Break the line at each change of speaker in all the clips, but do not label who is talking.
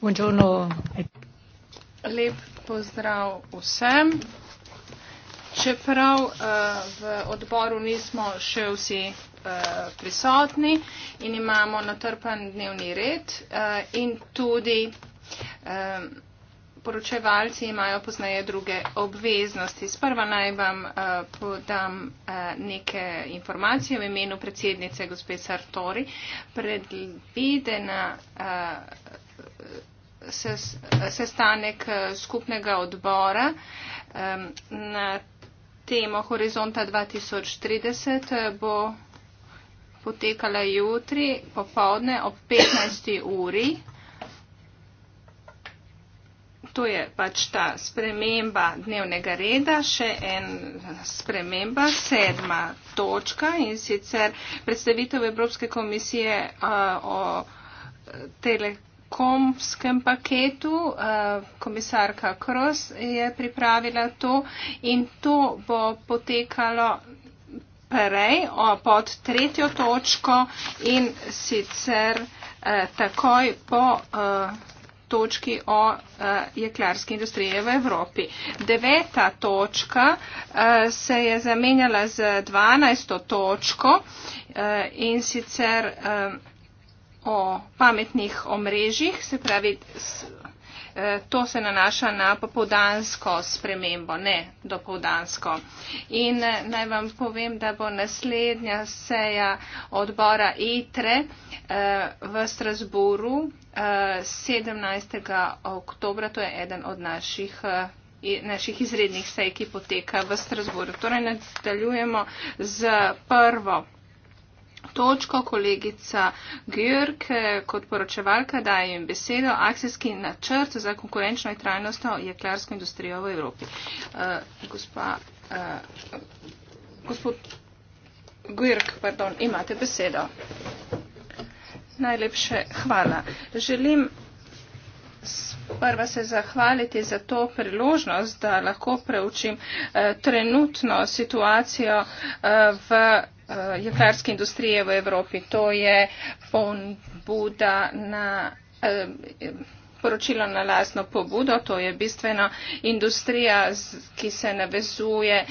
Buongiorno. Lep pozdrav vsem. Čeprav uh, v odboru nismo še vsi uh, prisotni in imamo natrpan dnevni red uh, in tudi um, poročevalci imajo poznaje druge obveznosti. Sprva naj vam uh, podam uh, neke informacije v imenu predsednice gospe Sartori. Predvidena uh, sestanek eh, skupnega odbora na temo Horizonta 2030 eh, bo potekala jutri popovdne ob 15. uri. To je pač ta sprememba dnevnega reda, še en sprememba, sedma točka in sicer predstavitev Evropske komisije uh, o telekomunikacijah komskem paketu, eh, komisarka Kros je pripravila to in to bo potekalo prej pod tretjo točko in sicer eh, takoj po eh, točki o jeklarski industriji v Evropi. Deveta točka se je zamenjala z dvanajsto točko in sicer o pametnih omrežjih, se pravi, e, to se nanaša na popovdansko spremembo, ne dopovdansko. In e, naj vam povem, da bo naslednja seja odbora ITRE e, v Strasburu 17. oktobra, to je eden od naših naših izrednih sej, ki poteka v Strasburu. Torej, nadaljujemo z prvo točko. Kolegica Gjörg, eh, kot poročevalka, daje jim besedo. Akcijski načrt za konkurenčno in trajnostno jeklarsko industrijo v Evropi. Uh, gospa, uh, gospod Gjörg, pardon, imate besedo. Najlepše hvala. Želim Prva se zahvaliti za to priložnost, da lahko preučim eh, trenutno situacijo eh, v uh, eh, jeklarske industrije v Evropi. To je Fon Buda na. Uh, poročilo na lasno pobudo, to je bistveno industrija, ki se navezuje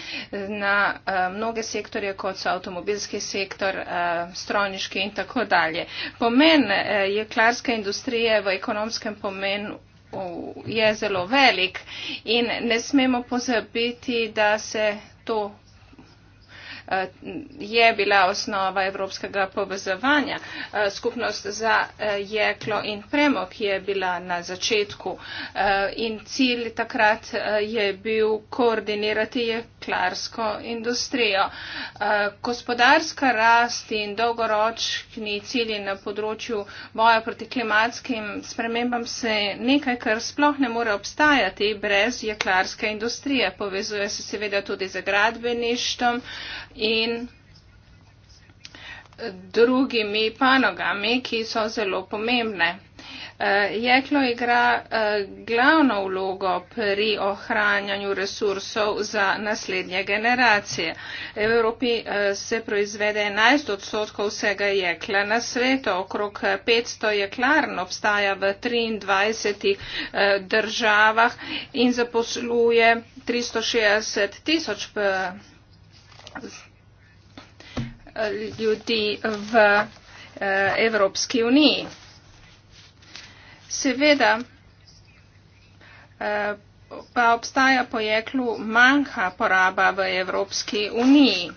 na eh, mnoge sektorje, kot so avtomobilski sektor, strojniški in tako dalje. Pomen jeklarske industrije v ekonomskem pomenu je zelo velik in ne smemo pozabiti, da se to Eh, je bila osnova evropskega povezovanja. Eh, skupnost za eh, jeklo in premog je bila na začetku in cilj takrat je bil koordinirati jeklarsko industrijo. Gospodarska rast in dolgoročni cilji na področju boja proti klimatskim spremembam se nekaj, kar sploh ne more obstajati brez jeklarske industrije. Povezuje se seveda tudi z gradbeništvom in drugimi panogami, ki so zelo pomembne. Eh, jeklo igra eh, glavno vlogo pri ohranjanju resursov za naslednje generacije. V Evropi eh, se proizvede 11 odstotkov vsega jekla na svetu. Okrog 500 jeklarn obstaja v 23 državah in zaposluje 360 tisoč ljudi v eh, Evropski uniji. Seveda eh, pa obstaja po jeklu manjka poraba v Evropski uniji.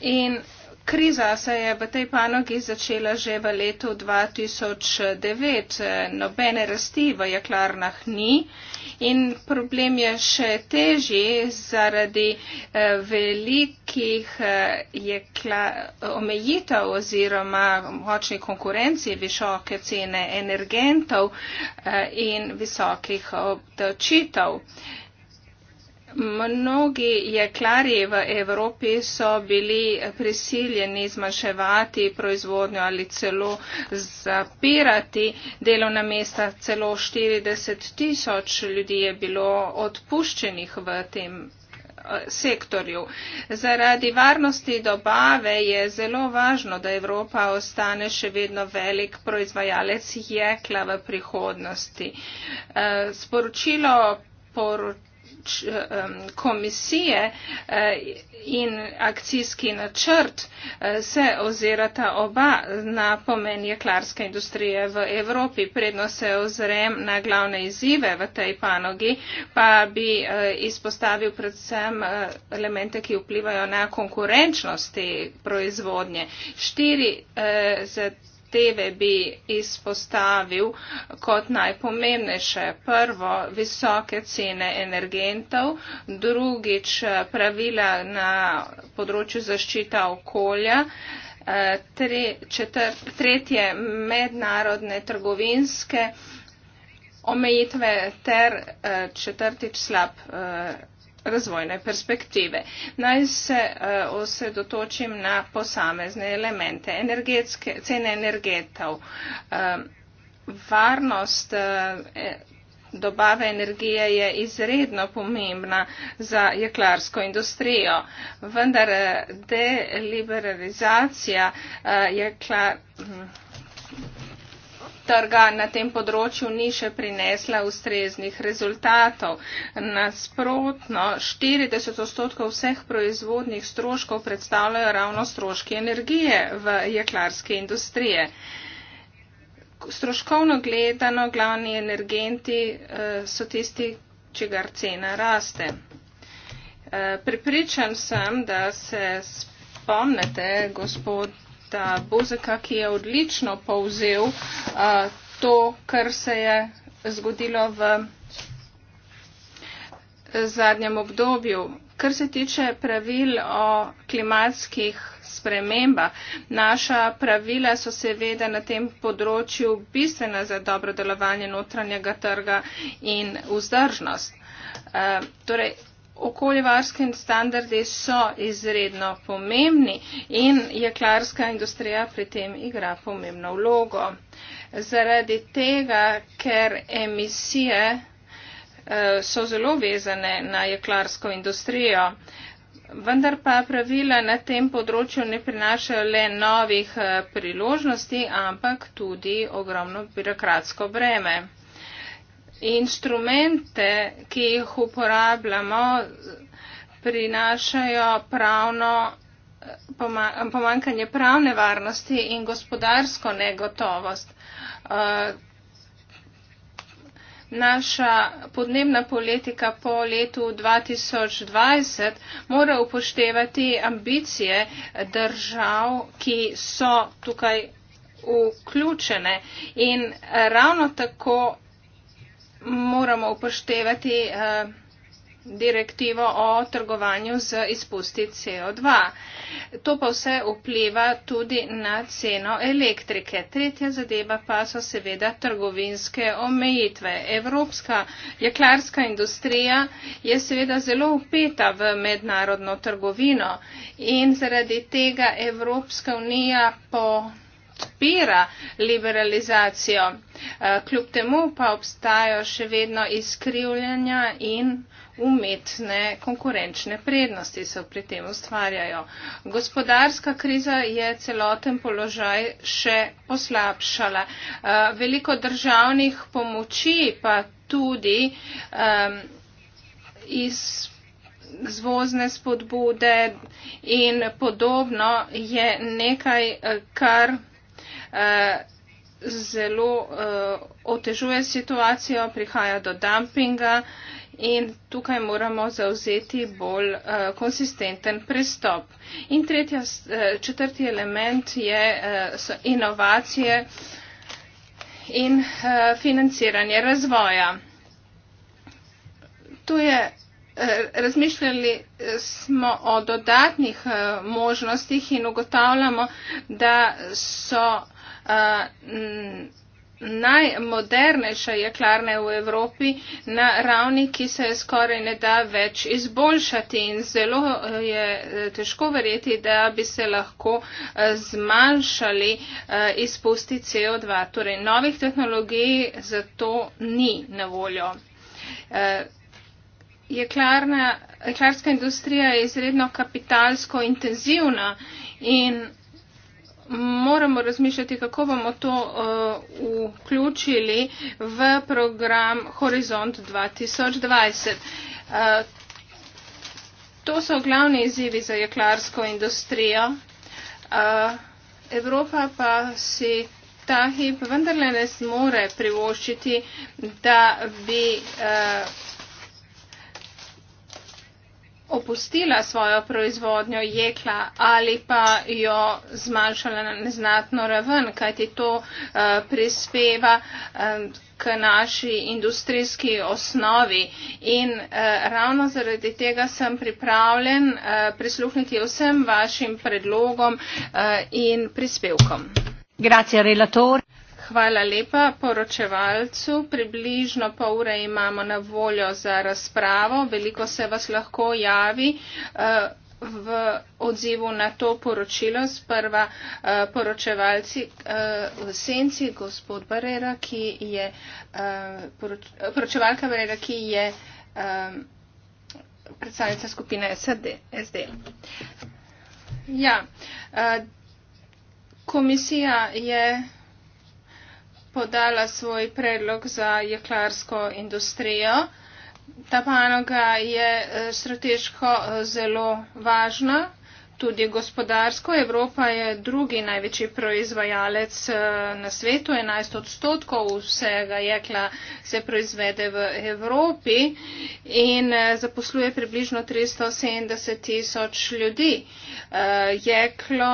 In kriza se je v tej panogi začela že v letu 2009. Nobene rasti v jeklarnah ni in problem je še težji zaradi eh, velikih eh, jekla, omejitev oziroma močni konkurenci, visoke cene energentov eh, in visokih obdavčitev. Mnogi jeklari v Evropi so bili prisiljeni zmanjševati proizvodnjo ali celo zapirati delovna mesta. Celo 40 tisoč ljudi je bilo odpuščenih v tem eh, sektorju. Zaradi varnosti dobave je zelo važno, da Evropa ostane še vedno velik proizvajalec jekla v prihodnosti. Eh, sporočilo poročilo komisije eh, in akcijski načrt eh, se ozirata oba na pomen jeklarske industrije v Evropi. Predno se ozrem na glavne izzive v tej panogi, pa bi eh, izpostavil predvsem elemente, ki vplivajo na konkurenčnost te proizvodnje. Štiri zahteve bi izpostavil kot najpomembnejše. Prvo, visoke cene energentov, drugič, pravila na področju zaščita okolja, eh, tretje, mednarodne trgovinske omejitve ter eh, četrtič slab eh, razvojne perspektive. Naj se uh, osredotočim na posamezne elemente. Energetske, cene energetov, uh, varnost uh, dobave energije je izredno pomembna za jeklarsko industrijo, vendar uh, deliberalizacija uh, jeklarske industrije. Hm, uh, trga na tem področju ni še prinesla ustreznih rezultatov. Nasprotno, 40 odstotkov vseh proizvodnih stroškov predstavljajo ravno stroški energije v jeklarske industrije. Stroškovno gledano, glavni energenti eh, so tisti, čigar cena raste. Eh, Pripričan sem, da se spomnite, gospod brata Bozeka, ki je odlično povzel uh, to, kar se je zgodilo v zadnjem obdobju. Kar se tiče pravil o klimatskih sprememba, naša pravila so seveda na tem področju bistvena za dobro delovanje notranjega trga in vzdržnost. Uh, torej, okoljevarske standarde so izredno pomembni in jeklarska industrija pri tem igra pomembno vlogo. Zaradi tega, ker emisije eh, so zelo vezane na jeklarsko industrijo. Vendar pa pravila na tem področju ne prinašajo le novih eh, priložnosti, ampak tudi ogromno birokratsko breme. Inštrumente, ki jih uporabljamo, prinašajo pravno, poma, pomankanje pravne varnosti in gospodarsko negotovost. Eh, naša podnebna politika po letu 2020 mora upoštevati ambicije držav, ki so tukaj vključene in ravno tako moramo upoštevati eh, direktivo o trgovanju z izpusti CO2. To pa vse vpliva tudi na ceno elektrike. Tretja zadeva pa so seveda trgovinske omejitve. Evropska jeklarska industrija je seveda zelo upeta v mednarodno trgovino in zaradi tega Evropska unija po podpira liberalizacijo. Eh, kljub temu pa obstajajo še vedno izkrivljanja in umetne konkurenčne prednosti se pri tem ustvarjajo. Gospodarska kriza je celoten položaj še poslabšala. Eh, veliko državnih pomoči pa tudi ehm, iz zvozne spodbude in podobno je nekaj, kar Eh, zelo eh, otežuje situacijo, prihaja do dumpinga in tukaj moramo zauzeti bolj eh, konsistenten pristop. In tretja, četrti element je, so inovacije in financiranje razvoja. Tu je Razmišljali smo o dodatnih možnostih in ugotavljamo, da so najmodernejša jeklarna v Evropi na ravni, ki se je skoraj ne da več izboljšati in zelo je e, težko verjeti, da bi se lahko e, zmanjšali e, izpusti CO2. Torej, novih tehnologij za to ni na voljo. Jeklarna, jeklarska industrija je izredno kapitalsko intenzivna in moramo razmišljati, kako bomo to uh, vključili v program Horizont 2020. Uh, to so glavni izzivi za jeklarsko industrijo. Uh, Evropa pa si ta hip vendarle ne zmore privoščiti, da bi. Uh, opustila svojo proizvodnjo jekla ali pa jo zmanjšala na neznatno raven, kajti to uh, prispeva um, k naši industrijski osnovi. In uh, ravno zaradi tega sem pripravljen uh, prisluhniti vsem vašim predlogom uh, in prispevkom.
Grazie, relator
hvala lepa poročevalcu. Približno pol ure imamo na voljo za razpravo. Veliko se vas lahko javi eh, v odzivu na to poročilo. Sprva eh, poročevalci eh, v senci, gospod Barera, ki je poroč, poročevalka Barera, ki je predstavnica skupine SD. SD. Ja, komisija je podala svoj predlog za jeklarsko industrijo. Ta panoga je eh, strateško eh, zelo važna, tudi gospodarsko. Evropa je drugi največji proizvajalec eh, na svetu, 11 odstotkov vsega jekla se proizvede v Evropi in zaposluje približno 370 tisoč ljudi. Jeklo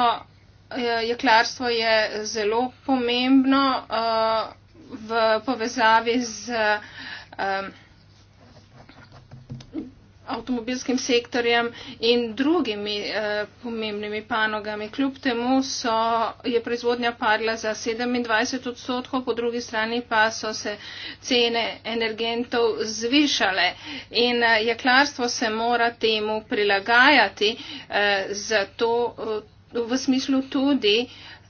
Eh, jeklarstvo je zelo pomembno eh, v povezavi z avtomobilskim sektorjem in drugimi eh, pomembnimi panogami. Kljub temu so, je proizvodnja padla za 27 odstotkov, po drugi strani pa so se cene energentov zvišale in eh, jeklarstvo se mora temu prilagajati, eh, zato eh, v smislu tudi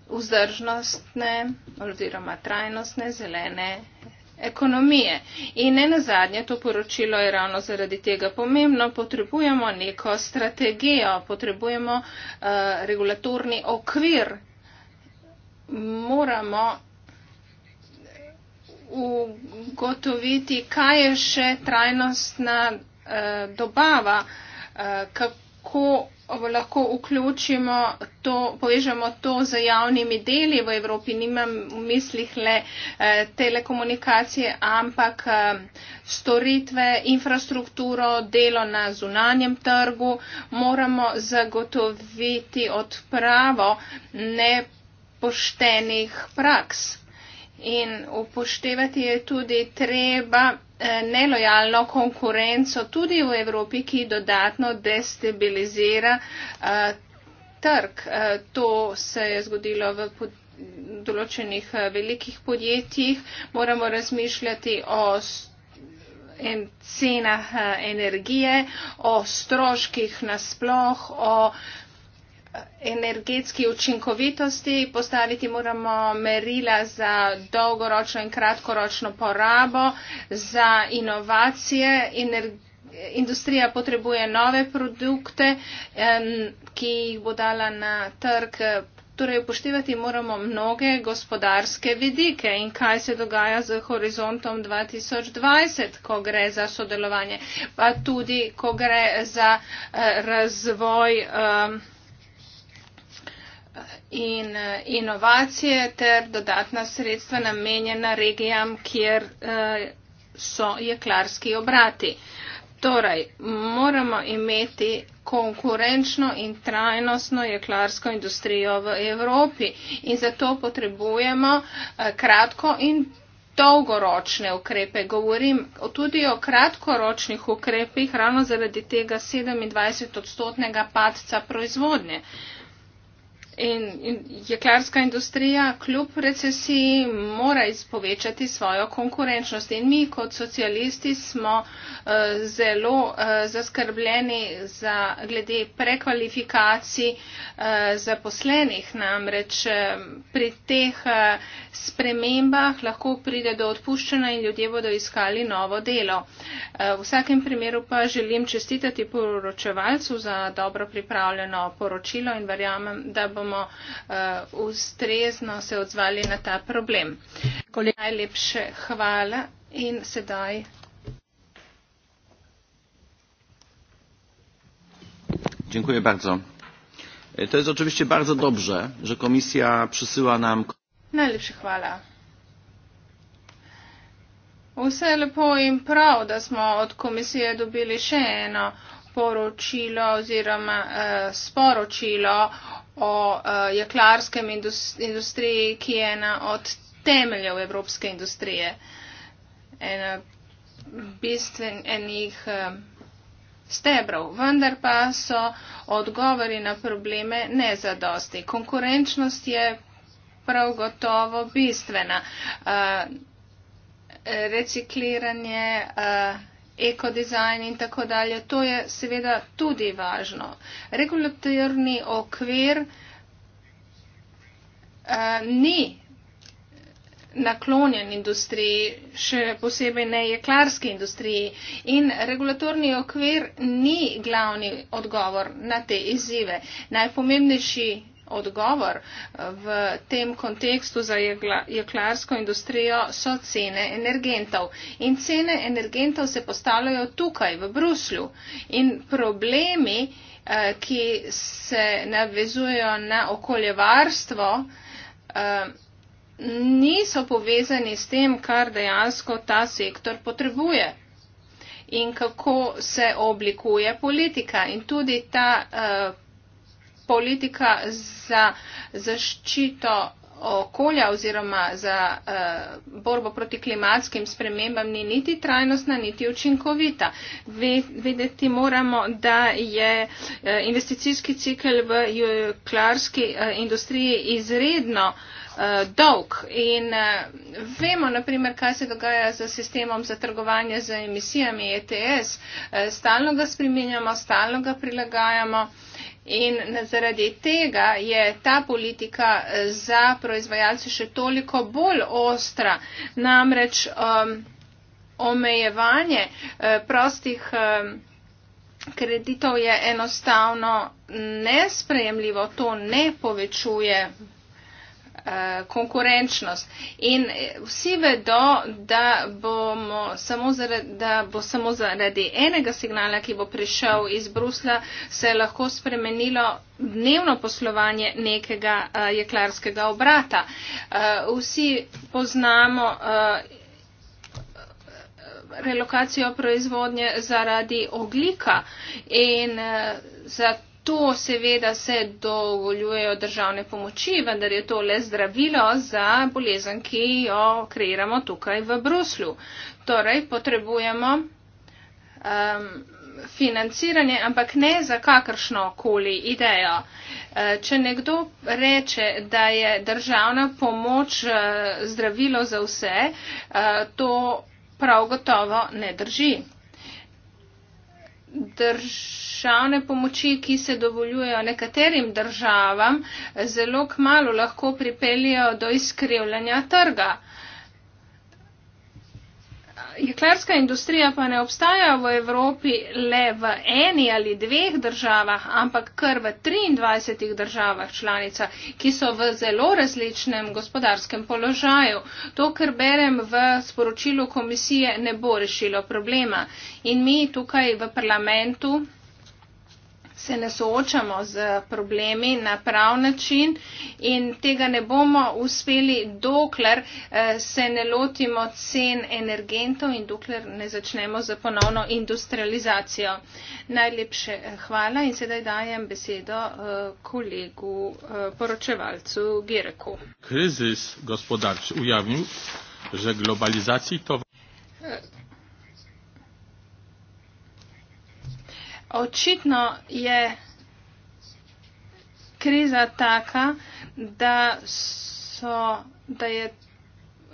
vzdržnostne oziroma trajnostne zelene ekonomije. In ne na zadnje, to poročilo je ravno zaradi tega pomembno, potrebujemo neko strategijo, potrebujemo uh, regulatorni okvir, moramo ugotoviti, kaj je še trajnostna uh, dobava, uh, kako lahko vključimo to, povežemo to z javnimi deli v Evropi, nimam v mislih le eh, telekomunikacije, ampak eh, storitve, infrastrukturo, delo na zunanjem trgu, moramo zagotoviti odpravo nepoštenih praks. In upoštevati je tudi treba Eh, nelojalno konkurenco tudi v Evropi, ki dodatno destabilizira eh, trg. Eh, to se je zgodilo v določenih velikih podjetjih. Moramo razmišljati o in cenah energije, o stroških nasploh, o energetski učinkovitosti, postaviti moramo merila za dolgoročno in kratkoročno porabo, za inovacije. Industrija potrebuje nove produkte, ki jih bo dala na trg. Torej, upoštevati moramo mnoge gospodarske vidike in kaj se dogaja z horizontom 2020, ko gre za sodelovanje, pa tudi, ko gre za eh, razvoj. Um, in eh, inovacije ter dodatna sredstva namenjena regijam, kjer eh, so jeklarski obrati. Torej, moramo imeti konkurenčno in trajnostno jeklarsko industrijo v Evropi in zato potrebujemo eh, kratko in dolgoročne ukrepe. Govorim tudi o kratkoročnih ukrepih, ravno zaradi tega 27-odstotnega padca proizvodnje. Uh, In, in jeklarska industrija kljub recesiji mora izpovečati svojo konkurenčnost. In mi kot socialisti smo uh, zelo uh, zaskrbljeni za, glede prekvalifikacij uh, zaposlenih. Namreč uh, pri teh uh, spremembah lahko pride do odpuščena in ljudje bodo iskali novo delo. Uh, v vsakem primeru pa želim čestitati poročevalcu za dobro pripravljeno poročilo in verjamem, da bomo bomo uh, ustrezno se odzvali na ta problem. Kolega, najlepše hvala in sedaj.
Dziękuję bardzo. E, to jest oczywiście bardzo dobrze, że komisja przysyła nam.
Najlepsze chwała. Wszystko lepo i prawda, że od komisji dobili jeszcze jedno poročilo oziroma uh, sporočilo o uh, jeklarskem industriji, ki je ena od temeljev evropske industrije, ena bistven enih uh, eh, stebrov. Vendar pa so odgovori na probleme nezadosti. Konkurenčnost je prav gotovo bistvena. Uh, recikliranje uh, ekodizajn in tako dalje. To je seveda tudi važno. Regulatorni okvir uh, ni naklonjen industriji, še posebej ne jeklarski industriji in regulatorni okvir ni glavni odgovor na te izzive. Najpomembnejši odgovor v tem kontekstu za jeklarsko industrijo so cene energentov. In cene energentov se postavljajo tukaj, v Bruslju. In problemi, eh, ki se navezujejo na okoljevarstvo, eh, niso povezani s tem, kar dejansko ta sektor potrebuje in kako se oblikuje politika. In tudi ta uh, politika za zaščito okolja oziroma za uh, borbo proti klimatskim spremembam ni niti trajnostna, niti učinkovita. Vedeti moramo, da je uh, investicijski cikl v juklarski uh, eh, industriji izredno uh, dolg in uh, vemo, naprimer, kaj se dogaja z sistemom za trgovanje z emisijami ETS. Uh, stalno ga spremenjamo, stalno ga prilagajamo. Uh, In zaradi tega je ta politika eh, za proizvajalce še toliko bolj ostra. Namreč um, omejevanje uh, prostih um, kreditov je enostavno nesprejemljivo, to ne povečuje Eh, konkurenčnost. In eh, vsi vedo, da, bomo, samo zaradi, da bo samo zaradi enega signala, ki bo prišel iz Brusla, se lahko spremenilo dnevno poslovanje nekega uh, jeklarskega obrata. Uh, vsi poznamo. Uh, relokacijo proizvodnje zaradi oglika in za to seveda se dovoljujejo državne pomoči, vendar je to le zdravilo za bolezen, ki jo kreiramo tukaj v Bruslju. Torej, potrebujemo um, financiranje, ampak ne za kakršno koli idejo. Uh, če nekdo reče, da je državna pomoč uh, zdravilo za vse, uh, to prav gotovo ne drži. Drž državne pomoči, ki se dovoljujejo nekaterim državam, zelo kmalo lahko pripeljejo do izkrivljanja trga. Jeklarska industrija pa ne obstaja v Evropi le v eni ali dveh državah, ampak kar v 23 državah članica, ki so v zelo različnem gospodarskem položaju. To, kar berem v sporočilu komisije, ne bo rešilo problema. In mi tukaj v parlamentu se ne soočamo z problemi na prav način in tega ne bomo uspeli, dokler eh, se ne lotimo cen energentov in dokler ne začnemo za ponovno industrializacijo. Najlepše eh, hvala in sedaj dajem besedo eh, kolegu poročevalcu Gereku.
Kriz gospodarč ujavnil, že globalizaciji to.
očitno je kriza taka, da, so, da je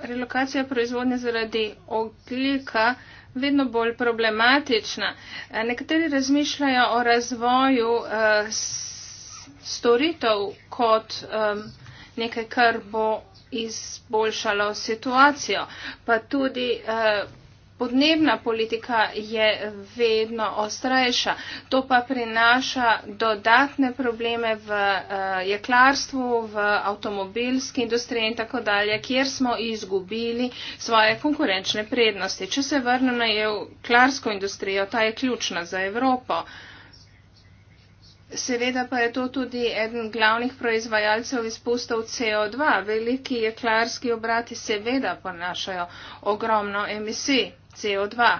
relokacija proizvodnje zaradi oglika vedno bolj problematična. Nekateri razmišljajo o razvoju eh, storitev kot eh, nekaj, kar bo izboljšalo situacijo, pa tudi eh, Podnebna politika je vedno ostrejša. To pa prinaša dodatne probleme v uh, jeklarstvu, v avtomobilski industriji in tako dalje, kjer smo izgubili svoje konkurenčne prednosti. Če se vrnem na jeklarsko industrijo, ta je ključna za Evropo. Seveda pa je to tudi eden glavnih proizvajalcev izpustov CO2. Veliki jeklarski obrati seveda ponašajo ogromno emisij. CO2.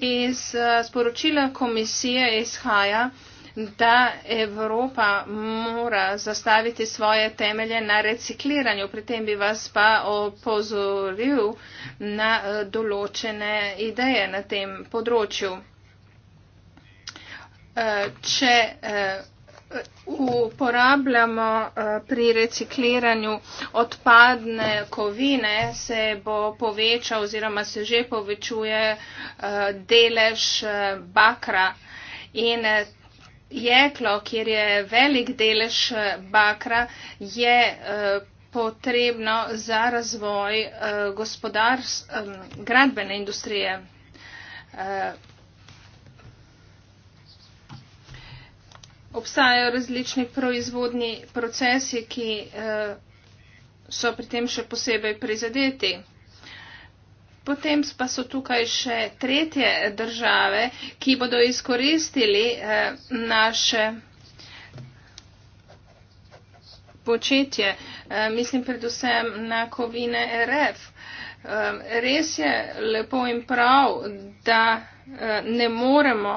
Iz eh, sporočila komisije izhaja, da Evropa mora zastaviti svoje temelje na recikliranju. Pri tem bi vas pa opozoril na eh, določene ideje na tem področju. Eh, če uporabljamo eh, pri recikliranju odpadne kovine, se bo povečal oziroma se že povečuje eh, delež eh, bakra in jeklo, kjer je velik delež bakra, je potrebno za razvoj gradbene industrije. obstajajo različni proizvodni procesi, ki uh, so pri tem še posebej prizadeti. Potem pa so tukaj še tretje države, ki bodo izkoristili uh, naše početje. Uh, mislim predvsem na kovine RF. Res je lepo in prav, da ne moremo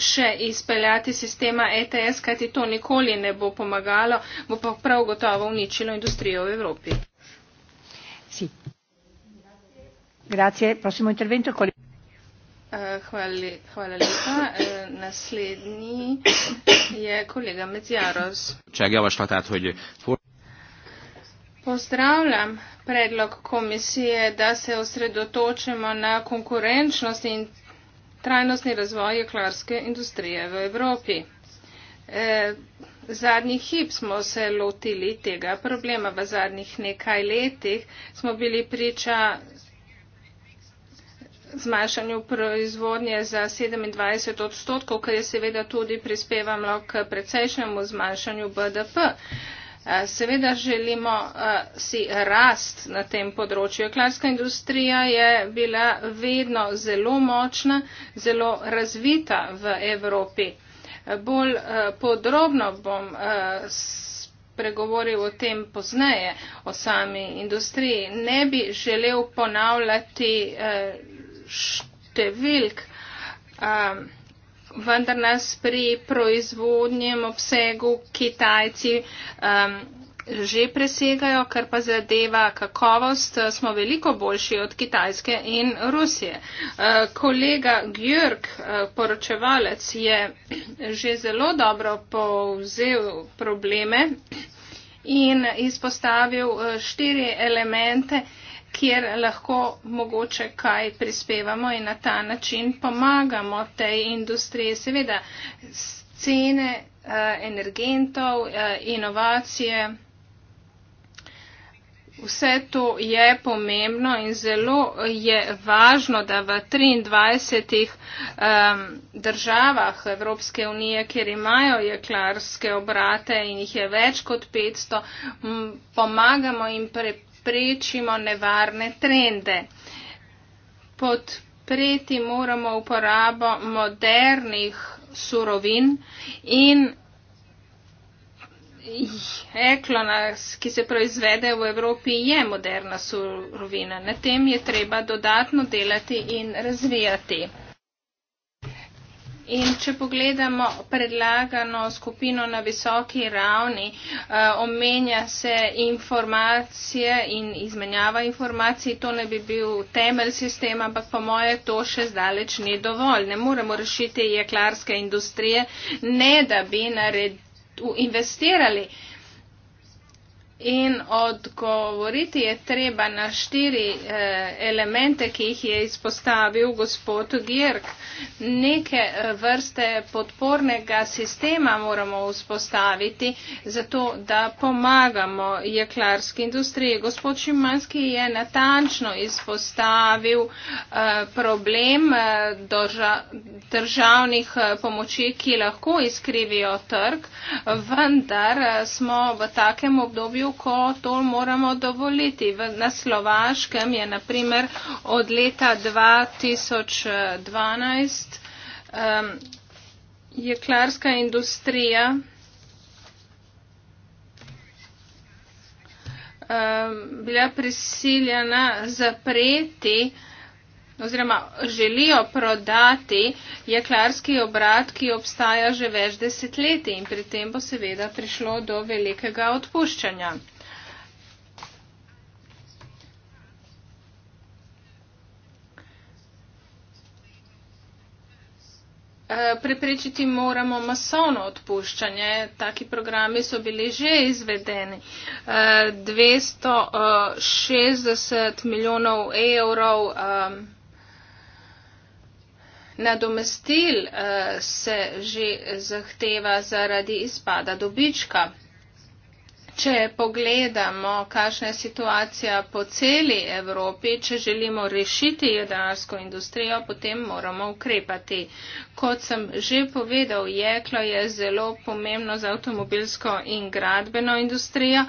še izpeljati sistema ETS, kajti to nikoli ne bo pomagalo, bo pa prav gotovo uničilo industrijo v Evropi.
Si. Grazie, prosimo intervento.
Uh, hvali, hvala lepa. Uh, naslednji je kolega Medziaros. Pozdravljam predlog komisije, da se osredotočimo na konkurenčnost in trajnostni razvoj jeklarske industrije v Evropi. E, zadnji hip smo se lotili tega problema. V zadnjih nekaj letih smo bili priča zmanjšanju proizvodnje za 27 odstotkov, kar je seveda tudi prispevamo k precejšnjemu zmanjšanju BDP. Eh, seveda želimo eh, si rast na tem področju. Klarska industrija je bila vedno zelo močna, zelo razvita v Evropi. Eh, bolj podrobno bom pregovoril o tem pozneje, o sami industriji. Ne bi želel ponavljati številk vendar nas pri proizvodnjem obsegu Kitajci um, že presegajo, kar pa zadeva kakovost, smo veliko boljši od Kitajske in Rusije. Uh, kolega Gjörg, uh, poročevalec, je že zelo dobro povzel probleme in izpostavil uh, štiri elemente, uh, kjer lahko mogoče kaj prispevamo in na ta način pomagamo tej industriji. Seveda, cene eh, energentov, eh, inovacije, vse to je pomembno in zelo je važno, da v 23 državah Evropske unije, kjer imajo jeklarske obrate in jih je več kot 500, pomagamo in preprečujemo preprečimo nevarne trende. Podpreti moramo uporabo modernih surovin in jeklo, ki se proizvede v Evropi, je moderna surovina. Na tem je treba dodatno delati in razvijati. In če pogledamo predlagano skupino na visoki ravni, eh, omenja se informacije in izmenjava informacij, to ne bi bil temelj sistema, ampak po moje to še zdaleč ni dovolj. Ne moremo rešiti jeklarske industrije, ne da bi investirali In odgovoriti je treba na štiri eh, elemente, ki jih je izpostavil gospod Girk. Neke eh, vrste podpornega sistema moramo vzpostaviti, zato da pomagamo jeklarski industriji. Gospod Šimanski je natančno izpostavil eh, problem eh, doža, državnih eh, pomoči, ki lahko izkrivijo trg, vendar eh, smo v takem obdobju, ko to moramo dovoliti. Na Slovaškem je naprimer od leta 2012 um, ehm, jeklarska industrija um, bila prisiljena zapreti uh, oziroma želijo prodati jeklarski obrat, ki obstaja že več desetletij in pri tem bo seveda prišlo do velikega odpuščanja. Eh, Prepričiti moramo masovno odpuščanje. Taki programi so bili že izvedeni. 260 eh, eh, milijonov evrov. Um, nadomestil eh, se že zahteva zaradi izpada dobička. Če pogledamo, kakšna je situacija po celi Evropi, če želimo rešiti jedrarsko industrijo, potem moramo ukrepati. Kot sem že povedal, jeklo je zelo pomembno za avtomobilsko in gradbeno industrijo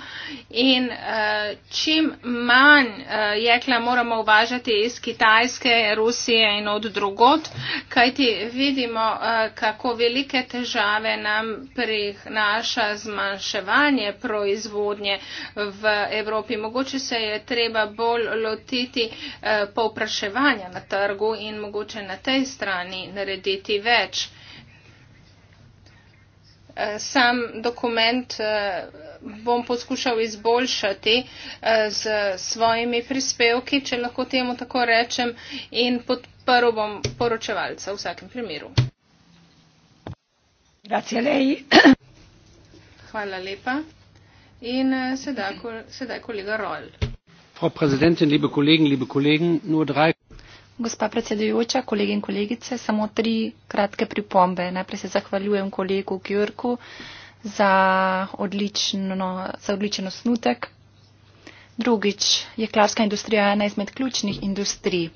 in eh, čim manj eh, jekla moramo uvažati iz Kitajske, Rusije in od drugot, kajti vidimo, eh, kako velike težave nam prihnaša zmanjševanje proizvodnje proizvodnje v Evropi. Mogoče se je treba bolj lotiti eh, povpraševanja na trgu in mogoče na tej strani narediti več. Eh, sam dokument eh, bom poskušal izboljšati z svojimi prispevki, če lahko temu tako rečem, in podprl bom poročevalca v vsakem primeru. Grazie a lei. Hvala lepa gospa
predsednica liebe kolleginnen liebe
kollegen kolegice samo tri kratke pripombe najprej se zahvaljujem kolegu gjurku za odlično za odličen osnutek drugič jeklarska industrija ena izmed ključnih industrij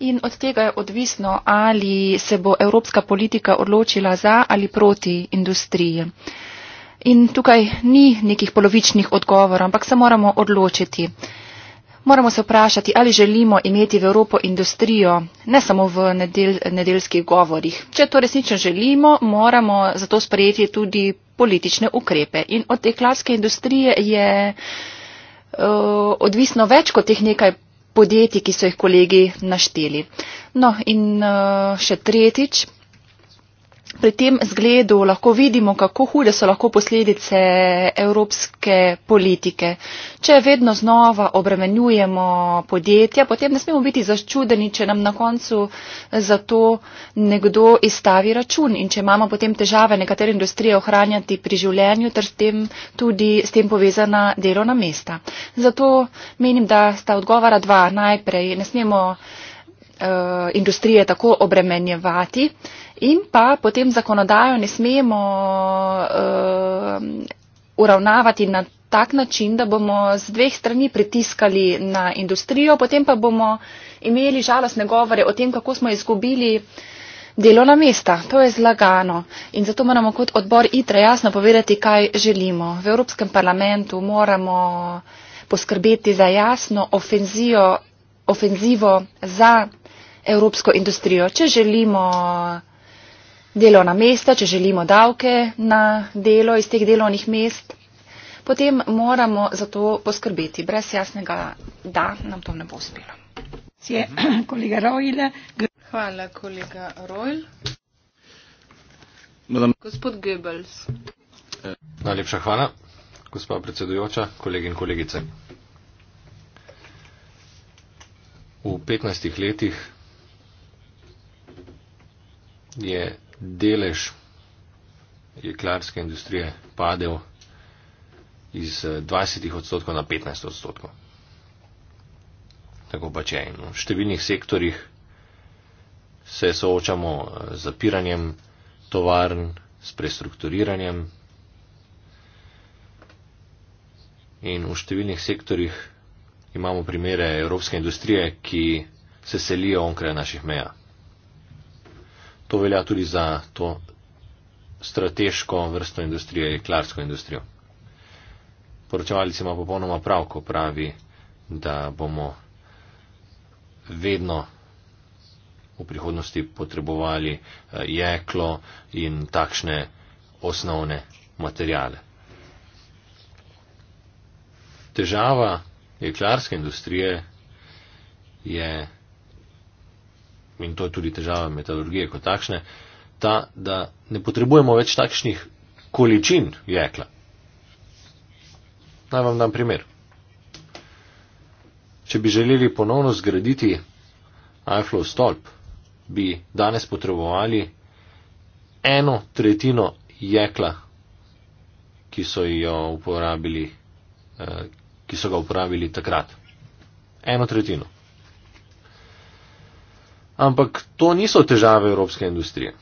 In od tega je odvisno, ali se bo evropska politika odločila za ali proti industriji. In tukaj ni nekih polovičnih odgovorov, ampak se moramo odločiti. Moramo se vprašati, ali želimo imeti v Evropo industrijo, ne samo v nedel, nedeljskih govorih. Če to resnično želimo, moramo zato sprejeti tudi politične ukrepe. In od teklarske industrije je uh, odvisno več kot teh nekaj podjetij, ki so jih kolegi našteli. No in uh, še tretjič pri tem zgledu lahko vidimo, kako hude so lahko posledice evropske politike. Če vedno znova obremenjujemo podjetja, potem ne smemo biti zaščudeni, če nam na koncu za to nekdo izstavi račun in če imamo potem težave nekatere industrije ohranjati pri življenju ter s tem tudi s tem povezana delovna mesta. Zato menim, da sta odgovora dva. Najprej ne smemo Eh, industrije tako obremenjevati in pa potem zakonodajo ne smemo uh, uravnavati na tak način, da bomo z dveh strani pritiskali na industrijo, potem pa bomo imeli žalostne govore o tem, kako smo izgubili delovna mesta. To je zlagano in zato moramo kot odbor ITRE jasno povedati, kaj želimo. V Evropskem parlamentu moramo poskrbeti za jasno ofenzijo, ofenzivo za evropsko industrijo, če želimo delovna mesta, če želimo davke na delo iz teh delovnih mest, potem moramo za to poskrbeti. Brez jasnega da nam to ne bo uspelo.
Hvala, kolega Rojl. Gospod Goebbels.
Najlepša hvala, gospa predsedujoča, kolegi in kolegice. V 15 letih je delež jeklarske industrije padel iz 20 eh, odstotkov na 15 odstotkov. Tako pač je. In v številnih sektorjih se soočamo eh, z zapiranjem tovarn, s prestrukturiranjem in v številnih sektorjih imamo primere evropske industrije, ki se selijo onkraj naših meja. To velja tudi za to strateško vrsto industrije, jeklarsko industrijo. Poročevalci ima popolnoma prav, ko pravi, da bomo vedno v prihodnosti potrebovali eh, jeklo in takšne osnovne materijale. Težava jeklarske industrije je in to je tudi težava metalurgije kot takšne, ta, da ne potrebujemo več takšnih količin jekla. Naj vam dam primer. Če bi želeli ponovno zgraditi iPhone stolp, bi danes potrebovali eno tretjino jekla, ki so, jo uporabili, eh, ki so ga uporabili takrat. Eno tretjino. Ampak to niso težave evropske industrije.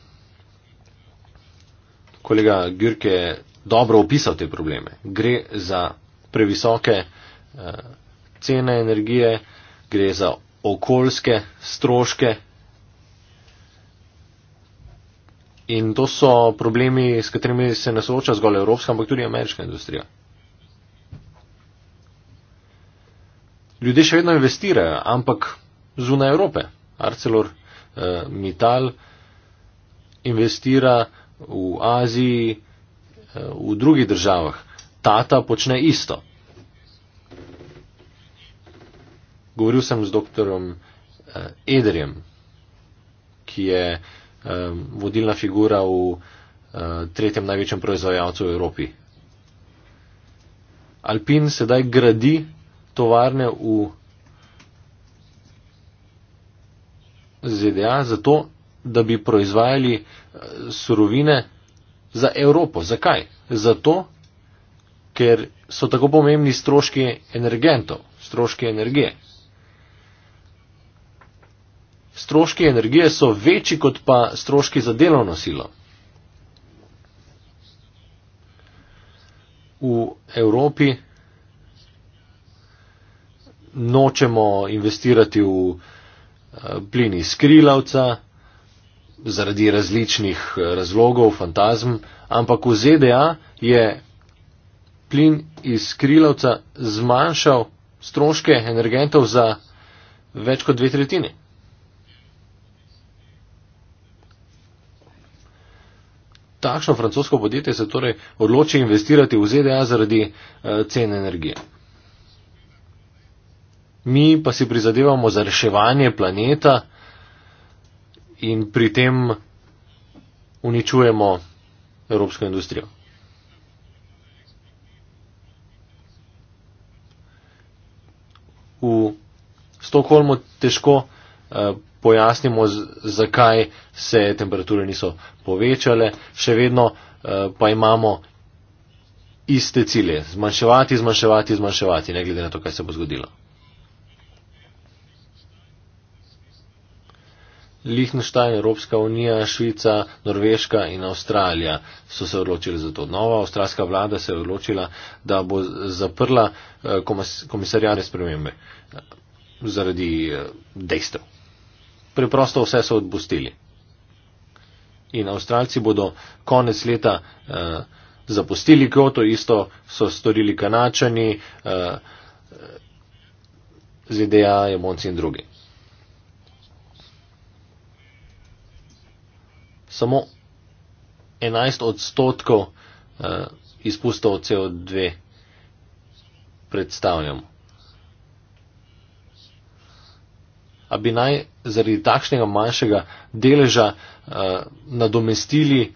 Kolega Gürke je dobro opisal te probleme. Gre za previsoke eh, cene energije, gre za okoljske stroške in to so problemi, s katerimi se ne sooča zgolj evropska, ampak tudi ameriška industrija. Ljudje še vedno investirajo, ampak zunaj Evrope. Arcelor eh, Mittal investira v Aziji, eh, v drugih državah. Tata počne isto. Govoril sem z dr. Eh, Ederjem, ki je vodilna figura v tretjem največjem proizvajalcu v Evropi. Alpin sedaj gradi tovarne v ZDA zato, da bi proizvajali eh, surovine za Evropo. Zakaj? Zato, ker so tako pomembni stroški energentov, stroški energije. Stroški energije so večji kot pa stroški za delovno silo. V Evropi nočemo investirati v plin iz krilavca, zaradi različnih eh, razlogov, fantazm, ampak v ZDA je plin iz krilavca zmanjšal stroške energentov za več kot dve tretjine. Takšno francosko podjetje se torej odloči investirati v ZDA zaradi eh, cen energije mi pa si prizadevamo za reševanje planeta in pri tem uničujemo evropsko industrijo. V Stokholmu težko uh, pojasnimo, z, zakaj se temperature niso povečale, še vedno uh, pa imamo iste cilje. Zmanjševati, zmanjševati, zmanjševati, ne glede na to, kaj se bo zgodilo. Lihtenštajn, Evropska unija, Švica, Norveška in Avstralija so se odločili za to. Nova avstralska vlada se je odločila, da bo zaprla eh, komisarjane spremembe eh, zaradi eh, dejstev. Preprosto vse so odpustili. In avstralci bodo konec leta eh, zapustili Kyoto, isto so storili kanačani, eh, ZDA, Jamonci in drugi. samo 11 odstotkov uh, izpustov CO2 predstavljamo. A bi naj zaradi takšnega manjšega deleža uh, nadomestili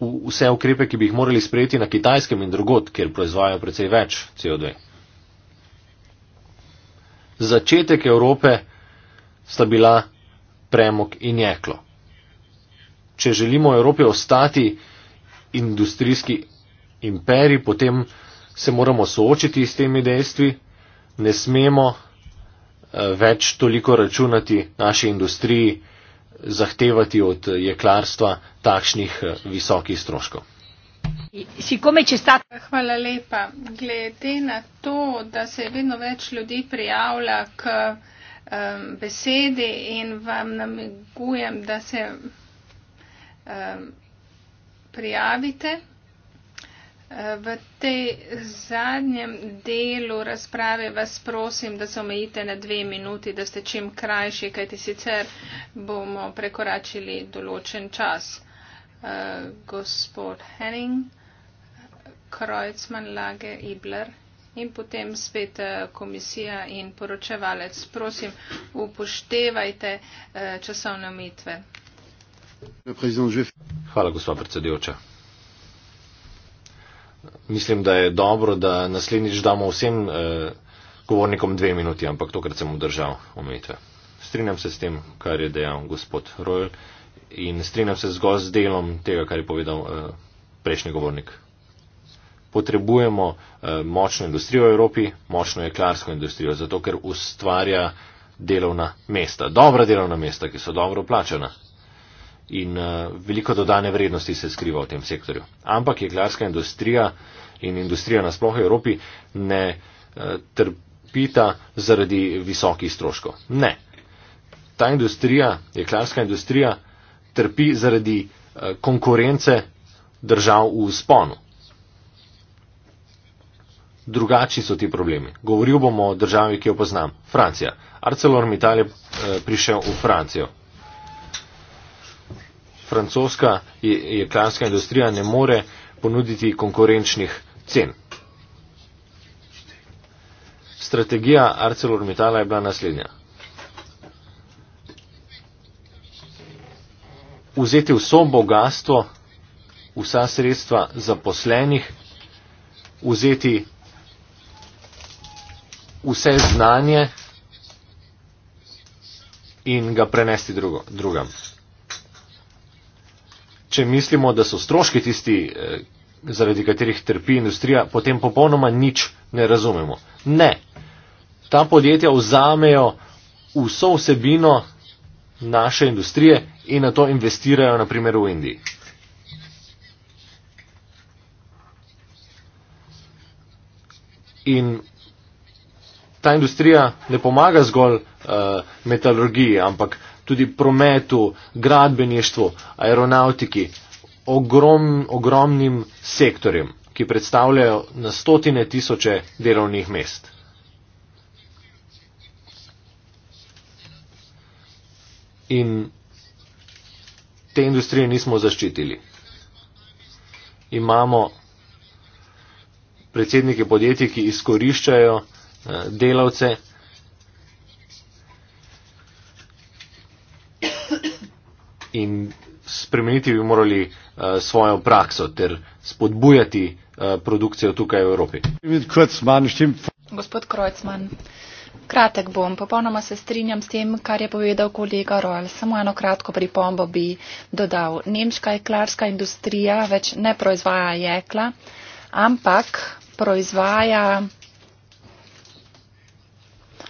vse ukrepe, ki bi jih morali sprejeti na kitajskem in drugot, kjer proizvajajo precej več CO2. Začetek Evrope sta bila premog in jeklo če želimo Evropi ostati industrijski imperij, potem se moramo soočiti s temi dejstvi, ne smemo eh, več toliko računati naši industriji, zahtevati od jeklarstva takšnih eh, visokih stroškov.
Hvala lepa. Glede na to, da se vedno več ljudi prijavlja k um, besedi in vam namigujem, da se prijavite. V tej zadnjem delu razprave vas prosim, da se omejite na dve minuti, da ste čim krajši, kajti sicer bomo prekoračili določen čas. Gospod Henning, Kreuzmann, Lage, Ibler in potem spet eh, komisija in poročevalec. Prosim, upoštevajte eh, časovne omitve.
Hvala, gospa predsedujoča. Mislim, da je dobro, da naslednjič damo vsem eh, govornikom dve minuti, ampak tokrat sem udržal omejitve. Strinjam se s tem, kar je dejal gospod Rojl in strinjam se zgolj z delom tega, kar je povedal eh, prejšnji govornik. Potrebujemo eh, močno industrijo v Evropi, močno jeklarsko industrijo, zato ker ustvarja delovna mesta, dobra delovna mesta, ki so dobro plačena in eh, veliko dodane vrednosti se skriva v tem sektorju. Ampak jeklarska industrija in industrija nasploh v Evropi ne eh, trpita zaradi visokih stroškov. Ne. Ta industrija, jeklarska industrija, trpi zaradi eh, konkurence držav v sponu. Drugačni so ti problemi. Govoril bom o državi, ki jo poznam. Francija. ArcelorMittal je prišel v Francijo, francoska jeklarska industrija ne more ponuditi konkurenčnih cen. Strategija ArcelorMittala je bila naslednja. Vzeti vso bogatstvo, vsa sredstva zaposlenih, vzeti vse znanje in ga prenesti drugo, drugam če mislimo, da so stroški tisti, eh, zaradi katerih trpi industrija, potem popolnoma nič ne razumemo. Ne. Ta podjetja vzamejo vso vsebino naše industrije in na to investirajo, naprimer, v Indiji. In ta industrija ne pomaga zgolj uh, metalurgiji, ampak uh, tudi prometu, gradbeništvu, aeronautiki, ogrom, ogromnim sektorjem, ki predstavljajo na stotine tisoče delovnih mest. In te industrije nismo zaščitili. Imamo predsednike podjetij, ki izkoriščajo eh, delavce, in spremeniti bi morali uh, svojo prakso ter spodbujati uh, produkcijo tukaj v Evropi.
Gospod Krojcman, kratek bom. Popolnoma se strinjam s tem, kar je povedal kolega Royal. Samo eno kratko pripombo bi dodal. Nemška jeklarska industrija več ne proizvaja jekla, ampak proizvaja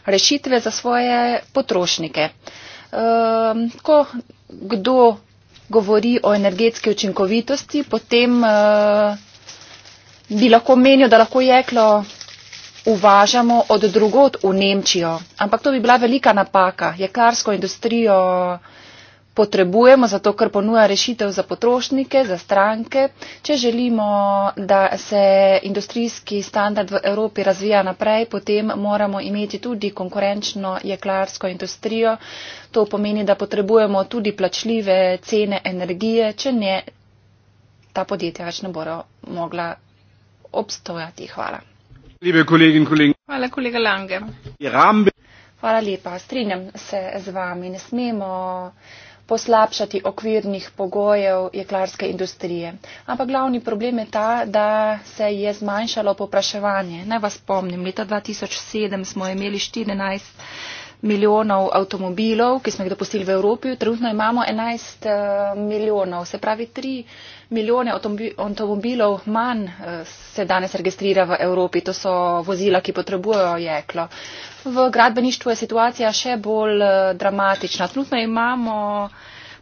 rešitve za svoje potrošnike. Uh, kdo govori o energetski učinkovitosti, potem eh, bi lahko menil, da lahko jeklo uvažamo od drugot v Nemčijo. Ampak to bi bila velika napaka. Jeklarsko industrijo uh, potrebujemo, zato ker ponuja rešitev za potrošnike, za stranke. Če želimo, da se industrijski standard v Evropi razvija naprej, potem moramo imeti tudi konkurenčno jeklarsko industrijo. To pomeni, da potrebujemo tudi plačljive cene energije, če ne, ta podjetja več ne bodo mogla obstojati. Hvala. Hvala, kolega Lange. Hvala lepa, strinjam se z vami. Ne smemo uh, poslabšati okvirnih pogojev jeklarske industrije. Ampak glavni problem je ta, da se je zmanjšalo popraševanje. Naj vas spomnim, leta 2007 smo imeli 14 milijonov avtomobilov, ki smo jih dopustili v Evropi, trenutno imamo 11 uh, eh, milijonov, se pravi 3 milijone avtomobilov manj uh, se danes registrira v Evropi. To so vozila, ki potrebujejo jeklo. V gradbeništvu je situacija še bolj uh, dramatična. Trenutno imamo uh,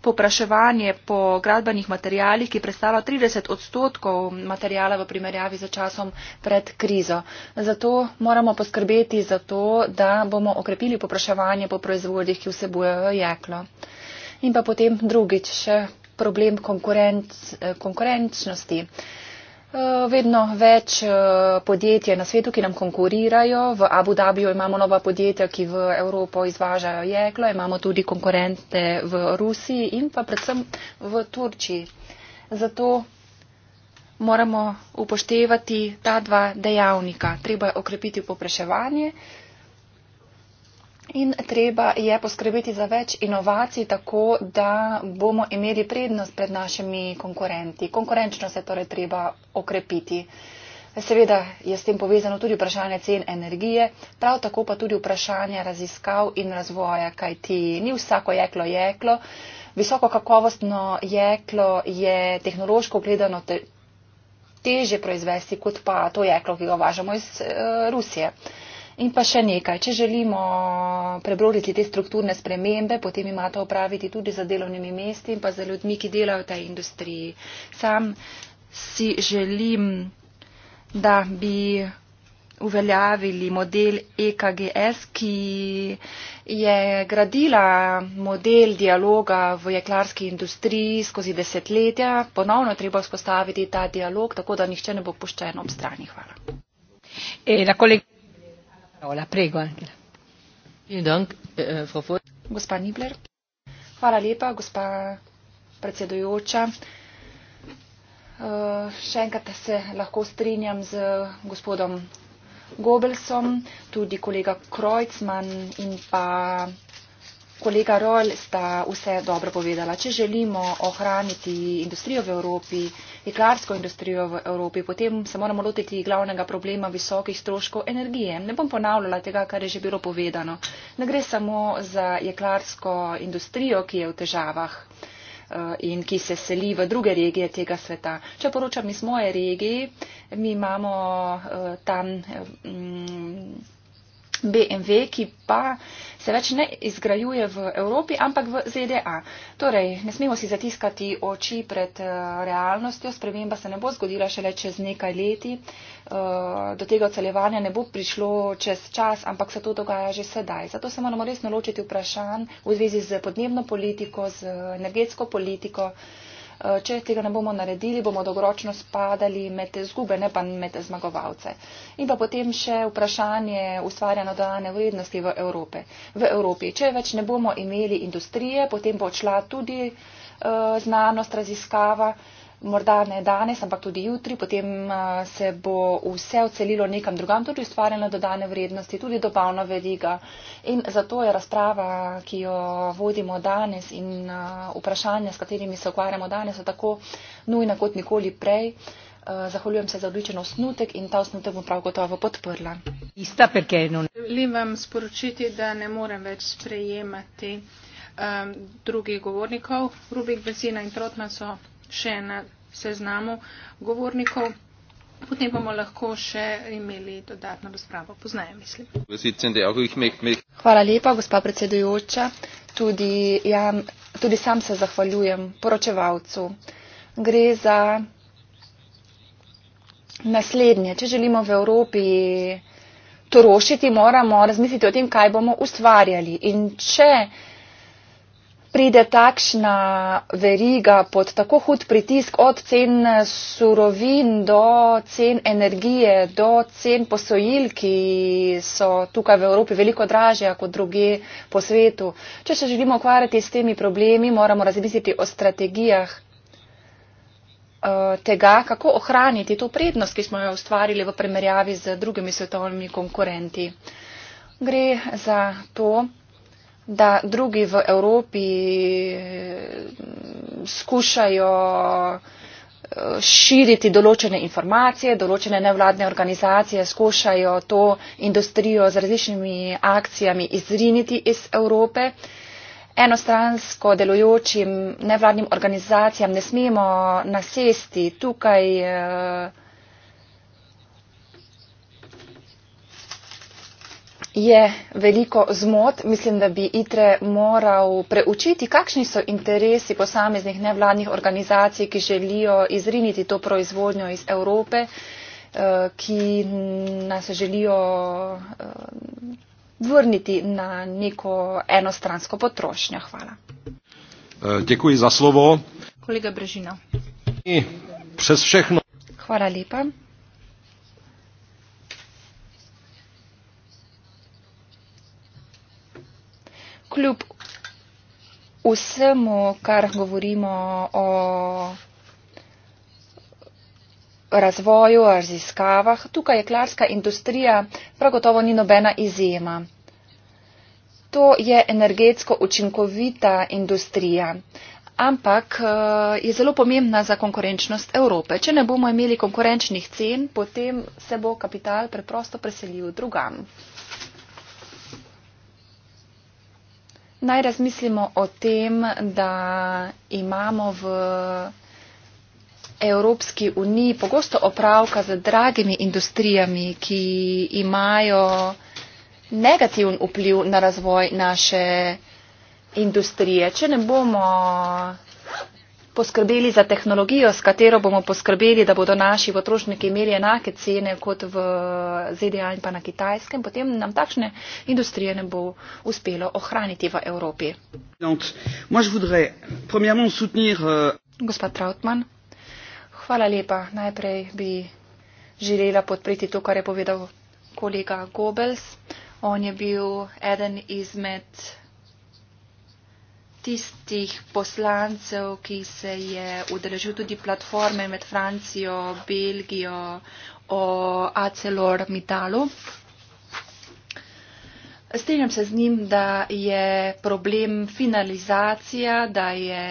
popraševanje po gradbenih materijalih, ki predstavlja 30 odstotkov materijala v primerjavi z časom pred krizo. Zato moramo poskrbeti za to, da bomo okrepili popraševanje po proizvodih, ki vsebujejo jeklo. In pa potem drugič še problem konkurenč, eh, konkurenčnosti. Eh, vedno več eh, podjetij na svetu, ki nam konkurirajo. V Abu Dhabiju imamo nova podjetja, ki v Evropo izvažajo jeklo, imamo tudi konkurente v Rusiji in pa predvsem v Turčiji. Zato moramo upoštevati ta dva dejavnika. Treba je okrepiti popraševanje. In treba je poskrbeti za več inovacij, tako da bomo imeli prednost pred našimi konkurenti. Konkurenčno se torej treba okrepiti. Seveda je s tem povezano tudi vprašanje cen energije, prav tako pa tudi vprašanje raziskav in razvoja, kaj ti ni vsako jeklo jeklo. Visoko kakovostno jeklo je tehnološko gledano te, teže proizvesti kot pa to jeklo, ki ga važamo iz uh, Rusije. In pa še nekaj, če želimo prebroditi te strukturne spremembe, potem imate opraviti tudi za delovnimi mesti in pa za ljudmi, ki delajo v tej industriji. Sam si želim, da bi uveljavili model EKGS, ki je gradila model dialoga v jeklarski industriji skozi desetletja. Ponovno treba vzpostaviti ta dialog, tako da nihče ne bo puščen ob strani. Hvala.
E, na kolega...
Äh, äh, gospa Nibler. Hvala lepa, gospa predsedujoča. Äh, še enkrat se lahko strinjam z gospodom Gobelsom, tudi kolega Krojcman in pa kolega Rol sta vse dobro povedala. Če želimo ohraniti industrijo v Evropi, jeklarsko industrijo v Evropi, potem se moramo lotiti glavnega problema visokih stroškov energije. Ne bom ponavljala tega, kar je že bilo povedano. Ne gre samo za jeklarsko industrijo, ki je v težavah eh, in ki se seli v druge regije tega sveta. Če poročam iz moje regije, mi imamo eh, tam eh, mm, BMW, ki pa se več ne izgrajuje v Evropi, ampak v ZDA. Torej, ne smemo si zatiskati oči pred eh, realnostjo, sprememba se ne bo zgodila šele čez nekaj leti, eh, do tega oceljevanja ne bo prišlo čez čas, ampak se to dogaja že sedaj. Zato se moramo resno ločiti vprašanj v zvezi z podnebno politiko, z energetsko politiko. Eh, če tega ne bomo naredili, bomo dolgoročno spadali med izgube, ne pa med zmagovalce. In pa potem še vprašanje ustvarjanja dodane vrednosti v, Evrope, v Evropi. Če več ne bomo imeli industrije, potem bo odšla tudi uh, znanost, raziskava. Uh, morda ne danes, ampak tudi jutri, potem eh, se bo vse ocelilo nekam drugam, tudi ustvarjena dodane vrednosti, tudi dobavna veriga. In zato je razprava, ki jo vodimo danes in eh, vprašanja, s katerimi se ukvarjamo danes, so tako nujna kot nikoli prej. Eh, zahvaljujem se za odličen osnutek in ta osnutek bom prav gotovo podprla.
Ista, Želim vam sporočiti, da ne morem več sprejemati um, drugih govornikov. Rubik, Bezina in Trotna so še na seznamu govornikov. Potem bomo lahko še imeli dodatno razpravo. Poznajem,
mislim.
Hvala lepa, gospa predsedujoča. Tudi, ja, tudi sam se zahvaljujem poročevalcu. Gre za naslednje. Če želimo v Evropi trošiti, moramo razmisliti o tem, kaj bomo ustvarjali. In če pride takšna veriga pod tako hud pritisk od cen surovin do cen energije, do cen posojil, ki so tukaj v Evropi veliko dražje kot druge po svetu. Če se želimo ukvarjati s temi problemi, moramo razmisliti o strategijah eh, tega, kako ohraniti to prednost, ki smo jo ustvarili v primerjavi z drugimi svetovnimi konkurenti. Gre za to, da drugi v Evropi eh, skušajo eh, širiti določene informacije, določene nevladne organizacije skušajo to industrijo z različnimi akcijami izriniti iz Evrope. Enostransko delujočim nevladnim organizacijam ne smemo nasesti tukaj. Eh, je veliko zmot. Mislim, da bi ITRE moral preučiti, kakšni so interesi posameznih nevladnih organizacij, ki želijo izriniti to proizvodnjo iz Evrope, eh, ki nas želijo eh, vrniti na neko enostransko potrošnjo. Hvala.
Eh, děkuji za slovo.
Kolega Brežina.
Přes všechno.
Hvala lepa. kljub vsemu, kar govorimo o razvoju, o raziskavah, tukaj jeklarska industrija prav gotovo ni nobena izjema. To je energetsko učinkovita industrija, ampak eh, je zelo pomembna za konkurenčnost Evrope. Če ne bomo imeli konkurenčnih cen, potem se bo kapital preprosto preselil drugam. Naj razmislimo o tem, da imamo v Evropski uniji pogosto opravka z dragimi industrijami, ki imajo negativen vpliv na razvoj naše industrije. Če ne bomo poskrbeli za tehnologijo, s katero bomo poskrbeli, da bodo naši potrošniki imeli enake cene kot v ZDA in pa na kitajskem, potem nam takšne industrije ne bo uspelo ohraniti v Evropi.
Euh,
Gospod Trautmann, hvala lepa. Najprej bi želela podpreti to, kar je povedal kolega Goebbels. On je bil eden izmed tistih poslancev, ki se je udeležil tudi platforme med Francijo, Belgijo o Acelor Mitalu. Strenjam se z njim, da je problem finalizacija, da je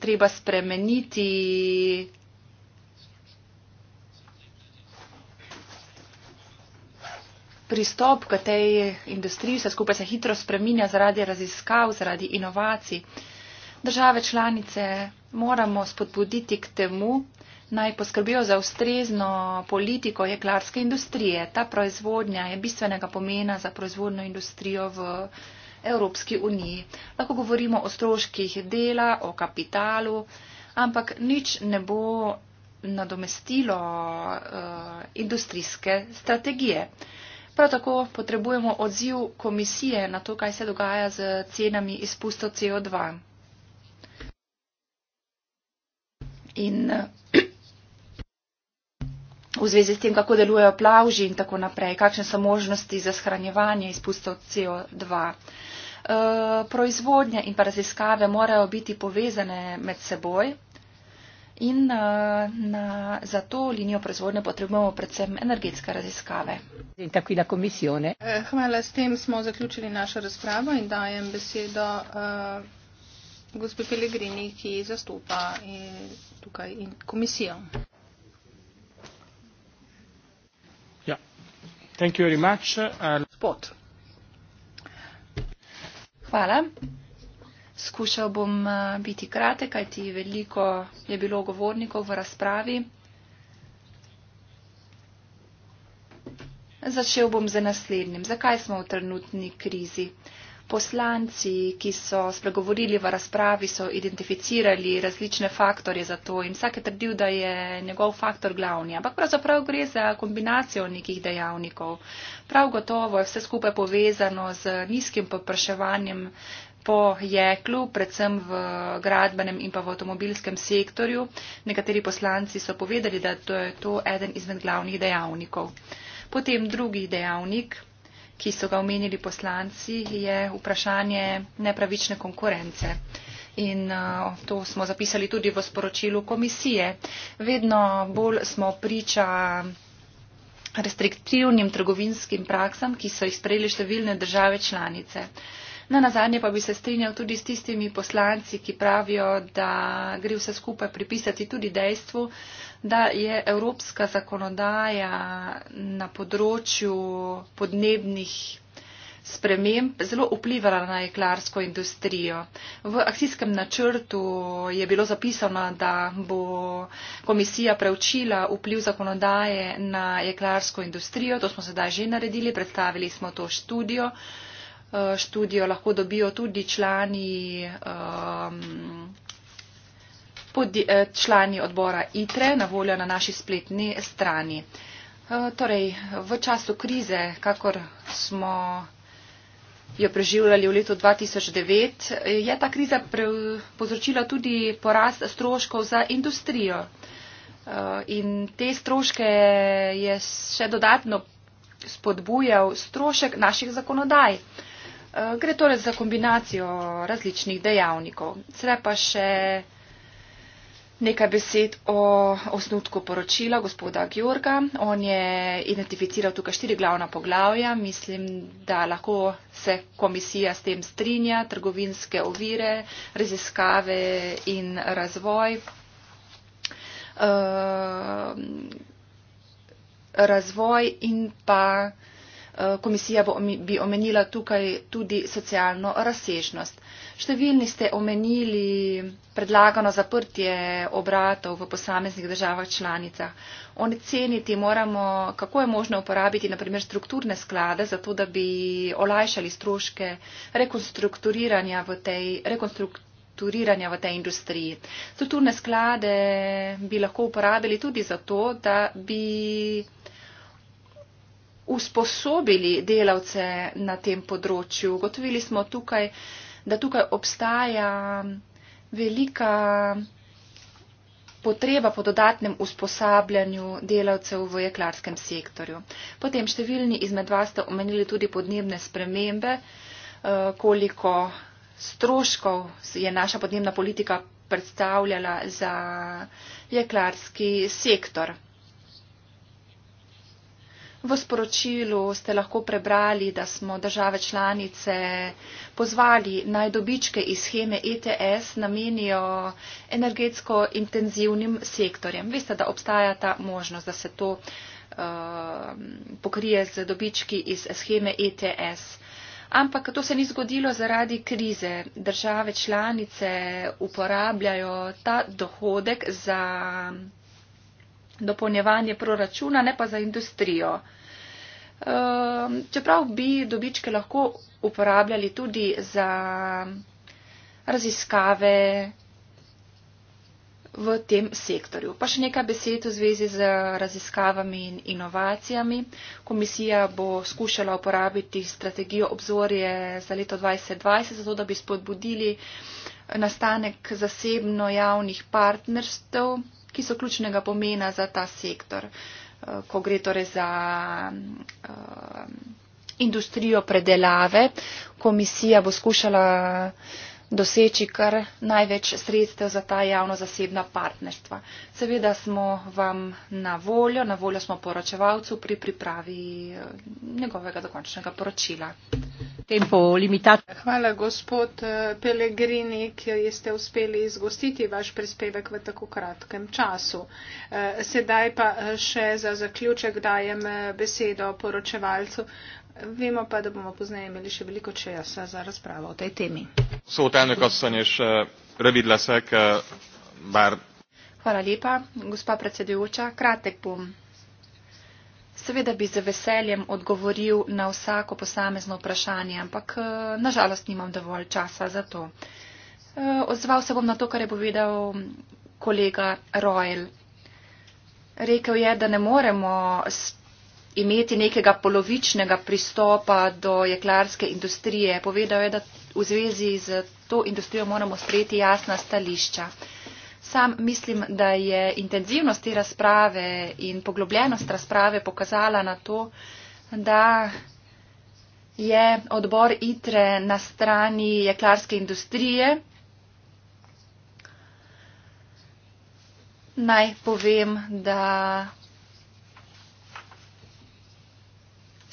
treba spremeniti pristop k tej industriji, vse skupaj se hitro spreminja zaradi raziskav, zaradi inovacij. Države članice moramo spodbuditi k temu, naj poskrbijo za ustrezno politiko jeklarske industrije. Ta proizvodnja je bistvenega pomena za proizvodno industrijo v Evropski uniji. Lahko govorimo o stroških dela, o kapitalu, ampak nič ne bo nadomestilo uh, industrijske strategije. Uh, Prav tako potrebujemo odziv komisije na to, kaj se dogaja z cenami izpustov CO2. In eh, v zvezi s tem, kako delujejo plavži in tako naprej, kakšne so možnosti za shranjevanje izpustov CO2. Eh, proizvodnja in pa raziskave morajo biti povezane med seboj. In na, eh, na, za to linijo proizvodnje potrebujemo predvsem energetske raziskave. Eh,
hvala, s tem smo zaključili našo razpravo in dajem besedo uh, gospe Pelegrini, ki zastopa in, tukaj in komisijo.
Ja. Thank you very much. Uh,
Hvala. Skušal bom eh, biti kratek, kajti veliko je bilo govornikov v razpravi. Začel bom z naslednjim. Zakaj smo v trenutni krizi? Poslanci, ki so spregovorili v razpravi, so identificirali različne faktorje za to in vsak je trdil, da je njegov faktor glavni. Ampak pravzaprav gre za kombinacijo nekih dejavnikov. Prav gotovo je vse skupaj povezano z nizkim popraševanjem po jeklu, predvsem v gradbenem in pa v avtomobilskem sektorju. Nekateri poslanci so povedali, da to je to eden izmed glavnih dejavnikov. Potem drugi dejavnik, ki so ga omenili poslanci, je vprašanje nepravične konkurence. In eh, to smo zapisali tudi v sporočilu komisije. Vedno bolj smo priča restriktivnim trgovinskim praksam, ki so jih sprejeli številne države članice. Na nazadnje pa bi se strinjal tudi s tistimi poslanci, ki pravijo, da gre vse skupaj pripisati tudi dejstvu, da je evropska zakonodaja na področju podnebnih sprememb zelo vplivala na jeklarsko industrijo. V akcijskem načrtu je bilo zapisano, da bo komisija preučila vpliv zakonodaje na jeklarsko industrijo. To smo sedaj že naredili, predstavili smo to študijo. Eh, študijo lahko dobijo tudi člani, eh, člani odbora ITRE na voljo na naši spletni strani. Eh, torej, v času krize, kakor smo jo preživljali v letu 2009, je ta kriza povzročila tudi porast stroškov za industrijo. In te stroške je še dodatno spodbujal strošek naših zakonodaj. Eh, gre torej za kombinacijo različnih dejavnikov. Sedaj pa še nekaj besed o osnutku poročila gospoda Georga. On je identificiral tukaj štiri glavna poglavja. Mislim, da lahko se komisija s tem strinja. Trgovinske ovire, raziskave in razvoj. Uh, razvoj in pa komisija bi omenila tukaj tudi socialno razsežnost. Številni ste omenili predlagano zaprtje obratov v posameznih državah članicah. Oceniti moramo, kako je možno uporabiti naprimer strukturne sklade, zato da bi olajšali stroške rekonstrukturiranja v tej rekonstrukciji v tej industriji. Strukturne sklade bi lahko uporabili tudi zato, da bi usposobili delavce na tem področju. Gotovili smo tukaj, da tukaj obstaja velika potreba po dodatnem usposabljanju delavcev v jeklarskem sektorju. Potem številni izmed vas ste omenili tudi podnebne spremembe, eh, koliko stroškov je naša podnebna politika predstavljala za jeklarski sektor. V sporočilu ste lahko prebrali, da smo države članice pozvali naj dobičke iz scheme ETS namenijo energetsko intenzivnim sektorjem. Veste, da obstaja ta možnost, da se to uh, pokrije z dobički iz scheme ETS. Ampak to se ni zgodilo zaradi krize. Države članice uporabljajo ta dohodek za dopolnjevanje proračuna, ne pa za industrijo. Ehm, čeprav bi dobičke lahko uporabljali tudi za raziskave v tem sektorju. Pa še nekaj besed v zvezi z raziskavami in inovacijami. Komisija bo skušala uporabiti strategijo obzorje za leto 2020, zato da bi spodbudili nastanek zasebno javnih partnerstv ki so ključnega pomena za ta sektor, eh, ko gre torej za eh, industrijo predelave. Komisija bo skušala doseči kar največ sredstev za ta javno-zasebna partnerstva. Seveda smo vam na voljo, na voljo smo poročevalcu pri pripravi eh, njegovega dokončnega poročila. Tempo limitat.
Hvala, gospod eh, Pelegrini, ki ste uspeli izgostiti vaš prispevek v tako kratkem času. Eh, sedaj pa še za zaključek dajem besedo poročevalcu. Vemo pa, da bomo pozneje imeli še veliko časa za razpravo o tej temi.
Sotelnik Osanje eh, še revidla se, eh, bar.
Hvala lepa, gospa predsedujoča. Kratek bom. Seveda bi z veseljem odgovoril na vsako posamezno vprašanje, ampak eh, nažalost nimam dovolj časa za to. Ozval se bom na to, kar je povedal kolega Royal. Rekel je, da ne moremo imeti nekega polovičnega pristopa do jeklarske industrije. Povedal je, da v zvezi z to industrijo moramo sprejeti jasna stališča. Sam mislim, da je intenzivnost te razprave in poglobljenost razprave pokazala na to, da je odbor ITRE na strani jeklarske industrije. Naj povem, da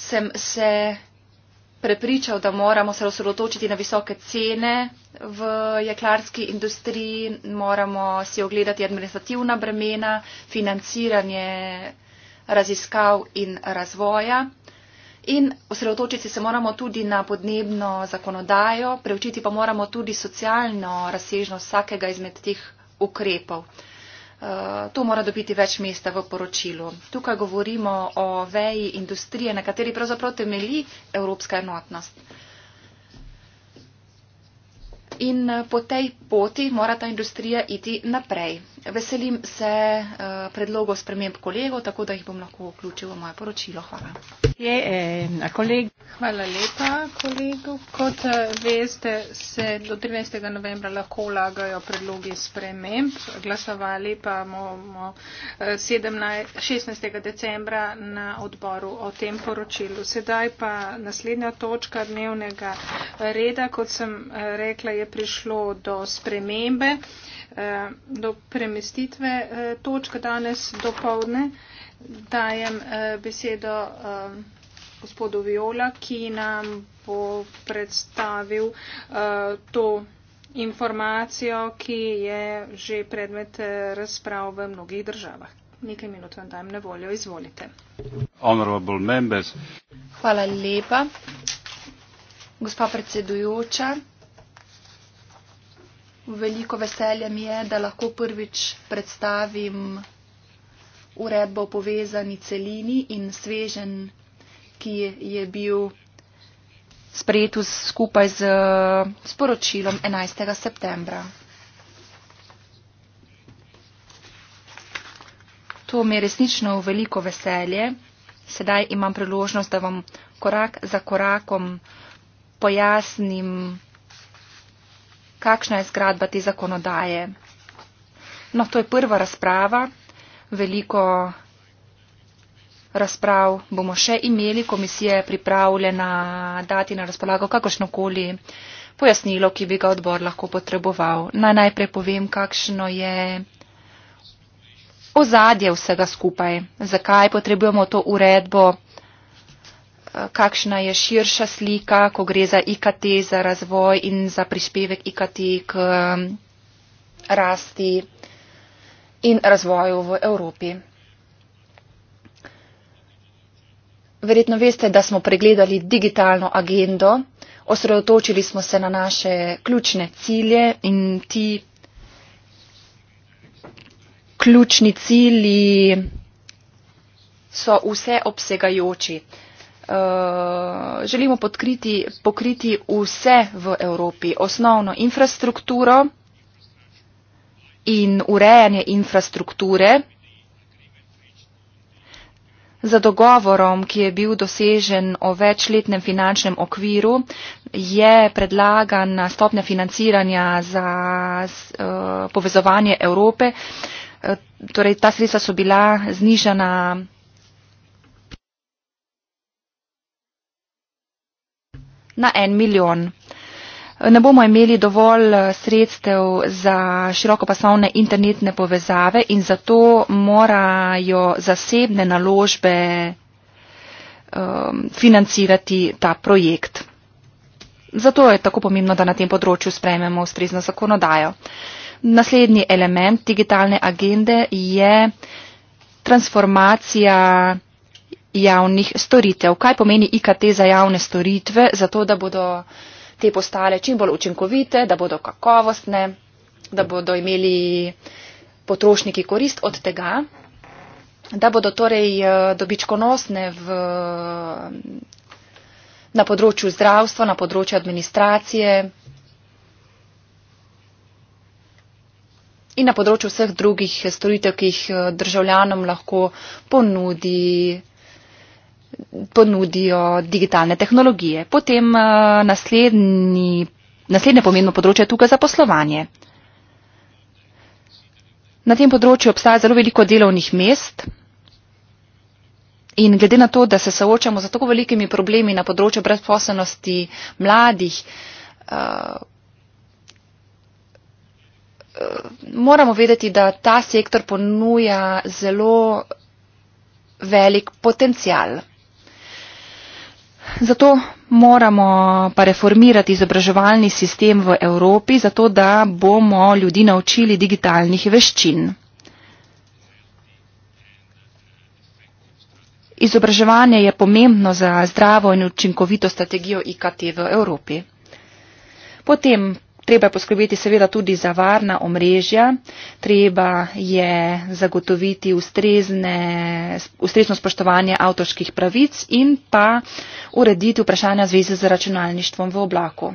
sem se prepričal, da moramo se osredotočiti na visoke cene v jeklarski industriji, moramo si ogledati administrativna bremena, financiranje raziskav in razvoja. In osredotočiti se moramo tudi na podnebno zakonodajo, preučiti pa moramo tudi socialno razsežnost vsakega izmed teh ukrepov. Eh, to mora dobiti več mesta v poročilu. Tukaj govorimo o veji industrije, na kateri pravzaprav temeli evropska enotnost. In eh, po tej poti mora ta industrija iti naprej. Veselim se eh, predlogov sprememb kolegov, tako da jih bom lahko vključil v moje poročilo. Hvala. Je, eh,
Hvala lepa, kolegu. Kot eh, veste, se do 13. novembra lahko vlagajo predlogi sprememb. Glasovali pa bomo 16. Eh, decembra na odboru o tem poročilu. Sedaj pa naslednja točka dnevnega reda. Kot sem rekla, je prišlo do spremembe. Eh, do premestitve eh, točk danes do povdne. Dajem eh, besedo gospodu Viola, ki nam bo predstavil to informacijo, ki je že predmet razprav v mnogih državah. Nekaj minut vam dajem na voljo. Izvolite.
Hvala lepa. Gospa predsedujoča, Veliko veselje mi je, da lahko prvič predstavim uredbo o povezani celini in svežen, ki je bil sprejet skupaj z sporočilom 11. septembra. To mi je resnično veliko veselje. Sedaj imam priložnost, da vam korak za korakom pojasnim, kakšna je zgradba te zakonodaje. No, to je prva razprava. Veliko razprav bomo še imeli. Komisija je pripravljena dati na razpolago kakršnokoli pojasnilo, ki bi ga odbor lahko potreboval. Naj najprej povem, kakšno je ozadje vsega skupaj, zakaj potrebujemo to uredbo. Eh, kakšna je širša slika, ko gre za IKT, za razvoj in za prispevek IKT k mm, rasti in razvoju v Evropi. Verjetno veste, da smo pregledali digitalno agendo, osredotočili smo se na naše ključne cilje in ti ključni cilji so vseobsegajoči. Eh, želimo podkriti, pokriti vse v Evropi, osnovno infrastrukturo in urejanje infrastrukture. Za dogovorom, ki je bil dosežen o večletnem finančnem okviru, je predlagana stopnja financiranja za eh, povezovanje Evrope. Eh, torej, ta sredstva so bila znižana na en milijon. Ne bomo imeli dovolj eh, sredstev za širokopasovne internetne povezave in zato morajo zasebne naložbe um, financirati ta projekt. Zato je tako pomembno, da na tem področju sprejmemo ustrezno zakonodajo. Naslednji element digitalne agende je transformacija javnih storitev. Kaj pomeni IKT za javne storitve, zato da bodo te postale čim bolj učinkovite, da bodo kakovostne, da bodo imeli potrošniki korist od tega, da bodo torej eh, dobičkonosne v, na področju zdravstva, na področju administracije in na področju vseh drugih storitev, ki jih eh, državljanom lahko ponudi ponudijo digitalne tehnologije. Potem eh, naslednji, naslednje pomembno področje je tukaj zaposlovanje. Na tem področju obstaja zelo veliko delovnih mest in glede na to, da se soočamo z tako velikimi problemi na področju brezposobnosti mladih, eh, eh, moramo vedeti, da ta sektor ponuja zelo velik potencial. Zato moramo pa reformirati izobraževalni sistem v Evropi, zato da bomo ljudi naučili digitalnih veščin. Izobraževanje je pomembno za zdravo in učinkovito strategijo IKT v Evropi. Potem Treba je poskrbeti seveda tudi za varna omrežja, treba je zagotoviti ustrezne, ustrezno spoštovanje avtorskih pravic in pa urediti vprašanja zveze z računalništvom v oblaku.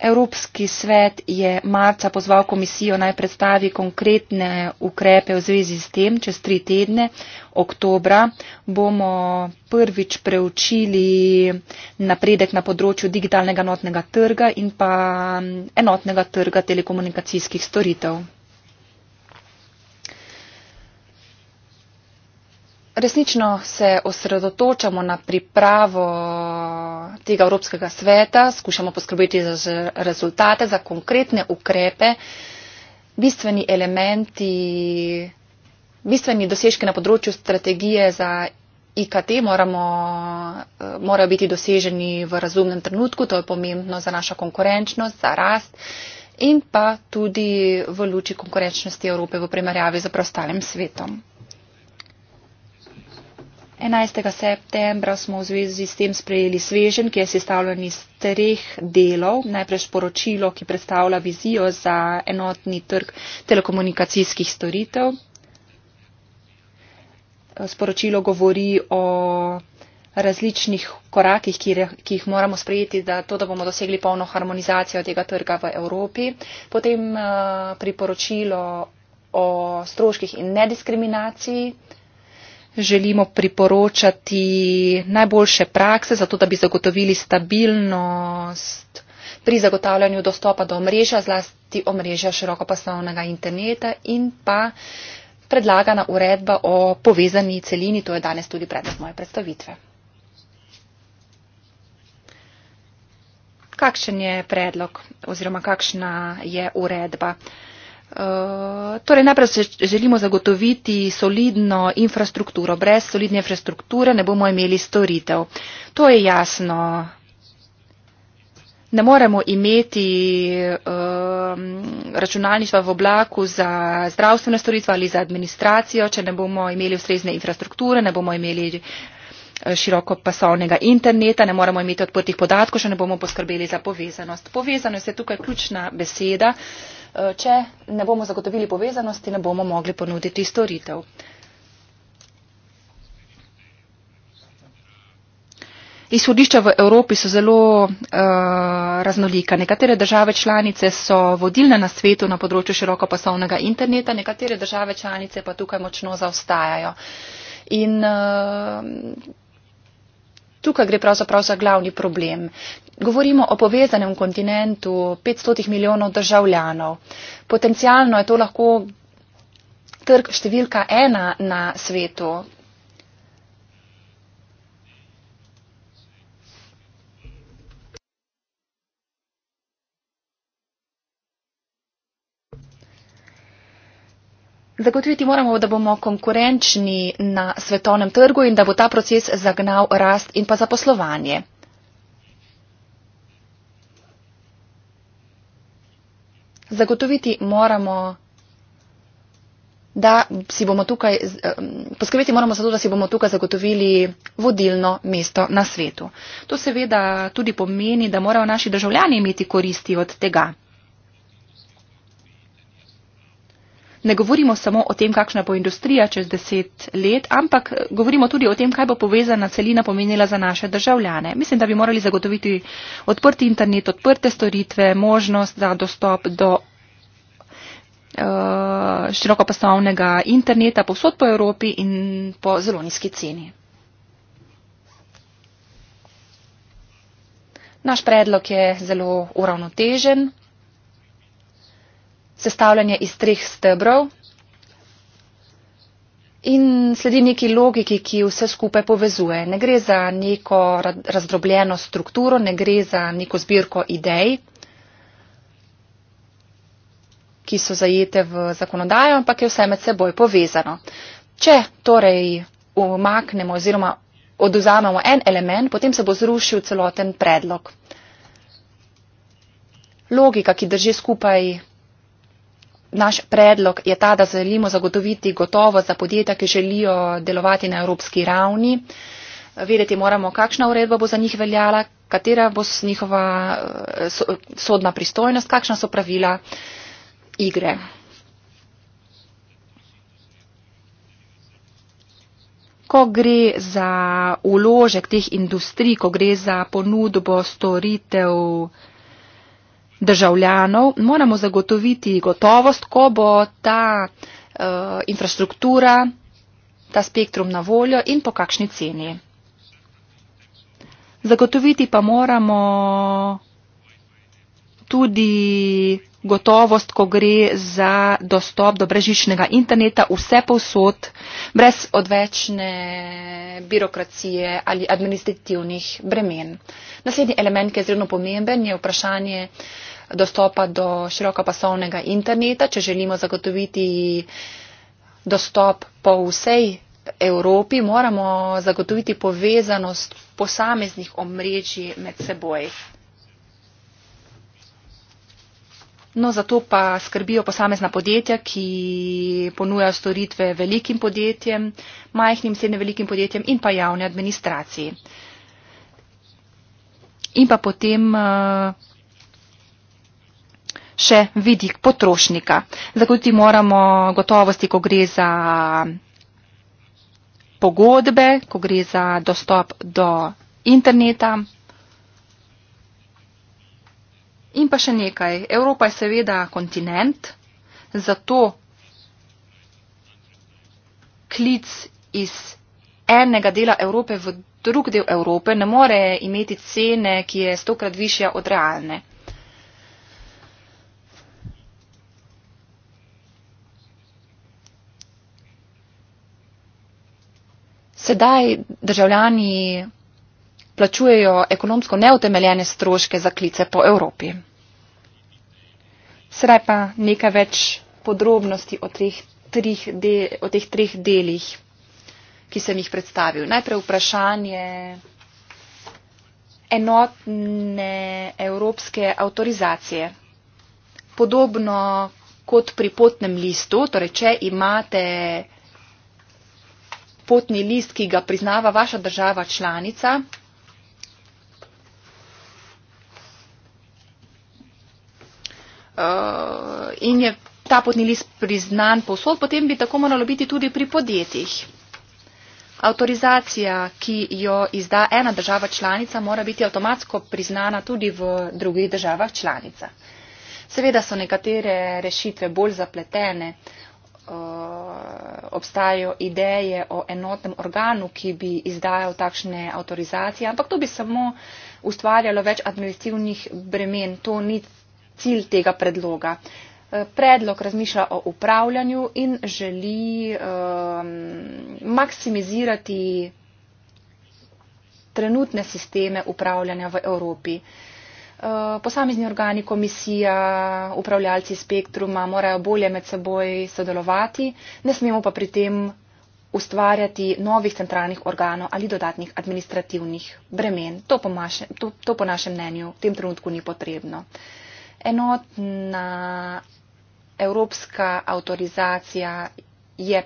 Evropski svet je marca pozval komisijo naj predstavi konkretne ukrepe v zvezi s tem. Čez tri tedne, oktobra, bomo prvič preučili napredek na področju digitalnega enotnega trga in pa enotnega trga telekomunikacijskih storitev. resnično se osredotočamo na pripravo tega Evropskega sveta, skušamo poskrbeti za rezultate, za konkretne ukrepe, bistveni elementi, bistveni dosežki na področju strategije za IKT moramo, eh, morajo biti doseženi v razumnem trenutku, to je pomembno za našo konkurenčnost, za rast in pa tudi v luči konkurenčnosti Evrope v primerjavi z preostalim svetom. 11. septembra smo v zvezi s tem sprejeli svežen, ki je sestavljen iz treh delov. Najprej sporočilo, ki predstavlja vizijo za enotni trg telekomunikacijskih storitev. Sporočilo govori o različnih korakih, ki, ki jih moramo sprejeti, da to, da bomo dosegli polno harmonizacijo tega trga v Evropi. Potem uh, priporočilo o stroških in nediskriminaciji, želimo priporočati najboljše prakse, zato da bi zagotovili stabilnost pri zagotavljanju dostopa do omrežja, zlasti omrežja širokopasovnega interneta in pa predlagana uredba o povezani celini, to je danes tudi predmet moje predstavitve. Kakšen je predlog oziroma kakšna je uredba? Eh, torej, najprej se želimo zagotoviti solidno infrastrukturo. Brez solidne infrastrukture ne bomo imeli storitev. To je jasno. Ne moremo imeti um, računalništva v oblaku za zdravstvene storitve ali za administracijo, če ne bomo imeli ustrezne infrastrukture, ne bomo imeli eh, široko pasovnega interneta, ne moremo imeti odprtih podatkov, če ne bomo poskrbeli za povezanost. Povezanost je tukaj ključna beseda. Uh, Eh, če ne bomo zagotovili povezanosti, ne bomo mogli ponuditi storitev. Izhodišča v Evropi so zelo uh, raznolika. Nekatere države članice so vodilne na svetu na področju širokopasovnega interneta, nekatere države članice pa tukaj močno zaostajajo. In uh, tukaj gre pravzaprav za glavni problem. Govorimo o povezanem kontinentu 500 milijonov državljanov. Potencialno je to lahko trg številka ena na svetu. Zagotoviti moramo, da bomo konkurenčni na svetovnem trgu in da bo ta proces zagnal rast in pa zaposlovanje. zagotoviti moramo, da si bomo tukaj, poskrbeti moramo za to, da si bomo tukaj zagotovili vodilno mesto na svetu. To seveda tudi pomeni, da morajo naši državljani imeti koristi od tega. ne govorimo samo o tem, kakšna bo industrija čez deset let, ampak govorimo tudi o tem, kaj bo povezana celina pomenila za naše državljane. Mislim, da bi morali zagotoviti odprti internet, odprte storitve, možnost za dostop do uh, širokopasovnega interneta povsod po Evropi in po zelo nizki ceni. Naš predlog je zelo uravnotežen sestavljanje iz treh stebrov in sledi neki logiki, ki vse skupaj povezuje. Ne gre za neko razdrobljeno strukturo, ne gre za neko zbirko idej, ki so zajete v zakonodajo, ampak je vse med seboj povezano. Če torej umaknemo oziroma oduzamemo en element, potem se bo zrušil celoten predlog. Logika, ki drži skupaj naš predlog je ta, da želimo zagotoviti gotovo za podjetja, ki želijo delovati na evropski ravni. Vedeti moramo, kakšna uredba bo za njih veljala, katera bo njihova eh, sodna pristojnost, kakšna so pravila igre. Ko gre za uložek teh industrij, ko gre za ponudbo storitev, državljanov, moramo zagotoviti gotovost, ko bo ta uh, infrastruktura, ta spektrum na voljo in po kakšni ceni. Zagotoviti pa moramo tudi gotovost, ko gre za dostop do brežičnega interneta vse povsod, brez odvečne birokracije ali administrativnih bremen. Naslednji element, ki je zelo pomemben, je vprašanje dostopa do širokopasovnega interneta, če želimo zagotoviti dostop po vsej Evropi, moramo zagotoviti povezanost posameznih omrežij med seboj. No, zato pa skrbijo posamezna podjetja, ki ponujajo storitve velikim podjetjem, majhnim, srednjim velikim podjetjem in pa javni administraciji. In pa potem eh, še vidik potrošnika. Zagotoviti moramo gotovosti, ko gre za pogodbe, ko gre za dostop do interneta, In pa še nekaj. Evropa je seveda kontinent, zato klic iz enega dela Evrope v drug del Evrope ne more imeti cene, ki je stokrat višja od realne. Sedaj državljani plačujejo ekonomsko neutemeljene stroške za klice po Evropi. Sedaj pa nekaj več podrobnosti o teh, trih de, o teh treh delih, ki sem jih predstavil. Najprej vprašanje enotne evropske avtorizacije. Podobno kot pri potnem listu, torej če imate potni list, ki ga priznava vaša država članica, uh, in je ta potni list priznan posod, potem bi tako moralo biti tudi pri podjetjih. Avtorizacija, ki jo izda ena država članica, mora biti avtomatsko priznana tudi v drugih državah članica. Seveda so nekatere rešitve bolj zapletene, eh, obstajajo ideje o enotnem organu, ki bi izdajal takšne avtorizacije, ampak to bi samo ustvarjalo več administrativnih bremen. To ni cilj tega predloga. Eh, predlog razmišlja o upravljanju in želi um, maksimizirati trenutne sisteme upravljanja v Evropi. Eh, posamezni organi, komisija, upravljalci spektruma morajo bolje med seboj sodelovati, ne smemo pa pri tem ustvarjati novih centralnih organov ali dodatnih administrativnih bremen. To po, maše, to, to po našem mnenju v tem trenutku ni potrebno. Uh, enotna evropska avtorizacija je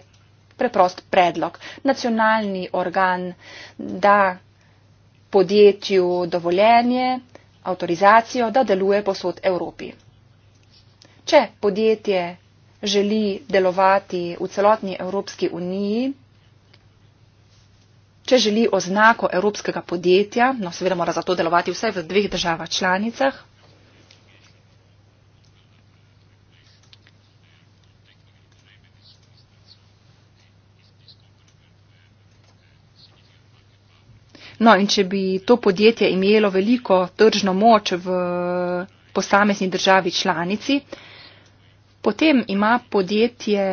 preprost predlog. Nacionalni organ da podjetju dovoljenje, avtorizacijo, da deluje posod Evropi. Če podjetje želi delovati v celotni Evropski uniji, če želi oznako evropskega podjetja, no seveda mora za to delovati vse v dveh državah članicah, No in če bi to podjetje imelo veliko tržno moč v posamezni državi članici, potem ima podjetje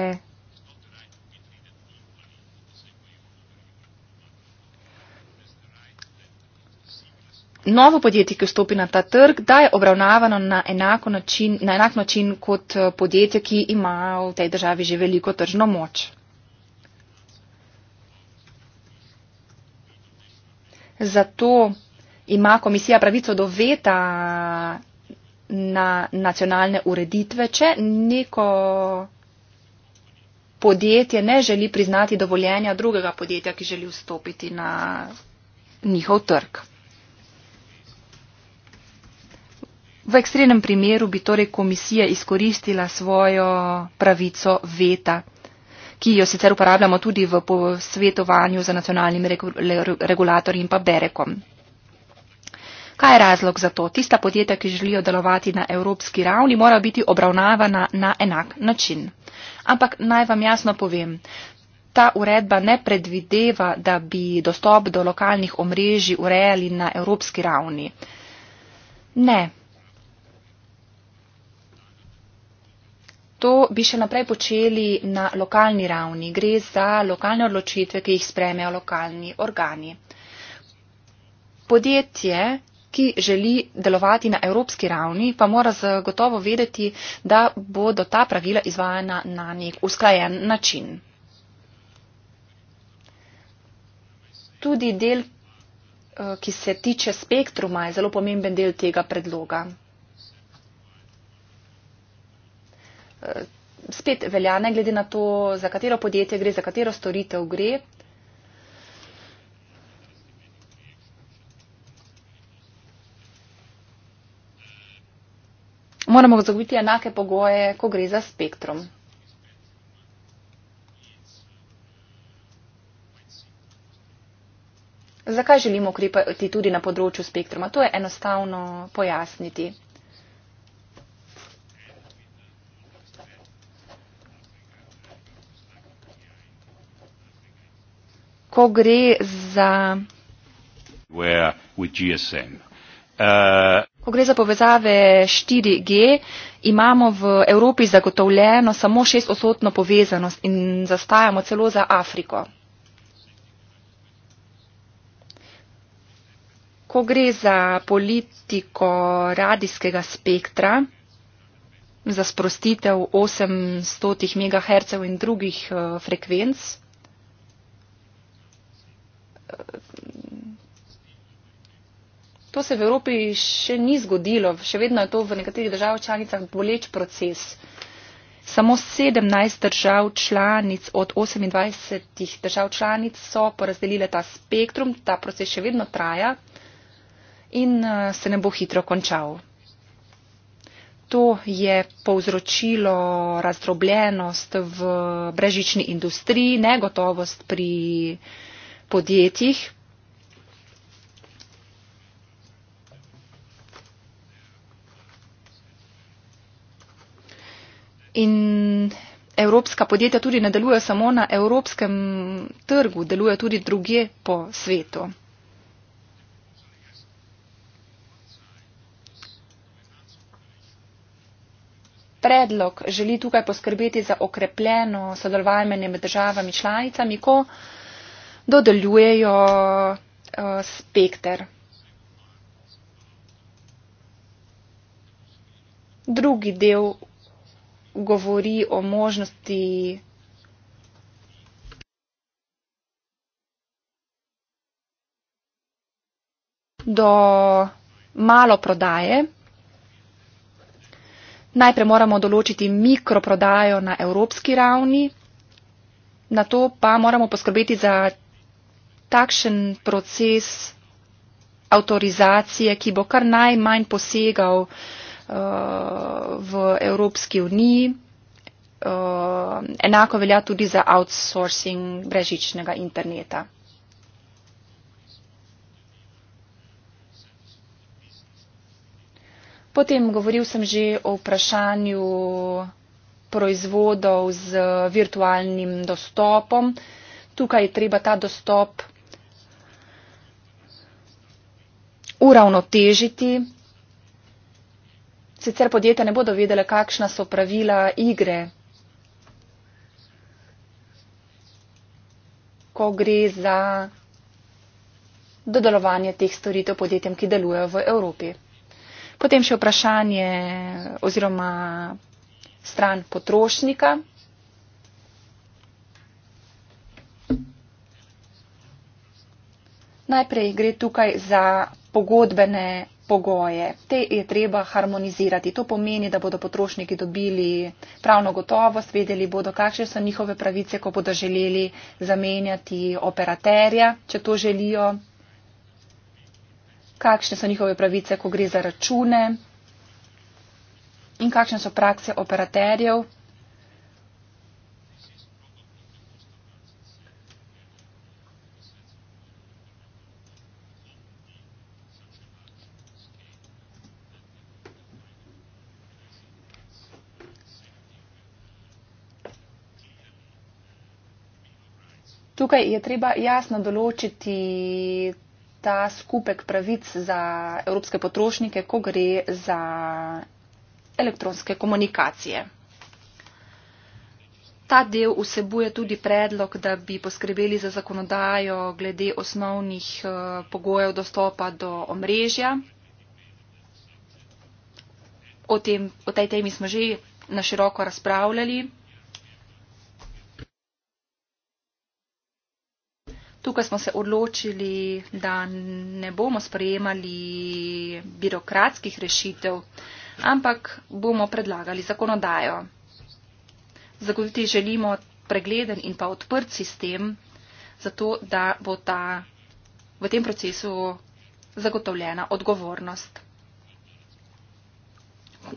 Novo podjetje, ki vstopi na ta trg, da je obravnavano na, način, na enak način kot eh, podjetje, ki ima v tej državi že veliko tržno moč. Zato ima komisija pravico do veta na nacionalne ureditve, če neko podjetje ne želi priznati dovoljenja drugega podjetja, ki želi vstopiti na njihov trg. V ekstremnem primeru bi torej komisija izkoristila svojo pravico veta ki jo sicer uporabljamo tudi v posvetovanju za nacionalnimi regulatorji in pa Berekom. Kaj je razlog za to? Tista podjetja, ki želijo delovati na evropski ravni, mora biti obravnavana na enak način. Ampak naj vam jasno povem, ta uredba ne predvideva, da bi dostop do lokalnih omrežij urejali na evropski ravni. Ne, To bi še naprej počeli na lokalni ravni. Gre za lokalne odločitve, ki jih spremejo lokalni organi. Podjetje, ki želi delovati na evropski ravni, pa mora zagotovo vedeti, da bodo ta pravila izvajana na nek usklajen način. Tudi del, eh, ki se tiče spektruma, je zelo pomemben del tega predloga. Eh, spet velja, ne glede na to, za katero podjetje gre, za katero storitev gre. Moramo zagotoviti enake pogoje, ko gre za spektrum. Zakaj želimo ukrepati tudi na področju spektruma? To je enostavno pojasniti. ko gre za. Uh, ko gre za povezave 4G, imamo v Evropi zagotovljeno samo šestosotno povezanost in zastajamo celo za Afriko. Ko gre za politiko radijskega spektra, za sprostitev 800 MHz in drugih eh, frekvenc, To se v Evropi še ni zgodilo, še vedno je to v nekaterih državah članicah boleč proces. Samo 17 držav članic od 28 držav članic so porazdelile ta spektrum, ta proces še vedno traja in eh, se ne bo hitro končal. To je povzročilo razdrobljenost v brežični industriji, negotovost pri podjetjih in evropska podjetja tudi ne delujejo samo na evropskem trgu, delujejo tudi druge po svetu. Predlog želi tukaj poskrbeti za okrepljeno sodelovanje med državami članicami, ko dodeljujejo uh, spekter. Drugi del govori o možnosti do malo prodaje. Najprej moramo določiti mikroprodajo na evropski ravni, na to pa moramo poskrbeti za takšen proces avtorizacije, ki bo kar najmanj posegal uh, v Evropski uniji. Uh, enako velja tudi za outsourcing brežičnega interneta. Potem govoril sem že o vprašanju proizvodov z virtualnim dostopom. Tukaj je treba ta dostop uravnotežiti. Sicer podjetja ne bodo vedele, kakšna so pravila igre, ko gre za dodelovanje teh storitev podjetjem, ki delujejo v Evropi. Potem še vprašanje oziroma stran potrošnika. Najprej gre tukaj za pogodbene pogoje. Te je treba harmonizirati. To pomeni, da bodo potrošniki dobili pravno gotovost, vedeli bodo, kakšne so njihove pravice, ko bodo želeli zamenjati operaterja, če to želijo, kakšne so njihove pravice, ko gre za račune in kakšne so prakse operaterjev, tukaj je treba jasno določiti ta skupek pravic za evropske potrošnike, ko gre za elektronske komunikacije. Ta del vsebuje tudi predlog, da bi poskrbeli za zakonodajo glede osnovnih eh, pogojev dostopa do omrežja. O, tem, o tej temi smo že na široko razpravljali. Tukaj smo se odločili, da ne bomo sprejemali birokratskih rešitev, ampak bomo predlagali zakonodajo. Zagotoviti želimo pregleden in pa odprt sistem, zato da bo ta v tem procesu zagotovljena odgovornost.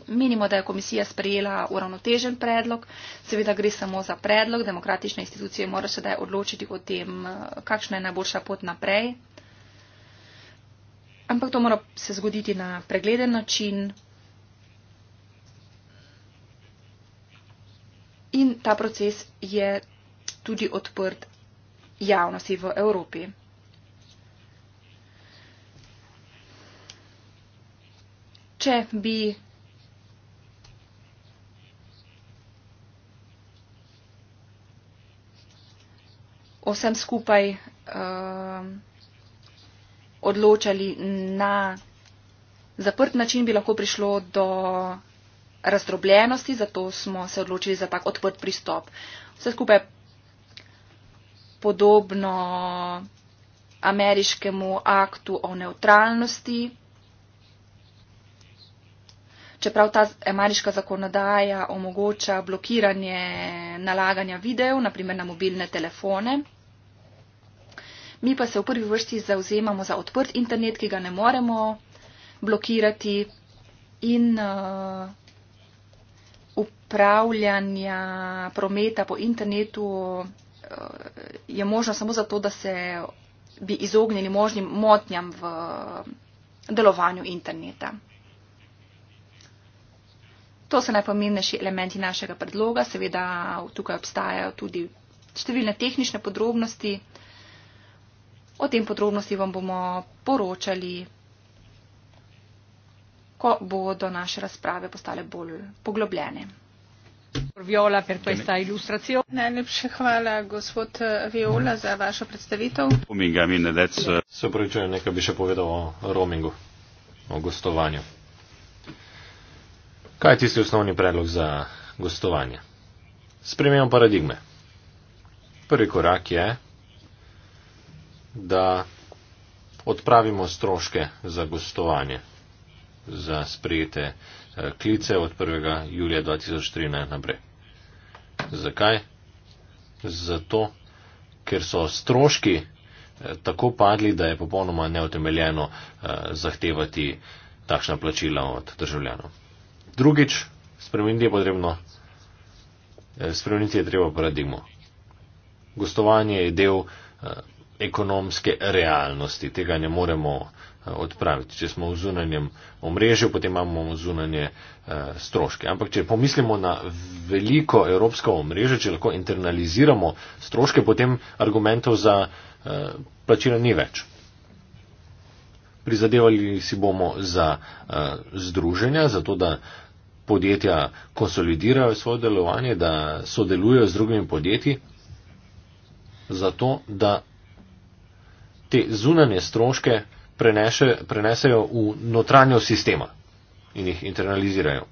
Menimo, da je komisija sprejela uravnotežen predlog. Seveda gre samo za predlog. Demokratične institucije morajo sedaj odločiti o tem, kakšna je najboljša pot naprej. Ampak to mora se zgoditi na pregleden način. In ta proces je tudi odprt javnosti v Evropi. Če bi o vsem skupaj uh, odločali na zaprt način, bi lahko prišlo do razdrobljenosti, zato smo se odločili za tak odprt pristop. Vse skupaj podobno ameriškemu aktu o neutralnosti čeprav ta ameriška zakonodaja omogoča blokiranje nalaganja videov, naprimer na mobilne telefone. Mi pa se v prvi vrsti zauzemamo za odprt internet, ki ga ne moremo blokirati in uh, upravljanja prometa po internetu uh, je možno samo zato, da se bi izognili možnim motnjam v delovanju interneta. To so najpomembnejši elementi našega predloga. Seveda tukaj obstajajo tudi številne tehnične podrobnosti. O tem podrobnosti vam bomo poročali, ko bodo naše razprave
postale bolj poglobljene. Viola, per questa illustrazione. Najlepše hvala, gospod Viola, za vašo predstavitev.
Uh, Se upravičujem, nekaj bi še povedal o roamingu, o gostovanju. Kaj je tisti osnovni predlog za gostovanje? Spremenjamo paradigme. Prvi korak je, da odpravimo stroške za gostovanje, za sprejete eh, klice od 1. julija 2013 naprej. Zakaj? Zato, ker so stroški eh, tako padli, da je popolnoma neutemeljeno eh, zahtevati takšna plačila od državljanov. Drugič, spremeniti je potrebno, eh, spremeniti je treba paradigmo. Gostovanje je del eh, ekonomske realnosti, tega ne moremo eh, odpraviti. Če smo v zunanjem omrežju, potem imamo zunanje stroške. Ampak če pomislimo na veliko evropsko omrežje, če lahko internaliziramo stroške, potem argumentov za plačilo ni več. Prizadevali si bomo za združenja, za to, da podjetja konsolidirajo svoje delovanje, da sodelujejo z drugimi podjetji, zato da te zunanje stroške prenese, prenesejo v notranjo sistema in jih internalizirajo.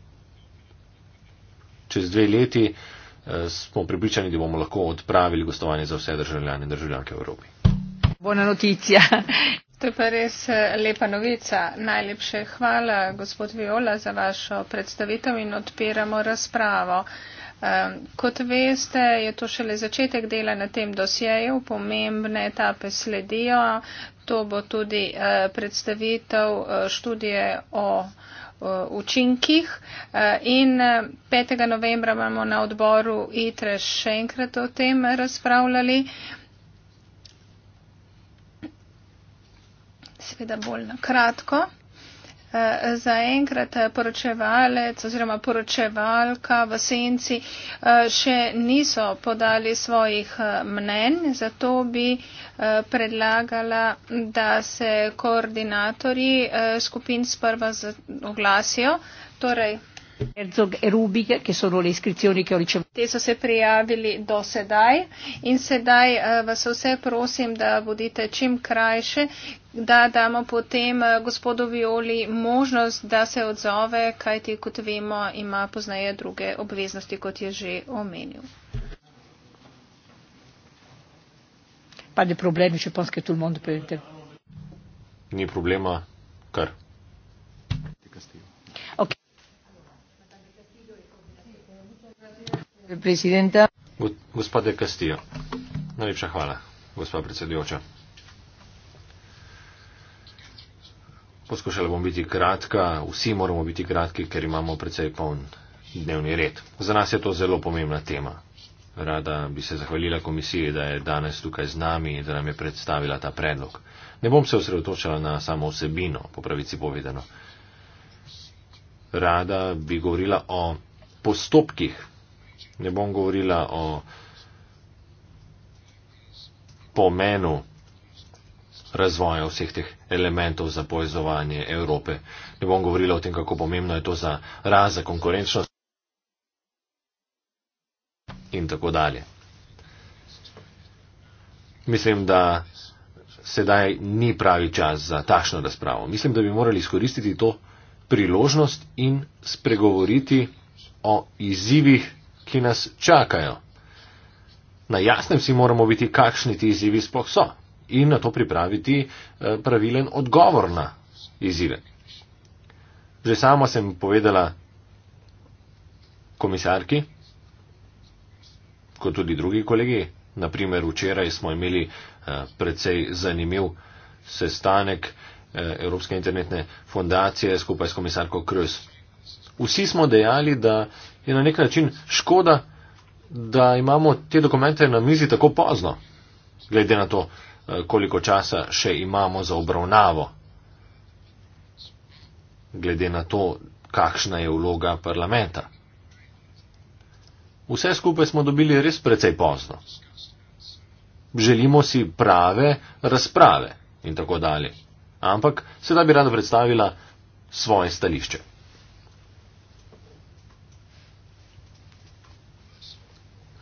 Čez dve leti eh, smo pripričani, da bomo lahko odpravili gostovanje za vse državljane in državljanke v Evropi.
Buona notizia. To je pa res eh, lepa novica. Najlepše hvala, gospod Viola, za vašo predstavitev in odpiramo razpravo. Kot veste, je to šele začetek dela na tem dosjeju, pomembne etape sledijo. To bo tudi eh, predstavitev eh, študije o učinkih in 5. novembra bomo na odboru ITRE še enkrat o tem razpravljali. seveda bolj na kratko. Eh, zaenkrat eh, poročevalec oziroma poročevalka v senci eh, še niso podali svojih mnen, zato bi predlagala, da se koordinatorji skupin sprva oglasijo. Torej, Herzog e Rubik, che sono le iscrizioni che ho ricevuto. se prijavili do sedaj in sedaj eh, vas vse prosim, da bodite čim krajše, da damo potem eh, gospodu Violi možnost, da se odzove, kajti kot vemo ima poznaje druge obveznosti, kot je že omenil.
Pa ne problemi, če ponske tu mond prijete.
Ni problema, kar.
Presidenta.
Gospode Castillo, najlepša hvala, gospa predsedujoča. Poskušala bom biti kratka, vsi moramo biti kratki, ker imamo predvsej poln dnevni red. Za nas je to zelo pomembna tema. Rada bi se zahvalila komisiji, da je danes tukaj z nami in da nam je predstavila ta predlog. Ne bom se osredotočala na samo vsebino, po pravici povedano. Rada bi govorila o postopkih, ne bom govorila o pomenu razvoja vseh teh elementov za povezovanje Evrope, ne bom govorila o tem, kako pomembno je to za raz, za konkurenčnost in tako dalje. Mislim, da sedaj ni pravi čas za takšno razpravo. Mislim, da bi morali izkoristiti to priložnost in spregovoriti o izzivih, ki nas čakajo. Na jasnem si moramo biti, kakšni ti izzivi sploh so in na to pripraviti eh, pravilen odgovor na izzive. Že sama sem povedala komisarki, kot tudi drugi kolegi, naprimer včeraj smo imeli eh, predvsej zanimiv sestanek eh, Evropske internetne fondacije skupaj s komisarko Krus. Vsi smo dejali, da je na nek način škoda, da imamo te dokumente na mizi tako pozno, glede na to, eh, koliko časa še imamo za obravnavo, glede na to, kakšna je vloga parlamenta. Vse skupaj smo dobili res precej pozno. Želimo si prave razprave in tako dalje. Ampak sedaj bi rada predstavila svoje stališče.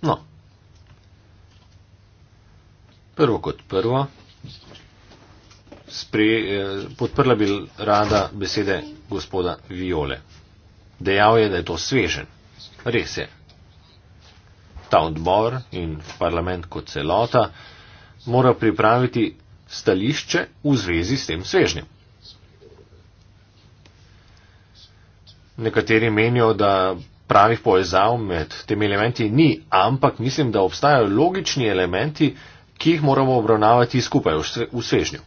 No, prvo kot prvo, spre, eh, podprla bi rada besede gospoda Viole. Dejal je, da je to svežen. Res je. Ta odbor in parlament kot celota mora pripraviti stališče v zvezi s tem svežnjem. Nekateri menijo, da pravih povezav med temi elementi ni, ampak mislim, da obstajajo logični elementi, ki jih moramo obravnavati skupaj v svežnju.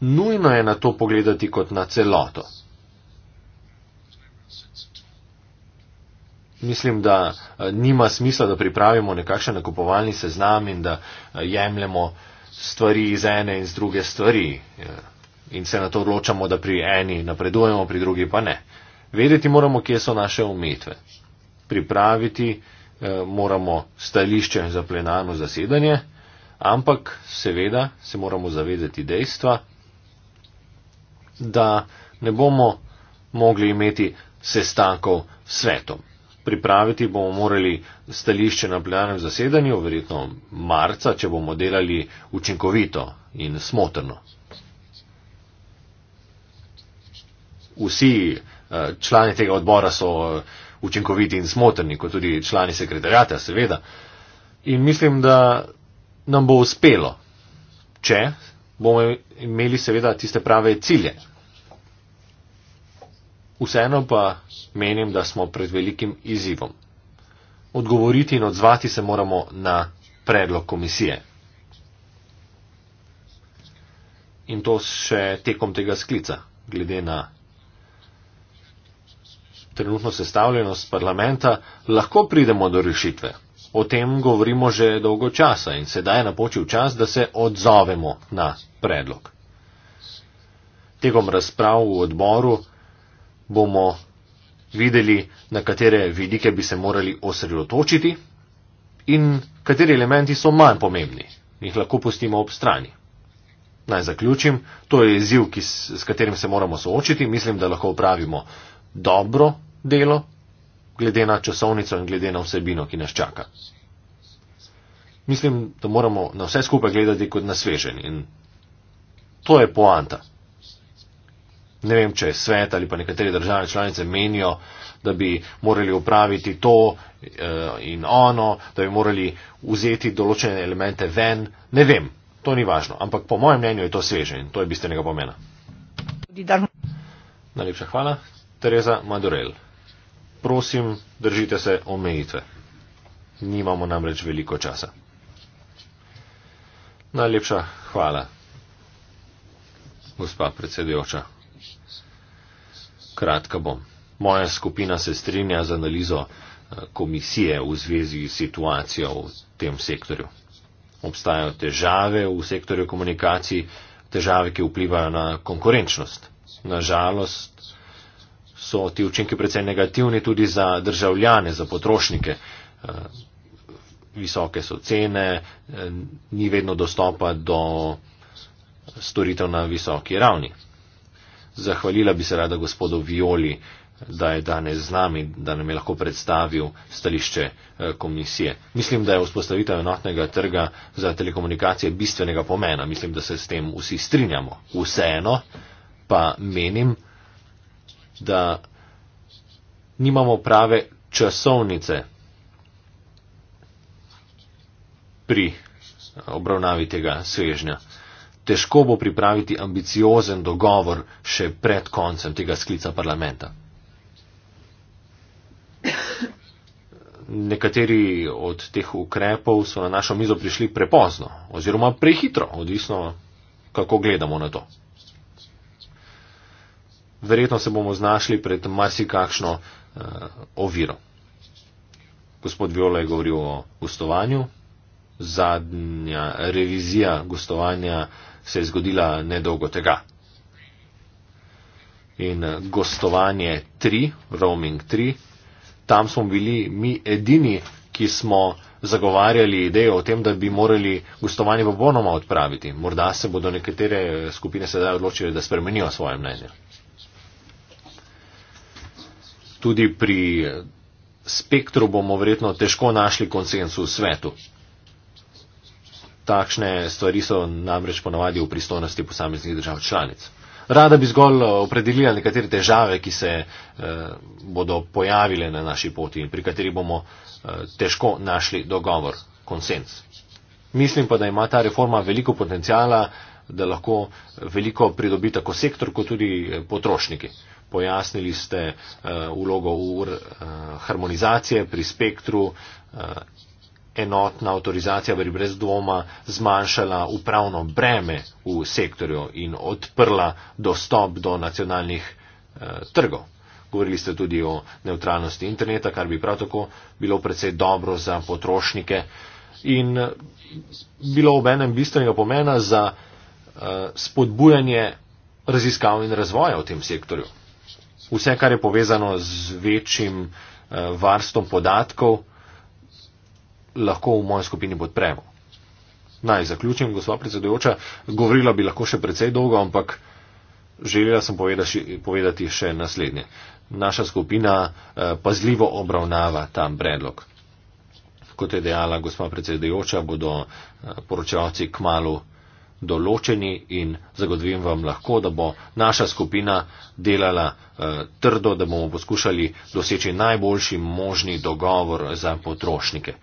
Nujno je na to pogledati kot na celoto. Mislim, da eh, nima smisla, da pripravimo nekakšen nakupovalni seznam in da eh, jemljemo stvari iz ene in iz druge stvari. Ja in se na to odločamo, da pri eni napredujemo, pri drugi pa ne. Vedeti moramo, kje so naše umetve. Pripraviti eh, moramo stališče za plenarno zasedanje, ampak seveda se moramo zavedati dejstva, da ne bomo mogli imeti sestankov s svetom. Pripraviti bomo morali stališče na plenarnem zasedanju, verjetno marca, če bomo delali učinkovito in smotrno. vsi eh, člani tega odbora so učinkoviti in smotrni, kot tudi člani sekretarjata, seveda. In mislim, da nam bo uspelo, če bomo imeli seveda tiste prave cilje. Vseeno pa menim, da smo pred velikim izzivom. Odgovoriti in odzvati se moramo na predlog komisije. In to še tekom tega sklica, glede na trenutno sestavljenost parlamenta, lahko pridemo do rešitve. O tem govorimo že dolgo časa in sedaj je napočil čas, da se odzovemo na predlog. Tegom razprav v odboru bomo videli, na katere vidike bi se morali osredotočiti in kateri elementi so manj pomembni. Njih lahko pustimo ob strani. Naj zaključim, to je izziv, s katerim se moramo soočiti, mislim, da lahko upravimo dobro delo, glede na časovnico in glede na vsebino, ki nas čaka. Mislim, da moramo na vse skupaj gledati kot na svežen in to je poanta. Ne vem, če svet ali pa nekatere države članice menijo, da bi morali upraviti to eh, in ono, da bi morali vzeti določene elemente ven, ne vem, to ni važno, ampak po mojem mnenju je to svežen in to je bistvenega pomena. Najlepša hvala, Tereza Madurel prosim, držite se omejitve. Nimamo namreč veliko časa. Najlepša hvala, gospa predsedujoča. Kratka bom. Moja skupina se strinja z analizo eh, komisije v zvezi s situacijo v tem sektorju. Obstajajo težave v sektorju komunikacij, težave, ki vplivajo na konkurenčnost. Na žalost so ti učinki precej negativni tudi za državljane, za potrošnike. Eh, visoke so cene, eh, ni vedno dostopa do storitev na visoki ravni. Zahvalila bi se rada gospodu Violi, da je danes z nami, da nam je lahko predstavil stališče eh, komisije. Mislim, da je vzpostavitev enotnega trga za telekomunikacije bistvenega pomena. Mislim, da se s tem vsi strinjamo. Vseeno pa menim, da nimamo prave časovnice pri obravnavi tega svežnja. Težko bo pripraviti ambiciozen dogovor še pred koncem tega sklica parlamenta. Nekateri od teh ukrepov so na našo mizo prišli prepozno oziroma prehitro, odvisno kako gledamo na to verjetno se bomo znašli pred marsikakšno uh, oviro. Gospod Viola je govoril o gostovanju. Zadnja revizija gostovanja se je zgodila nedolgo tega. In eh, gostovanje 3, roaming 3, tam smo bili mi edini, ki smo zagovarjali idejo o tem, da bi morali gostovanje v Bonoma odpraviti. Morda se bodo nekatere eh, skupine sedaj odločile, da spremenijo svoje mnenje tudi pri spektru bomo verjetno težko našli konsensus v svetu. Takšne stvari so namreč ponavadi v pristojnosti posameznih držav članic. Rada bi zgolj eh, opredelila nekatere težave, ki se eh, bodo pojavile na naši poti in pri kateri bomo eh, težko našli dogovor, konsens. Mislim pa, da ima ta reforma veliko potencijala, da lahko veliko pridobi tako sektor, kot tudi eh, potrošniki. Eh, pojasnili ste eh, vlogo ur eh, harmonizacije pri spektru. Eh, enotna avtorizacija bi brez dvoma zmanjšala upravno breme v sektorju in odprla dostop do nacionalnih trgov. Govorili ste tudi o neutralnosti interneta, kar bi prav tako bilo predvsej dobro za potrošnike in bilo ob enem bistvenega pomena za spodbujanje raziskav in razvoja v tem sektorju vse, kar je povezano z večjim eh, varstvom podatkov, lahko v moji skupini podpremo. Naj zaključim, gospa predsedujoča, govorila bi lahko še precej dolgo, ampak želela sem povedati še naslednje. Naša skupina eh, pazljivo obravnava ta predlog. Kot je dejala gospa predsedujoča, bodo eh, poročevalci k malu določeni in zagotovim vam lahko, da bo naša skupina delala eh, trdo, da bomo poskušali doseči najboljši možni dogovor za potrošnike.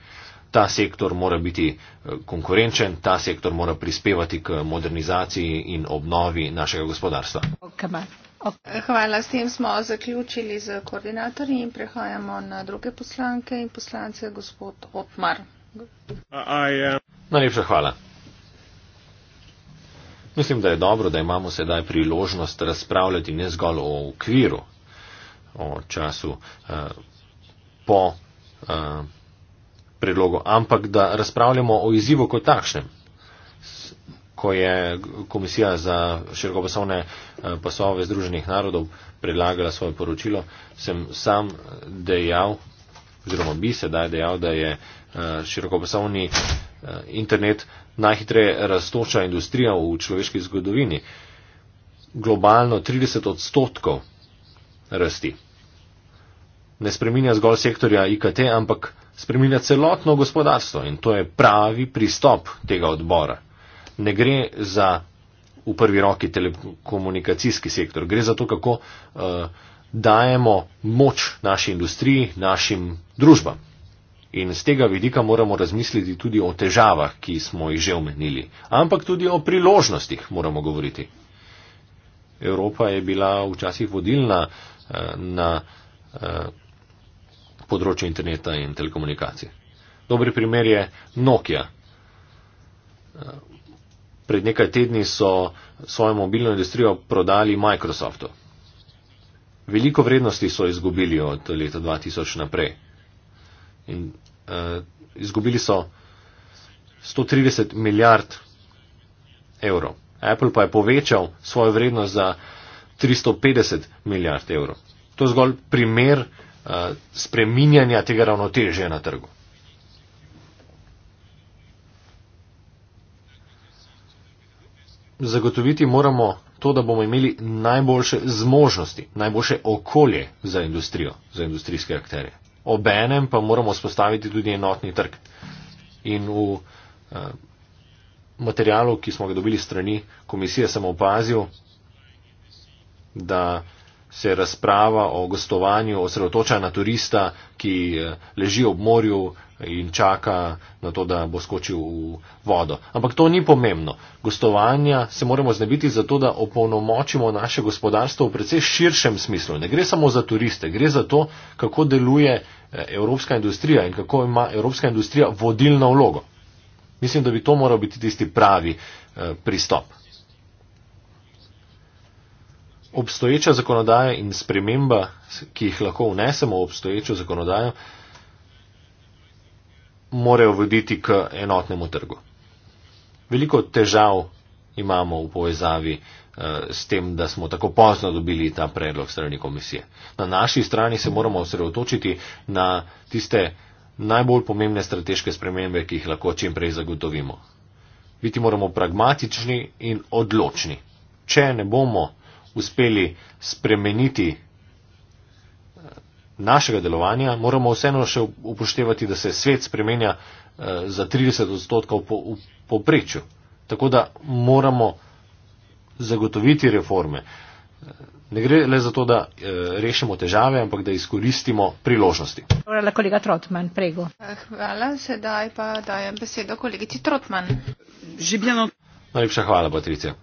Ta sektor mora biti eh, konkurenčen, ta sektor mora prispevati k modernizaciji in obnovi našega gospodarstva.
Okay, okay. Hvala, s tem smo zaključili z koordinatorji in prehajamo na druge poslanke in poslance, gospod Otmar. Uh,
I, uh... Najlepša hvala. Mislim, da je dobro, da imamo sedaj priložnost razpravljati ne zgolj o okviru, o času eh, po eh, predlogu, ampak da razpravljamo o izzivu kot takšnem. Ko je Komisija za širokopasovne eh, pasove Združenih narodov predlagala svoje poročilo, sem sam dejal, oziroma bi sedaj dejal, da je eh, širokopasovni eh, internet najhitreje raztoča industrija v človeški zgodovini. Globalno 30 odstotkov rasti. Ne spreminja zgolj sektorja IKT, ampak spreminja celotno gospodarstvo in to je pravi pristop tega odbora. Ne gre za v prvi roki telekomunikacijski sektor, gre za to, kako uh, dajemo moč naši industriji, našim družbam. In z tega vidika moramo razmisliti tudi o težavah, ki smo jih že omenili, ampak tudi o priložnostih moramo govoriti. Evropa je bila včasih vodilna eh, na eh, področju interneta in telekomunikacij. Dobri primer je Nokia. Eh, pred nekaj tedni so svojo mobilno industrijo prodali Microsoftu. Veliko vrednosti so izgubili od leta 2000 naprej. In uh, izgubili so 130 milijard evrov. Apple pa je povečal svojo vrednost za 350 milijard evrov. To je zgolj primer uh, spreminjanja tega ravnotežja na trgu. Zagotoviti moramo to, da bomo imeli najboljše zmožnosti, najboljše okolje za industrijo, za industrijske akterje obenem pa moramo spostaviti tudi enotni trg. In v eh, materialu, ki smo ga dobili strani komisije, sem opazil, da se razprava o gostovanju osredotoča na turista, ki eh, leži ob morju in čaka na to, da bo skočil v vodo. Ampak to ni pomembno. Gostovanja se moramo znebiti zato, da opolnomočimo naše gospodarstvo v precej širšem smislu. Ne gre samo za turiste, gre za to, kako deluje eh, evropska industrija in kako ima evropska industrija vodilno vlogo. Mislim, da bi to moral biti tisti pravi eh, pristop. Obstoječa zakonodaja in sprememba, ki jih lahko vnesemo v obstoječo zakonodajo, morajo voditi k enotnemu trgu. Veliko težav imamo v povezavi eh, s tem, da smo tako pozno dobili ta predlog strani komisije. Na naši strani se moramo osredotočiti na tiste najbolj pomembne strateške spremembe, ki jih lahko čim prej zagotovimo. Biti moramo pragmatični in odločni. Če ne bomo uspeli spremeniti našega delovanja, moramo vseeno še upoštevati, da se svet spremenja eh, za 30 odstotkov po, v poprečju. Tako da moramo zagotoviti reforme. Ne gre le za to, da eh, rešimo težave, ampak da izkoristimo priložnosti.
Hvala, kolega Trotman, prego. Hvala, sedaj pa dajem besedo kolegici Trotman. Življeno.
Najlepša hvala, Patricija.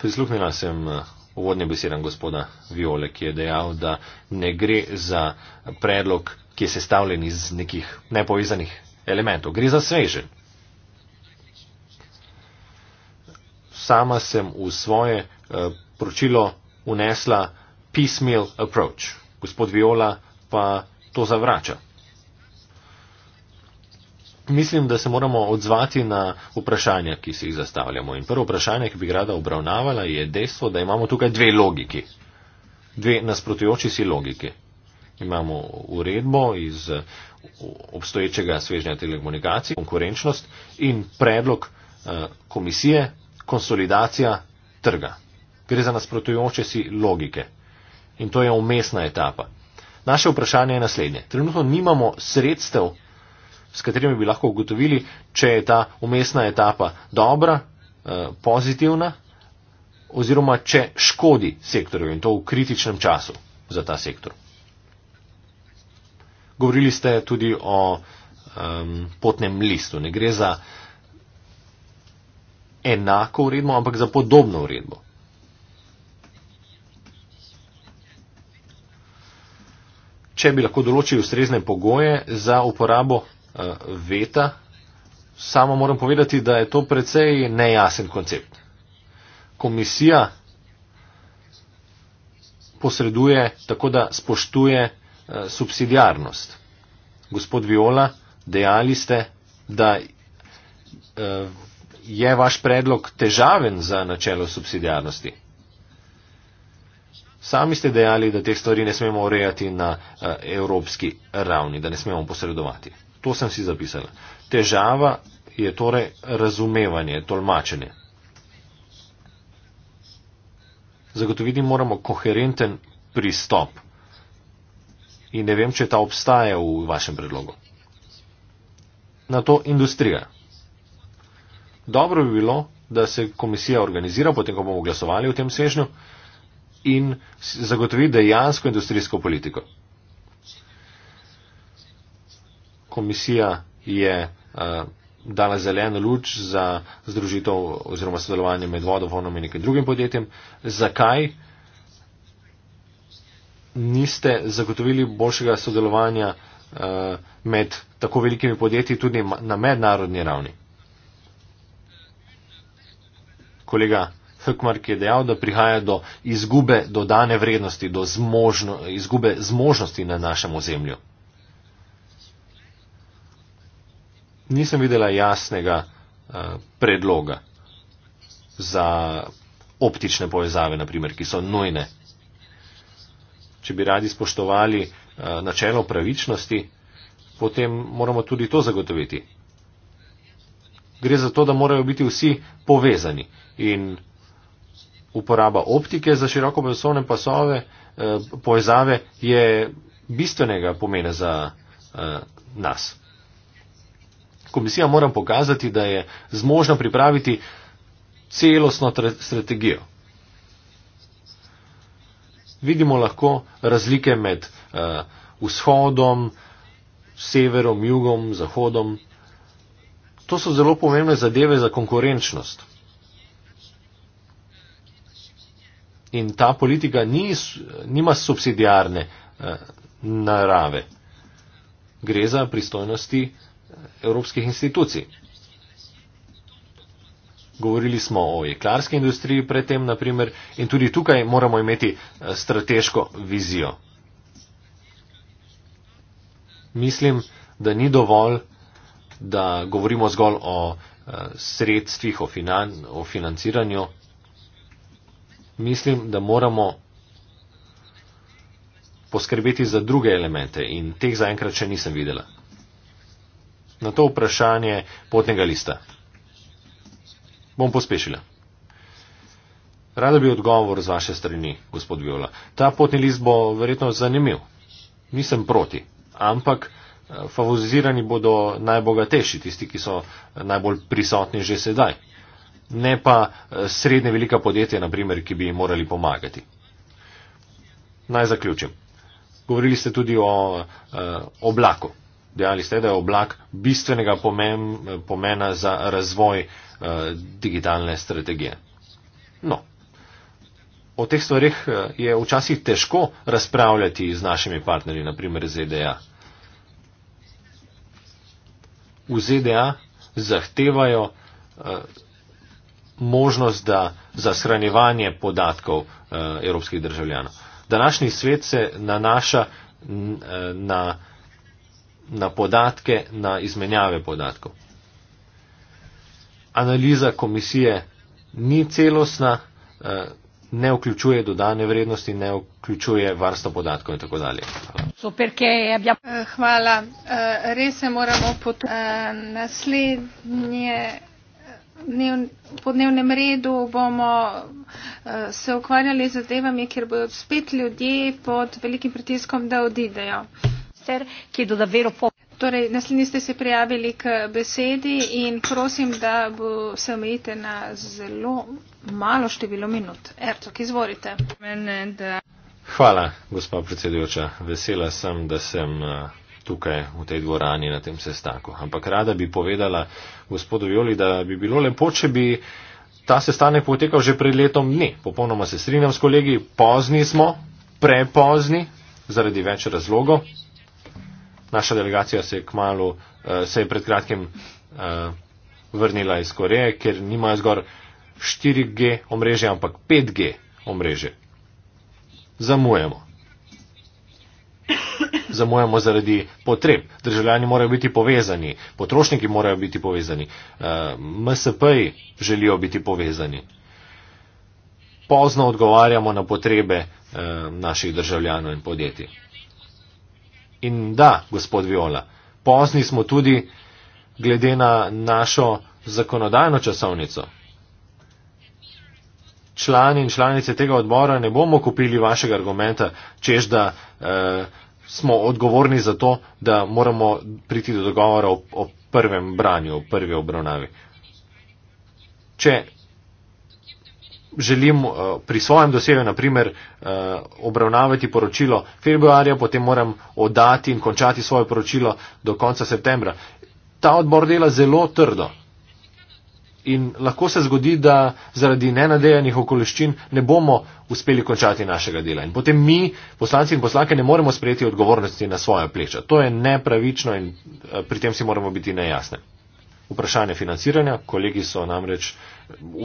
Prisluhnila sem eh, uvodnim besedam gospoda Viole, ki je dejal, da ne gre za predlog, ki je sestavljen iz nekih nepovezanih elementov. Gre za sveže. Sama sem v svoje uh, eh, pročilo unesla piecemeal approach. Gospod Viola pa to zavrača mislim, da se moramo odzvati na vprašanja, ki si jih zastavljamo. In prvo vprašanje, ki bi rada obravnavala, je dejstvo, da imamo tukaj dve logiki, dve nasprotujoči si logiki. Imamo uredbo iz obstoječega svežnja telekomunikacij, konkurenčnost in predlog eh, komisije, konsolidacija trga. Gre za nasprotujoče si logike. In to je umestna etapa. Naše vprašanje je naslednje. Trenutno nimamo sredstev s katerimi bi lahko ugotovili, če je ta umestna etapa dobra, eh, pozitivna oziroma če škodi sektorju in to v kritičnem času za ta sektor. Govorili ste tudi o um, potnem listu. Ne gre za enako uredbo, ampak za podobno uredbo. Če bi lahko določili ustrezne pogoje za uporabo Eh, veta. Samo moram povedati, da je to precej nejasen koncept. Komisija posreduje tako, da spoštuje eh, subsidijarnost. Gospod Viola, dejali ste, da eh, je vaš predlog težaven za načelo subsidijarnosti. Sami ste dejali, da teh stvari ne smemo urejati na evropski ravni, da ne smemo posredovati. To sem si zapisala. Težava je torej razumevanje, tolmačenje. Zagotoviti moramo koherenten pristop. In ne vem, če ta obstaja v vašem predlogu. Na to industrija. Dobro bi bilo, da se komisija organizira, potem ko bomo glasovali v tem svežnju, in zagotovi dejansko industrijsko politiko. komisija je uh, dala zeleno luč za združitev oziroma sodelovanje med vodovonom in nekim drugim podjetjem. Zakaj niste zagotovili boljšega sodelovanja uh, med tako velikimi podjetji tudi na mednarodni ravni? Kolega Hökmark je dejal, da prihaja do izgube dodane vrednosti, do zmožno, izgube zmožnosti na našem ozemlju. nisem videla jasnega uh, predloga za optične povezave, naprimer, ki so nujne. Če bi radi spoštovali uh, načelo pravičnosti, potem moramo tudi to zagotoviti. Gre za to, da morajo biti vsi povezani in uporaba optike za široko povezovne pasove, uh, povezave je bistvenega pomena za uh, nas. Komisija mora pokazati, da je zmožna pripraviti celostno strategijo. Vidimo lahko razlike med uh, vzhodom, severom, jugom, zahodom. To so zelo pomembne zadeve za konkurenčnost. In ta politika ni, nima subsidijarne uh, eh, narave. Gre za pristojnosti evropskih institucij. Govorili smo o jeklarski industriji predtem, naprimer, in tudi tukaj moramo imeti eh, strateško vizijo. Mislim, da ni dovolj, da govorimo zgolj o eh, sredstvih, o, finan, o financiranju. Mislim, da moramo poskrbeti za druge elemente in teh zaenkrat še nisem videla na to vprašanje potnega lista. Bom pospešila. Rada bi odgovor z vaše strani, gospod Viola. Ta potni list bo verjetno zanimiv. Nisem proti, ampak eh, favorizirani bodo najbogatejši, tisti, ki so eh, najbolj prisotni že sedaj. Ne pa eh, srednje velika podjetja, na primer, ki bi jim morali pomagati. Naj zaključim. Govorili ste tudi o, o oblaku. Dejali ste, da je oblak bistvenega pomen, pomena za razvoj uh, digitalne strategije. No, o teh stvarih eh, je včasih težko razpravljati z našimi partnerji, naprimer ZDA. V ZDA zahtevajo uh, možnost da, za shranjevanje podatkov uh, evropskih državljanov. Današnji svet se nanaša n, uh, na na podatke, na izmenjave podatkov. Analiza komisije ni celostna, eh, ne vključuje dodane vrednosti, ne vključuje varstva podatkov in tako dalje.
Super, ja. Eh, hvala. Eh, res se moramo pot... naslednje. Po dnevnem redu bomo se ukvarjali z zadevami, kjer bodo spet ljudje pod velikim pritiskom, da odidejo sicer, ki bodo davero po. Torej, naslednji ste se prijavili k besedi in prosim, da bo se omejite na zelo malo število minut. Ercok, izvolite.
Hvala, gospa predsedujoča. Vesela sem, da sem eh, tukaj v tej dvorani na tem sestanku. Ampak rada bi povedala gospodu Joli, da bi bilo lepo, če bi ta sestanek potekal že pred letom dni. Popolnoma se strinjam s kolegi, pozni smo, prepozni, zaradi več razlogov naša delegacija se je kmalo, eh, se je pred kratkim eh, vrnila iz Koreje, ker nimajo zgor 4G omrežje, ampak 5G omrežje. Zamujamo. Zamujamo zaradi potreb. Državljani morajo biti povezani, potrošniki morajo biti povezani, eh, MSP-ji želijo biti povezani. Pozno odgovarjamo na potrebe naših državljanov in podjetij. In da, gospod Viola, pozni smo tudi glede na našo zakonodajno časovnico. Člani in članice tega odbora ne bomo kupili vašega argumenta, čež da eh, smo odgovorni za to, da moramo priti do dogovora o, o prvem branju, o prvi obravnavi. Če želim eh, pri svojem dosegu, naprimer, eh, obravnavati poročilo februarja, potem moram oddati in končati svoje poročilo do konca septembra. Ta odbor dela zelo trdo. In lahko se zgodi, da zaradi nenadejanih okoliščin ne bomo uspeli končati našega dela. In potem mi, poslanci in poslanke, ne moremo sprejeti odgovornosti na svoje pleča. To je nepravično in eh, pri tem si moramo biti nejasne. Vprašanje financiranja, kolegi so namreč uh,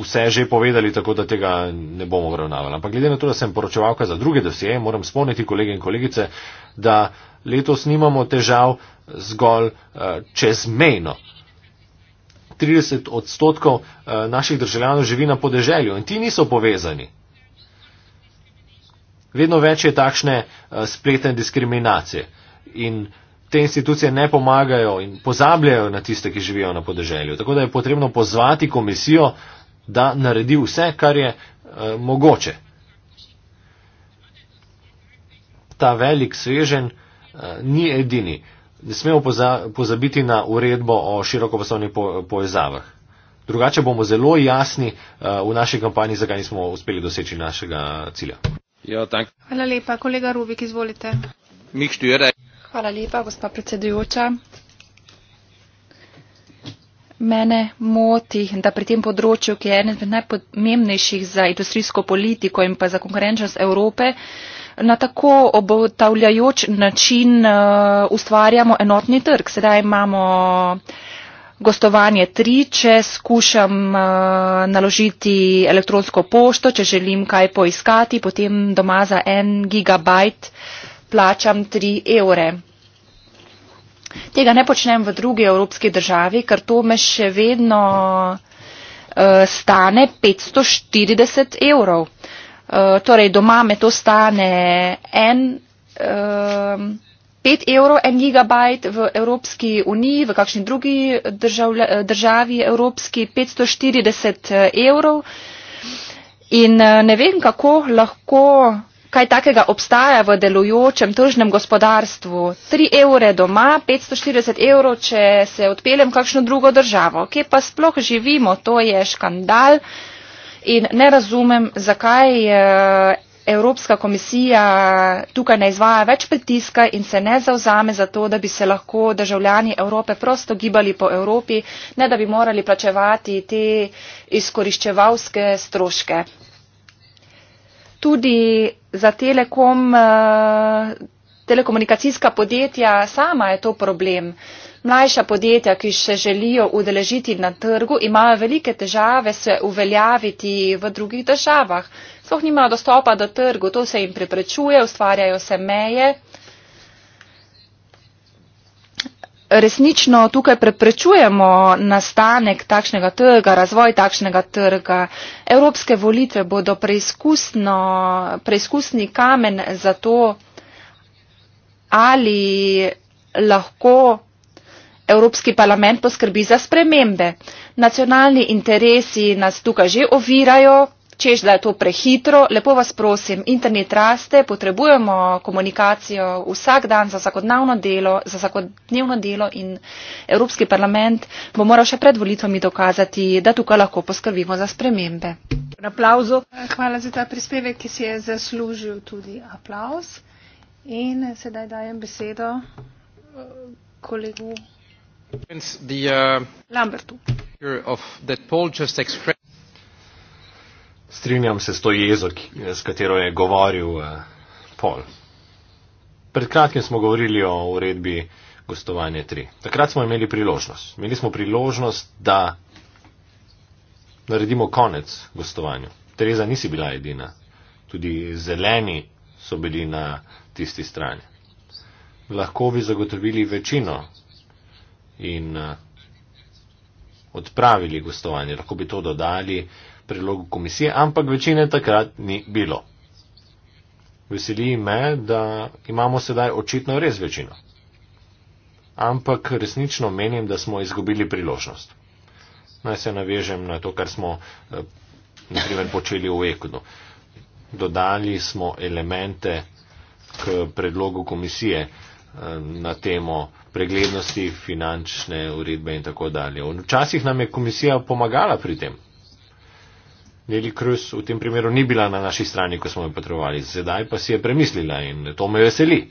vse že povedali, tako da tega ne bomo obravnavali. Ampak glede na to, da sem poročevalka za druge dosjeje, moram spomniti kolege in kolegice, da letos nimamo težav zgolj uh, čezmejno. 30 odstotkov uh, naših državljanov živi na podeželju in ti niso povezani. Vedno več je takšne uh, spletne diskriminacije. In uh, te institucije ne pomagajo in pozabljajo na tiste, ki živijo na podeželju. Tako da je potrebno pozvati komisijo, da naredi vse, kar je e, mogoče. Ta velik svežen e, eh, ni edini. Ne smemo pozabiti na uredbo o širokopasovnih po, povezavah. Drugače bomo zelo jasni e, v naši kampanji, zakaj nismo uspeli doseči našega cilja. Jo, ja,
Hvala lepa, kolega Rubik, izvolite. Hvala lepa, gospa predsedujoča.
Mene moti, da pri tem področju, ki je eden od najpomembnejših za industrijsko politiko in pa za konkurenčnost Evrope, na tako obotavljajoč način uh, ustvarjamo enotni trg. Sedaj imamo eh, gostovanje tri, če skušam uh, naložiti elektronsko pošto, če želim kaj poiskati, potem doma za en gigabajt. Uh, plačam 3 evre. Tega ne počnem v drugi evropski državi, ker to me še vedno uh, stane 540 evrov. Uh, torej doma me to stane 5 uh, eh, evrov, 1 gigabajt v Evropski uniji, v kakšni drugi držav, državi Evropski 540 evrov. In uh, ne vem, kako lahko kaj takega obstaja v delujočem tržnem gospodarstvu. 3 evre doma, 540 evrov, če se odpeljem v kakšno drugo državo. Kje pa sploh živimo, to je škandal in ne razumem, zakaj eh, Evropska komisija tukaj ne izvaja več pritiska in se ne zauzame za to, da bi se lahko državljani Evrope prosto gibali po Evropi, ne da bi morali plačevati te izkoriščevalske stroške tudi za telekom, eh, telekomunikacijska podjetja sama je to problem. Mlajša podjetja, ki se želijo udeležiti na trgu, imajo velike težave se uveljaviti v drugih državah. Sploh nimajo dostopa do trgu, to se jim preprečuje, ustvarjajo se meje, resnično tukaj preprečujemo nastanek takšnega trga, razvoj takšnega trga. Evropske volitve bodo preizkusni kamen za to, ali lahko Evropski parlament poskrbi za spremembe. Nacionalni interesi nas tukaj že ovirajo češ da je to prehitro lepo vas prosim internet raste potrebujemo komunikacijo vsak dan za vsakodnevno delo za vsakodnevno delo in evropski parlament bo moral še pred volitvami dokazati da tukaj lahko poskrbimo za spremembe.
Aplauzu. Hvala za ta prispevek, ki si je zaslužil tudi aplauz. In sedaj dajem besedo eh, kolegu the, uh,
Lambertu. Strinjam se s to jezo, s katero je govoril eh, Pol. Pred kratkim smo govorili o uredbi gostovanje 3. Takrat smo imeli priložnost. Imeli smo priložnost, da naredimo konec gostovanju. Tereza nisi bila edina. Tudi zeleni so bili na tisti strani. Lahko bi zagotovili večino in eh, odpravili gostovanje. Lahko bi to dodali predlogu komisije, ampak večine takrat ni bilo. Veseli me, da imamo sedaj očitno res večino. Ampak resnično menim, da smo izgubili priložnost. Naj se navežem na to, kar smo eh, naprimer počeli v Ekodu. Dodali smo elemente k predlogu komisije eh, na temo preglednosti finančne uredbe in tako dalje. Včasih nam je komisija pomagala pri tem. Neli Krus v tem primeru ni bila na naši strani, ko smo jo potrebovali, sedaj pa si je premislila in to me veseli.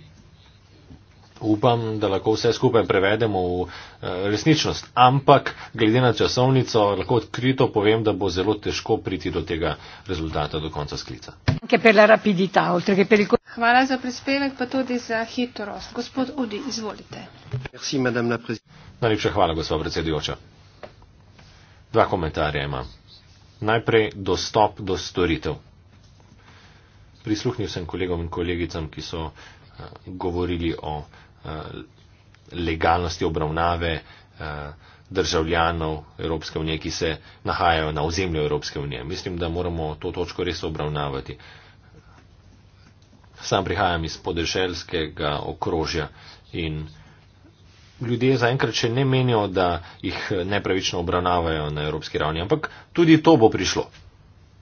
Upam, da lahko vse skupaj prevedemo v eh, resničnost, ampak glede na časovnico lahko odkrito povem, da bo zelo težko priti do tega rezultata do konca sklica.
Hvala za prispevek, pa tudi za hitrost. Gospod Udi, izvolite.
Najlepša hvala, gospod predsedujoča. Dva komentarja imam. Najprej dostop do storitev. Prisluhnil sem kolegom in kolegicam, ki so eh, govorili o eh, legalnosti obravnave eh, državljanov Evropske unije, ki se nahajajo na ozemlju Evropske unije. Mislim, da moramo to točko res obravnavati. Sam prihajam iz podeželskega okrožja in ljudje zaenkrat še ne menijo, da jih nepravično obravnavajo na evropski ravni. Ampak tudi to bo prišlo,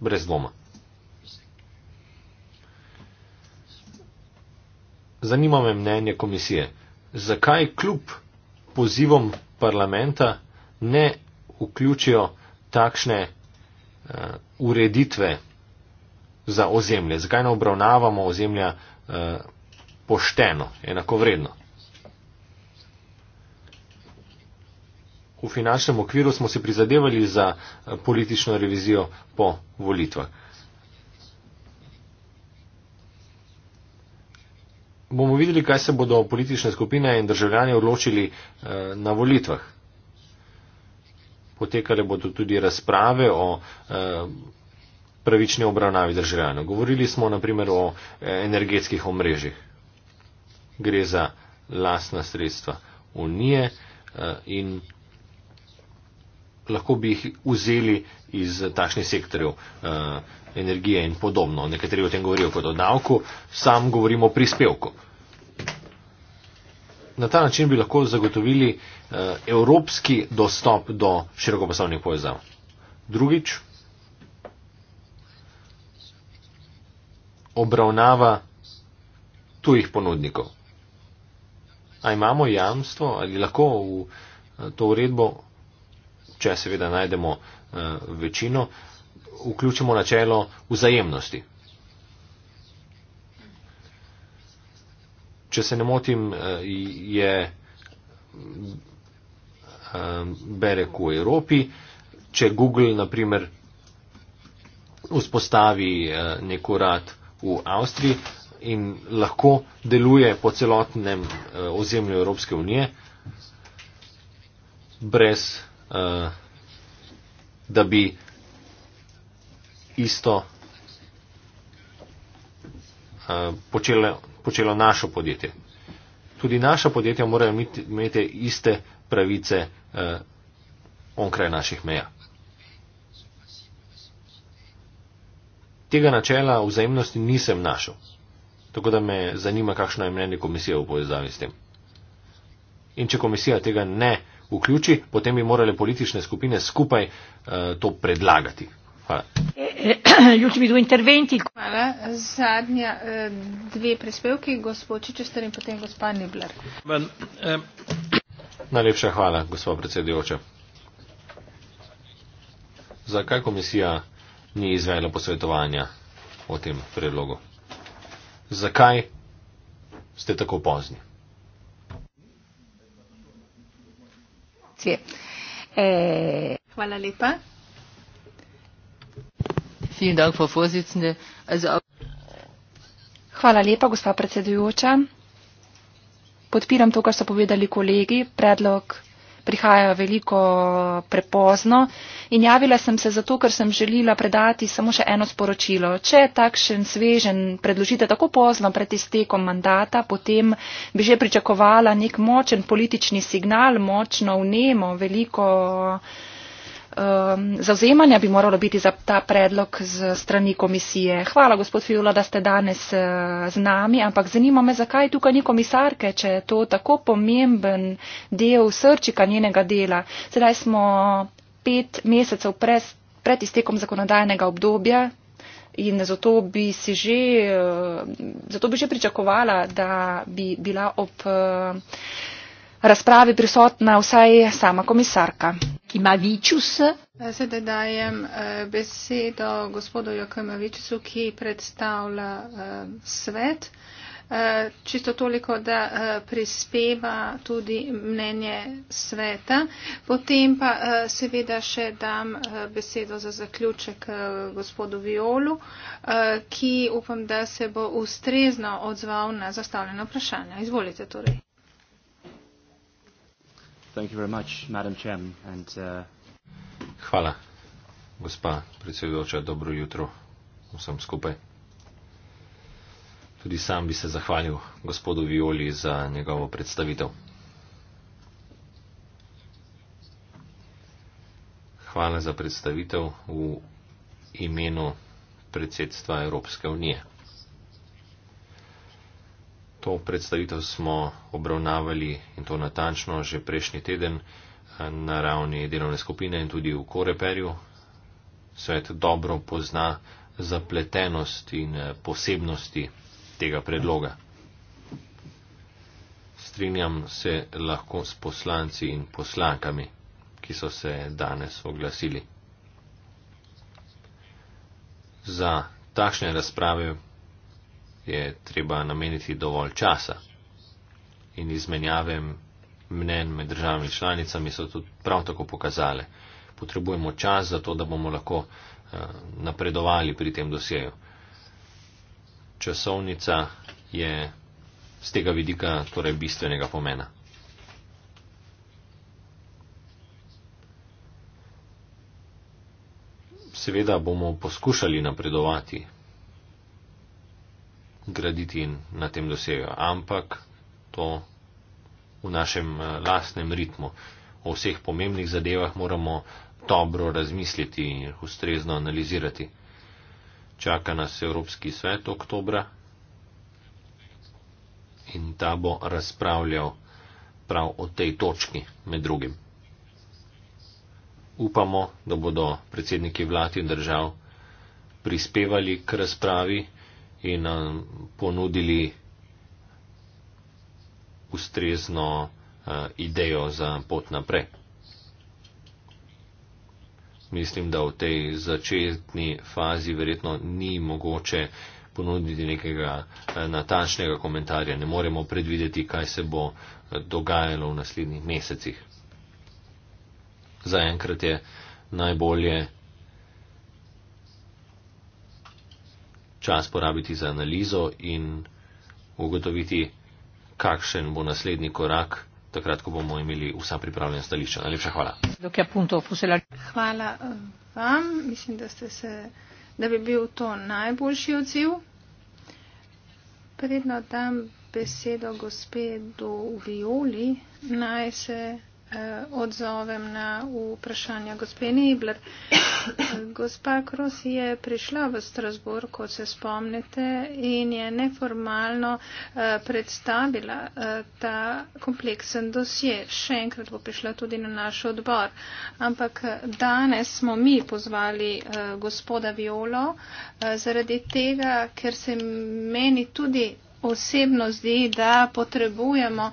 brez dvoma. Zanima me mnenje komisije. Zakaj kljub pozivom parlamenta ne vključijo takšne uh, ureditve za ozemlje? Zakaj ne obravnavamo ozemlja uh, pošteno, enako vredno? v finančnem okviru smo si prizadevali za eh, politično revizijo po volitvah. Bomo videli, kaj se bodo politične skupine in državljani odločili eh, na volitvah. Potekale bodo tudi razprave o eh, pravični obravnavi državljanov. Govorili smo naprimer o energetskih omrežjih. Gre za lasna sredstva Unije in lahko bi jih vzeli iz tašnih sektorjev eh, energije in podobno. Nekateri o tem govorijo kot o davku, sam govorimo o prispevku. Na ta način bi lahko zagotovili eh, evropski dostop do širokopasovnih povezav. Drugič, obravnava tujih ponudnikov. A imamo jamstvo ali lahko v eh, to uredbo če seveda najdemo eh, večino, vključimo načelo vzajemnosti. Če se ne motim, eh, je eh, berek v Evropi, če Google naprimer vzpostavi neko rad v Avstriji in lahko deluje po celotnem ozemlju Evropske unije brez uh, da bi isto uh, eh, počelo, počelo naše podjetje. Tudi naša podjetja morajo imeti iste pravice uh, onkraj naših meja. Tega načela vzajemnosti nisem našel. Tako da me zanima, kakšno je mnenje komisije v povezavi s tem. In če komisija tega ne vključi, potem bi morale politične skupine skupaj eh, to predlagati. Hvala.
Eh, Zadnja eh, dve prispevki, gospod Čičester in potem gospod Nibler.
Najlepša hvala, gospod predsedujoča. Zakaj komisija ni izvela posvetovanja o tem predlogu? Zakaj ste tako pozni?
korupcije. E... Eh, Hvala lepa.
Hvala lepa, gospa predsedujoča. Podpiram to, kar so povedali kolegi. Predlog prihajajo veliko prepozno. In javila sem se zato, ker sem želela predati samo še eno sporočilo. Če takšen svežen predložite tako pozno pred iztekom mandata, potem bi že pričakovala nek močen politični signal, močno vnemo, veliko um, ehm, zauzemanja bi moralo biti za ta predlog z strani komisije. Hvala, gospod Fiola, da ste danes uh, z nami, ampak zanima me, zakaj tukaj ni komisarke, če je to tako pomemben del srčika njenega dela. Sedaj smo pet mesecev pred, pred iztekom zakonodajnega obdobja. In zato bi, si že, eh, zato bi že pričakovala, da bi bila ob uh, razpravi prisotna vsaj sama komisarka. Kimavičus. Eh,
sedaj dajem eh, besedo gospodu Jokimavičusu, ki predstavlja eh, svet. Čisto toliko, da prispeva tudi mnenje sveta. Potem pa seveda še dam besedo za zaključek gospodu Violu, ki upam, da se bo ustrezno odzval na zastavljeno vprašanje. Izvolite torej.
Thank you very much, Madam Chem,
and, uh... Hvala, gospa predsedujoča, dobro jutro vsem skupaj. Tudi sam bi se zahvalil gospodu Violi za njegovo predstavitev. Hvala za predstavitev v imenu predsedstva Evropske unije. To predstavitev smo obravnavali in to natančno že prejšnji teden na ravni delovne skupine in tudi v Koreperju. Svet dobro pozna zapletenost in posebnosti tega predloga. Strinjam se lahko s poslanci in poslankami, ki so se danes oglasili. Za takšne razprave je treba nameniti dovolj časa. In izmenjave mnen med državami članicami so tudi prav tako pokazale. Potrebujemo čas za to, da bomo lahko eh, napredovali pri tem dosjeju. Časovnica je z tega vidika torej bistvenega pomena. Seveda bomo poskušali napredovati, graditi in na tem dosegajo, ampak to v našem eh, lastnem ritmu. O vseh pomembnih zadevah moramo dobro razmisliti in jih ustrezno analizirati. Čaka nas Evropski svet oktobra in ta bo razpravljal prav o tej točki med drugim. Upamo, da bodo predsedniki vlad in držav prispevali k razpravi in nam um, ponudili ustrezno uh, idejo za pot naprej. Mislim, da v tej začetni fazi verjetno ni mogoče ponuditi nekega uh, natančnega komentarja. Ne moremo predvideti, kaj se bo uh, dogajalo v naslednjih mesecih. Zaenkrat je najbolje, čas porabiti za analizo in ugotoviti, kakšen bo naslednji korak, takrat, ko bomo imeli vsa pripravljena stališča. Najlepša hvala.
Hvala eh, vam. Mislim, da, ste se, da bi bil to najboljši odziv. Predno dam besedo gospe do Violi, naj se. Eh, odzovem na vprašanja gospe Nibler. Eh, gospa Kros je prišla v Strasbourg, kot se spomnite, in je neformalno eh, predstavila ta kompleksen dosje. Še enkrat bo prišla tudi na naš odbor. Ampak danes smo mi pozvali gospoda Violo zaradi tega, ker se meni tudi osebno zdi, da potrebujemo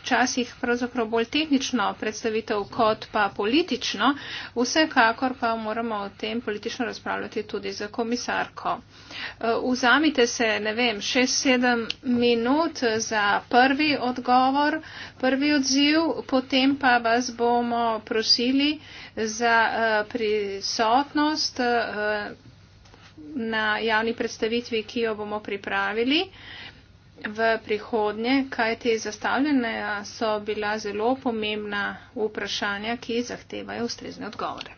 včasih pravzaprav bolj tehnično predstavitev kot pa politično, vsekakor pa moramo o tem politično razpravljati tudi za komisarko. E, vzamite se, ne vem, 6-7 minut za prvi odgovor, prvi odziv, potem pa vas bomo prosili za e, prisotnost e, na javni predstavitvi, ki jo bomo pripravili v prihodnje, kajti zastavljene so bila zelo pomembna vprašanja, ki zahtevajo ustrezne odgovore.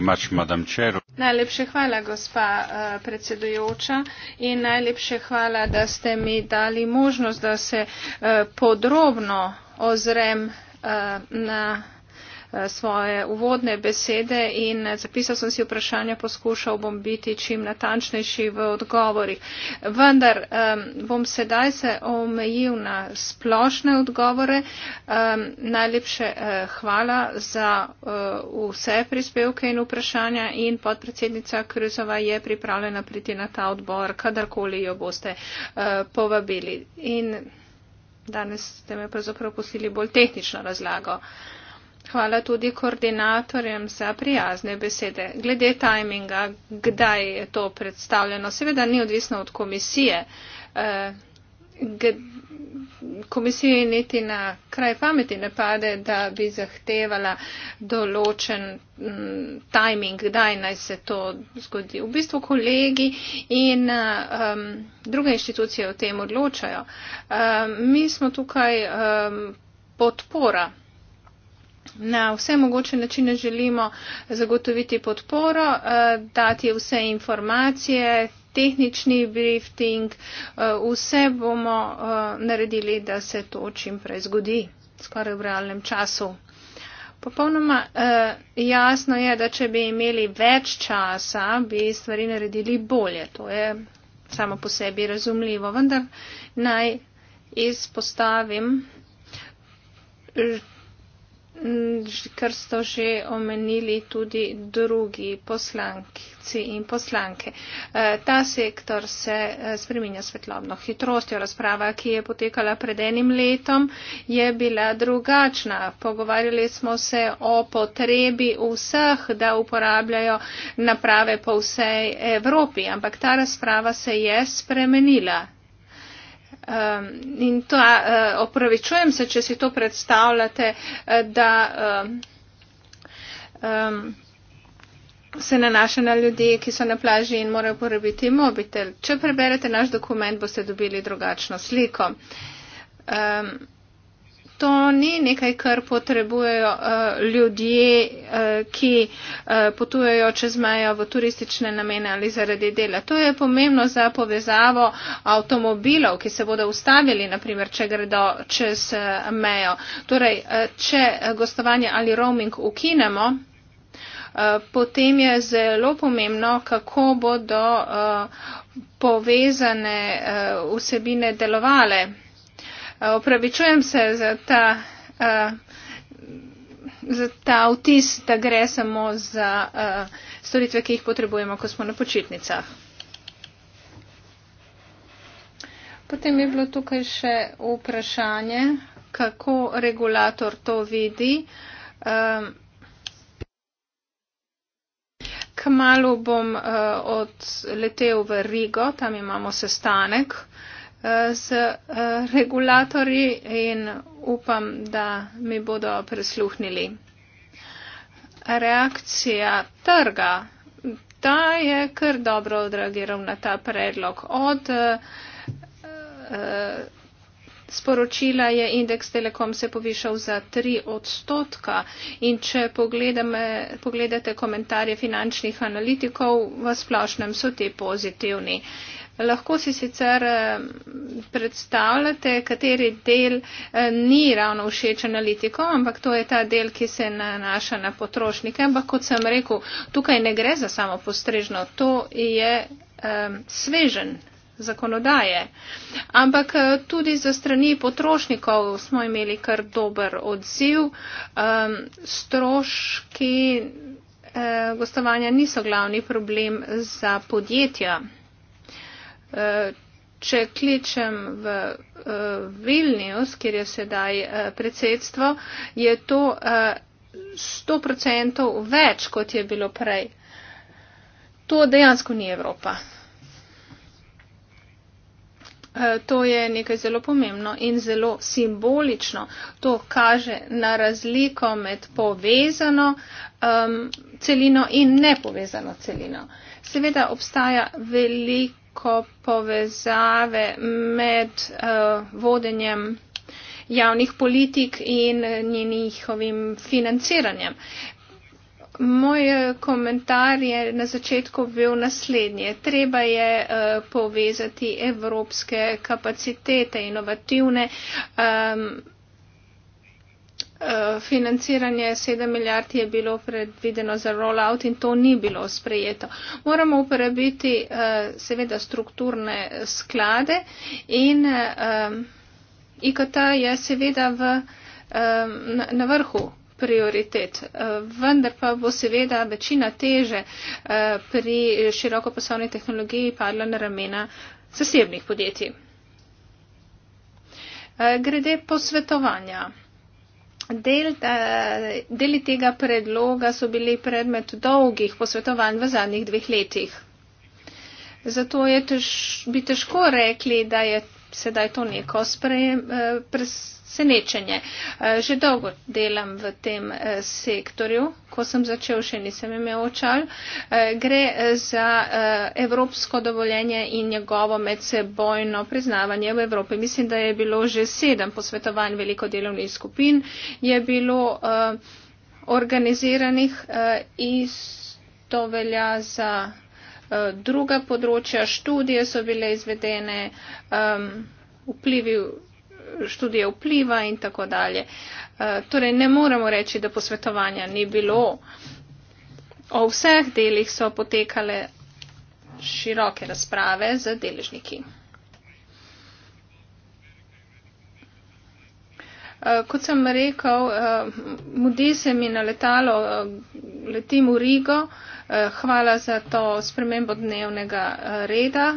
Much, najlepše hvala, gospa eh, predsedujoča, in najlepše hvala, da ste mi dali možnost, da se eh, podrobno ozrem eh, na Eh, svoje uvodne besede in zapisal sem si vprašanja, poskušal bom biti čim natančnejši v odgovori. Vendar bom sedaj se omejil na splošne odgovore. Najlepše eh, hvala za eh, vse prispevke in vprašanja in podpredsednica Krizova je pripravljena priti na ta odbor, kadarkoli jo boste povabili. In danes ste me pravzaprav posili bolj tehnično razlago. Hvala tudi koordinatorjem za prijazne besede. Glede tajminga, kdaj je to predstavljeno, seveda ni odvisno od komisije. Eh, komisiji niti na kraj pameti ne pade, da bi zahtevala določen mm, tajming, kdaj naj se to zgodi. V bistvu kolegi in um, druge inštitucije o tem odločajo. Um, mi smo tukaj um, podpora na vse mogoče načine želimo zagotoviti podporo, eh, dati vse informacije, tehnični brifting, eh, vse bomo eh, naredili, da se to čim prej zgodi, skoraj v realnem času. Popolnoma eh, jasno je, da če bi imeli več časa, bi stvari naredili bolje. To je samo po sebi razumljivo. Vendar naj izpostavim kar so že omenili tudi drugi poslanki in poslanke. Eh, ta sektor se eh, spreminja svetlobno hitrostjo. Razprava, ki je potekala pred enim letom, je bila drugačna. Pogovarjali smo se o potrebi vseh, da uporabljajo naprave po vsej Evropi, ampak ta razprava se je spremenila. Um, in to uh, opravičujem se, če si to predstavljate, e, da um, se nanaša na ljudi, ki so na plaži in morajo porabiti mobitel. Če preberete naš dokument, boste dobili drugačno sliko. Um, to ni nekaj, kar potrebujejo uh, ljudje, uh, ki uh, potujejo čez mejo v turistične namene ali zaradi dela. To je pomembno za povezavo avtomobilov, ki se bodo ustavili, naprimer, če gredo čez uh, mejo. Torej, uh, če gostovanje ali roaming ukinemo, uh, potem je zelo pomembno, kako bodo. Uh, povezane uh, vsebine delovale opravičujem se za ta, za ta vtis, da gre samo za storitve, ki jih potrebujemo, ko smo na počitnicah. Potem je bilo tukaj še vprašanje, kako regulator to vidi. Kmalo bom odletel v Rigo, tam imamo sestanek z eh, regulatorji in upam, da mi bodo presluhnili. Reakcija trga, ta je kar dobro odreagiral na ta predlog. Od eh, eh, sporočila je indeks Telekom se povišal za 3 odstotka in če pogledame, pogledate komentarje finančnih analitikov, v splošnem so te pozitivni. Uh, Lahko si sicer eh, predstavljate, kateri del eh, ni ravno všeč analitikom, ampak to je ta del, ki se nanaša na potrošnike. Ampak kot sem rekel, tukaj ne gre za samo postrežno, to je um, svežen zakonodaje. Ampak tudi za strani potrošnikov smo imeli kar dober odziv. Um, stroški uh, gostovanja niso glavni problem za podjetja. Če kličem v eh, Vilnius, kjer je sedaj eh, predsedstvo, je to 100% eh, več, kot je bilo prej. To dejansko ni Evropa. To je nekaj zelo pomembno in zelo simbolično. To kaže na razliko med povezano um, celino in nepovezano celino. Seveda obstaja veliko preko povezave med uh, vodenjem javnih politik in njihovim financiranjem. Moj eh, komentar je na začetku bil naslednje. Treba je uh, povezati evropske kapacitete, inovativne. Um, Eh, financiranje 7 milijard je bilo predvideno za rollout in to ni bilo sprejeto. Moramo uporabiti eh, seveda strukturne sklade in eh, IKT je seveda v, na vrhu prioritet. Vendar pa bo seveda večina teže pri široko poslovni tehnologiji padla na ramena zasebnih podjetij. Grede posvetovanja. Del, eh, deli tega predloga so bili predmet dolgih posvetovanj v zadnjih dveh letih. Zato je tež, bi težko rekli, da je sedaj to neko sprejem, eh, presenečenje. Eh, že dolgo delam v tem eh, sektorju, ko sem začel, še nisem imel očal. Gre za evropsko dovoljenje in njegovo medsebojno priznavanje v Evropi. Mislim, da je bilo že sedem posvetovanj veliko delovnih skupin, je bilo organiziranih iz. To velja za Eh, druga področja, študije so bile izvedene, um, vplivi, študije vpliva in tako dalje. Uh, torej, ne moremo reči, da posvetovanja ni bilo. O vseh delih so potekale široke razprave z deležniki. Eh, kot sem rekel, mudi se mi na letalo, letim v Rigo, Eh, hvala za to spremembo dnevnega eh, reda.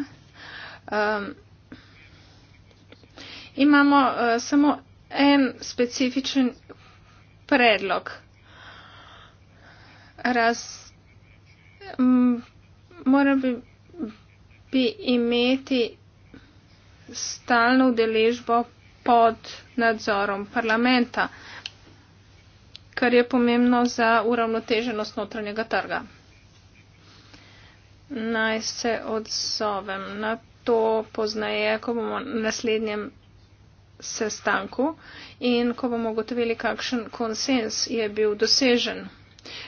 Imamo eh, samo en specifičen predlog. Raz, mora bi, bi imeti stalno udeležbo pod nadzorom parlamenta, kar je pomembno za uravnoteženost notranjega trga naj se odzovem na to pozneje, ko bomo na naslednjem sestanku in ko bomo ugotovili, kakšen konsens je bil dosežen.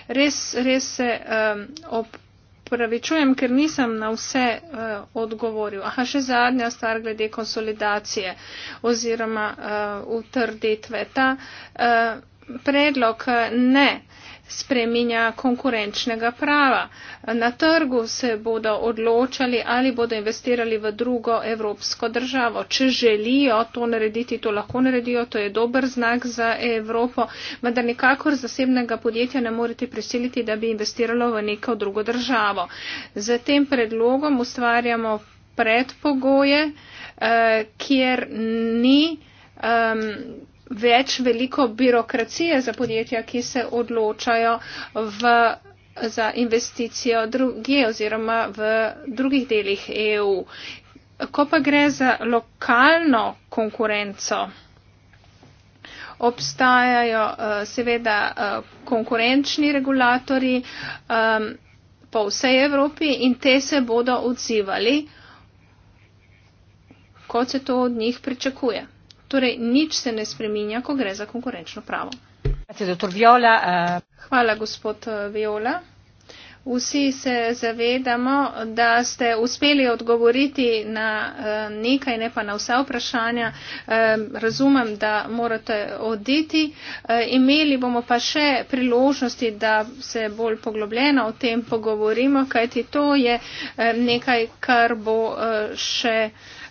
Res, res se um, opravičujem, ker nisem na vse uh, odgovoril. Aha, še zadnja stvar glede konsolidacije oziroma uh, utrditve. Ta uh, predlog ne spreminja konkurenčnega prava. Na trgu se bodo odločali, ali bodo investirali v drugo evropsko državo. Če želijo to narediti, to lahko naredijo, to je dober znak za Evropo, vendar nikakor zasebnega podjetja ne morete prisiliti, da bi investiralo v neko drugo državo. Z tem predlogom ustvarjamo predpogoje, eh, kjer ni. Um, več veliko birokracije za podjetja, ki se odločajo v, za investicijo druge oziroma v drugih delih EU. Ko pa gre za lokalno konkurenco, obstajajo eh, seveda eh, konkurenčni regulatori po vsej Evropi in te se bodo odzivali, kot se to od njih pričakuje. Torej, nič se ne spreminja, ko gre za konkurenčno pravo.
Eh.
Hvala, gospod eh, Viola. Vsi se zavedamo, da ste uspeli odgovoriti na eh, nekaj, ne pa na vsa vprašanja. Razumem, da morate oditi. Imeli bomo pa še priložnosti, da se bolj poglobljeno o tem pogovorimo, kajti to je nekaj, kar bo še.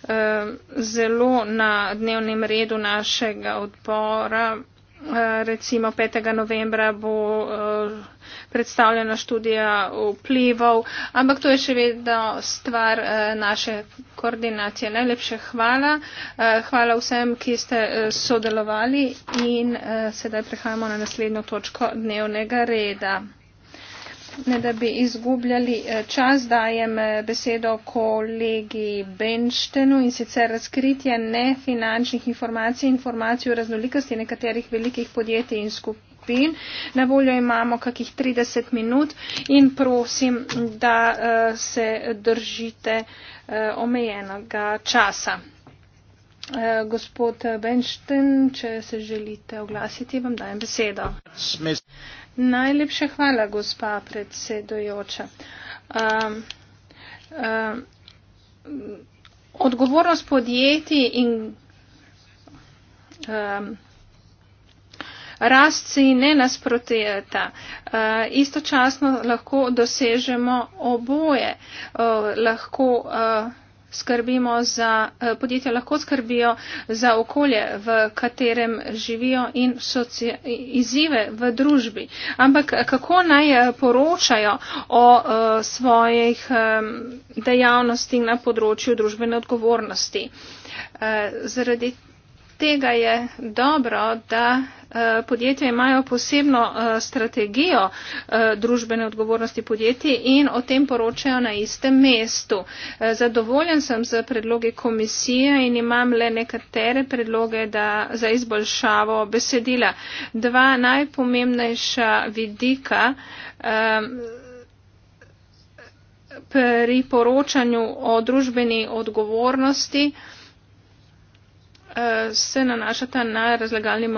Ehm, zelo na dnevnem redu našega odbora. Eh, recimo 5. novembra bo eh, predstavljena študija vplivov, ampak to je še vedno stvar eh, naše koordinacije. Najlepše hvala. Hvala vsem, ki ste sodelovali in sedaj prehajamo na naslednjo točko dnevnega reda ne da bi izgubljali eh, čas, dajem eh, besedo kolegi Benštenu in sicer razkritje nefinančnih informacij, informacij o raznolikosti nekaterih velikih podjetij in skupin. Na voljo imamo kakih 30 minut in prosim, da eh, se držite omejenega časa. Gospod Benšten, če se želite oglasiti, vam dajem besedo. Najlepša hvala, gospa predsedujoča. Um, um, odgovornost podjetij in um, rast si ne nasprotujeta. Uh, istočasno lahko dosežemo oboje. Uh, lahko, uh, skrbimo za, eh, podjetja lahko skrbijo za okolje, v katerem živijo in socia, izzive v družbi. Ampak eh, kako naj eh, poročajo o, o svojih dejavnostih na področju družbene odgovornosti? Zaradi tega je dobro, da eh, podjetja imajo posebno eh, strategijo eh, družbene odgovornosti podjetij in o tem poročajo na istem mestu. Zadovoljen sem z predloge komisije in imam le nekatere predloge da, za izboljšavo besedila. Dva najpomembnejša vidika pri poročanju o družbeni odgovornosti Eh, se nanašata na razlagalni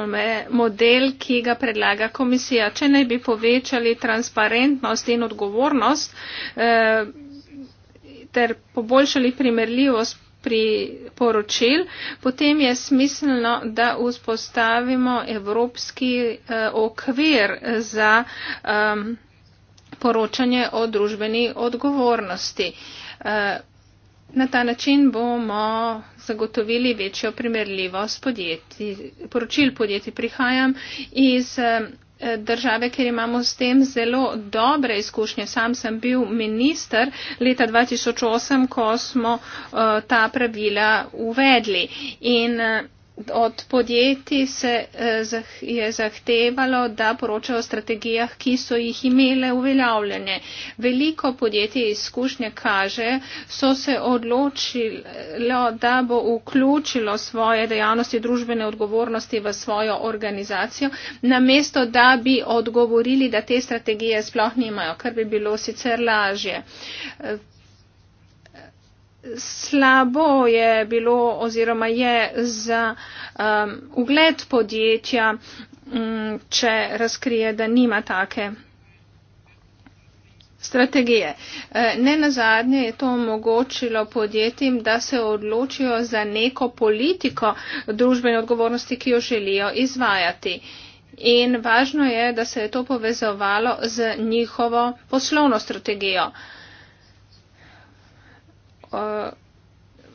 model, ki ga predlaga komisija. Če naj bi povečali transparentnost in odgovornost eh, ter poboljšali primerljivost pri poročil, potem je smiselno, da vzpostavimo evropski eh, okvir za poročanje o družbeni odgovornosti. Na ta način bomo zagotovili večjo primerljivost podjetij. Poročil podjetij prihajam iz eh, države, ker imamo s tem zelo dobre izkušnje. Sam sem bil minister leta 2008, ko smo uh, ta pravila uvedli. In, uh, od podjetij se eh, je zahtevalo, da poročajo o strategijah, ki so jih imele uveljavljene. Veliko podjetij izkušnje kaže, so se odločilo, da bo vključilo svoje dejavnosti družbene odgovornosti v svojo organizacijo, namesto da bi odgovorili, da te strategije sploh nimajo, kar bi bilo sicer lažje. Eh, slabo je bilo oziroma je za um, ugled podjetja, um, če razkrije, da nima take strategije. E, ne nazadnje je to omogočilo podjetjem, da se odločijo za neko politiko družbene odgovornosti, ki jo želijo izvajati. In važno je, da se je to povezovalo z njihovo poslovno strategijo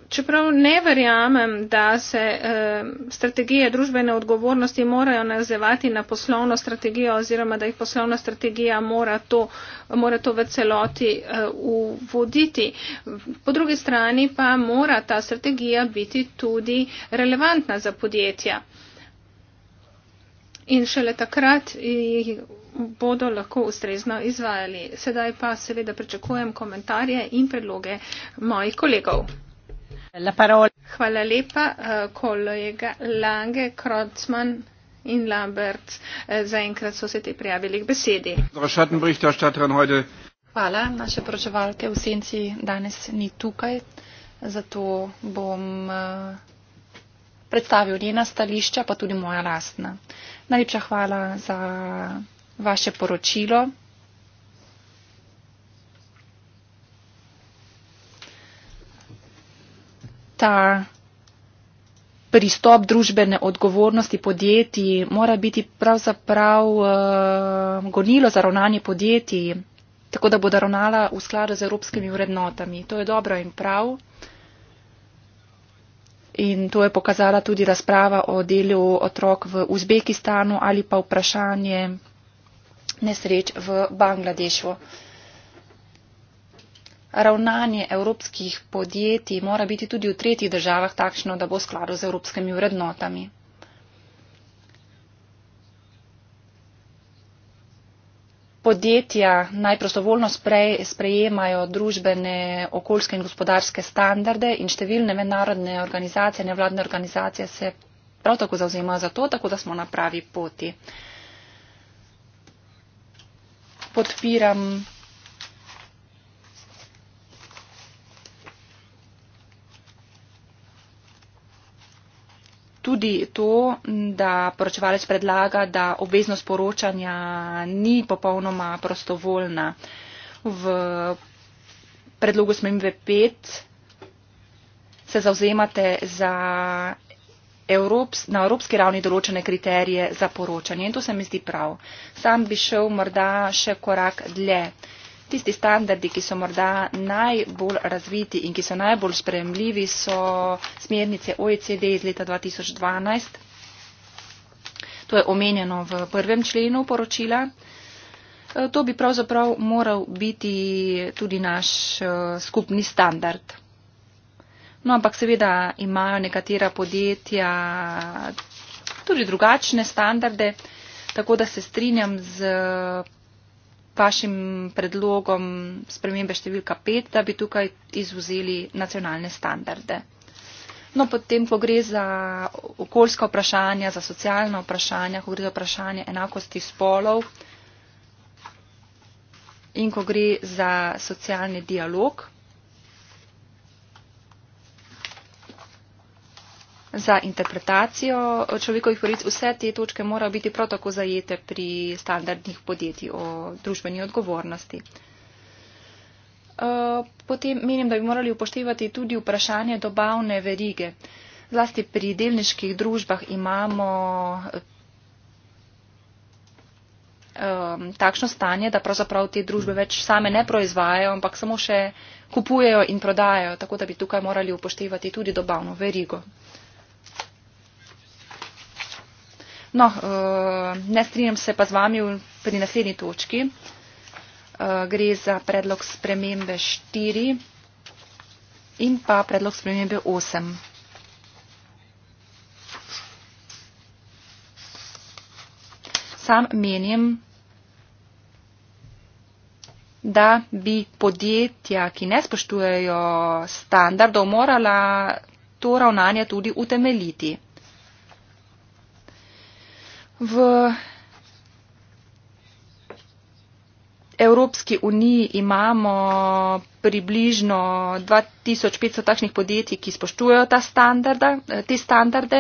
čeprav ne verjamem, da se uh, strategije družbene odgovornosti morajo nazivati na poslovno strategijo oziroma da jih poslovna strategija mora to, mora to v celoti e, uh, voditi. Po drugi strani pa mora ta strategija biti tudi relevantna za podjetja. In šele takrat jih. Uh, bodo lahko ustrezno izvajali. Sedaj pa seveda pričakujem komentarje in predloge mojih kolegov. La Hvala lepa, eh, kolega Lange, Krocman in Lambert. Eh, zaenkrat so se ti prijavili k besedi. Hvala, naše proževalke v senci danes ni tukaj,
zato bom eh, predstavil njena stališča, pa tudi moja lastna. Najlepša hvala za vaše poročilo. Ta pristop družbene odgovornosti podjetij mora biti pravzaprav uh, gonilo za ravnanje podjetij, tako da bodo ravnala v skladu z evropskimi vrednotami. To je dobro in prav. In to je pokazala tudi razprava o delu otrok v Uzbekistanu ali pa vprašanje nesreč v Bangladešu. Ravnanje evropskih podjetij mora biti tudi v tretjih državah takšno, da bo skladu z evropskimi vrednotami. Podjetja najprostovoljno sprejemajo družbene, okoljske in gospodarske standarde in številne mednarodne organizacije, nevladne organizacije se prav tako zauzemajo za to, tako da smo na pravi poti podpiram. Tudi to, da poročevalec predlaga, da obveznost poročanja ni popolnoma prostovoljna. V predlogu smembe 5 se zauzemate za na evropski ravni določene kriterije za poročanje. In to se mi zdi prav. Sam bi šel morda še korak dlje. Tisti standardi, ki so morda najbolj razviti in ki so najbolj spremljivi, so smernice OECD iz leta 2012. To je omenjeno v prvem členu poročila. E, to bi pravzaprav moral biti tudi naš e, skupni standard. No, ampak seveda imajo nekatera podjetja tudi drugačne standarde, tako da se strinjam z vašim predlogom spremembe številka 5, da bi tukaj izuzeli nacionalne standarde. No, potem, ko gre za okoljska vprašanja, za socialna vprašanja, ko gre za vprašanje enakosti spolov in ko gre za socialni dialog, za interpretacijo človekovih pravic, vse te točke morajo biti prav tako zajete pri standardnih podjetij o družbeni odgovornosti. Eh, potem menim, da bi morali upoštevati tudi vprašanje dobavne verige. Zlasti pri delniških družbah imamo um, takšno stanje, da pravzaprav te družbe več same ne proizvajajo, ampak samo še kupujejo in prodajajo, tako da bi tukaj morali upoštevati tudi dobavno verigo. No, eh, ne strinjam se pa z vami pri naslednji točki. Eh, gre za predlog spremembe 4 in pa predlog spremembe 8. Sam menim, da bi podjetja, ki ne spoštujejo standardov, morala to ravnanje tudi utemeljiti. V Evropski uniji imamo približno 2500 takšnih podjetij, ki spoštujejo eh, te standarde.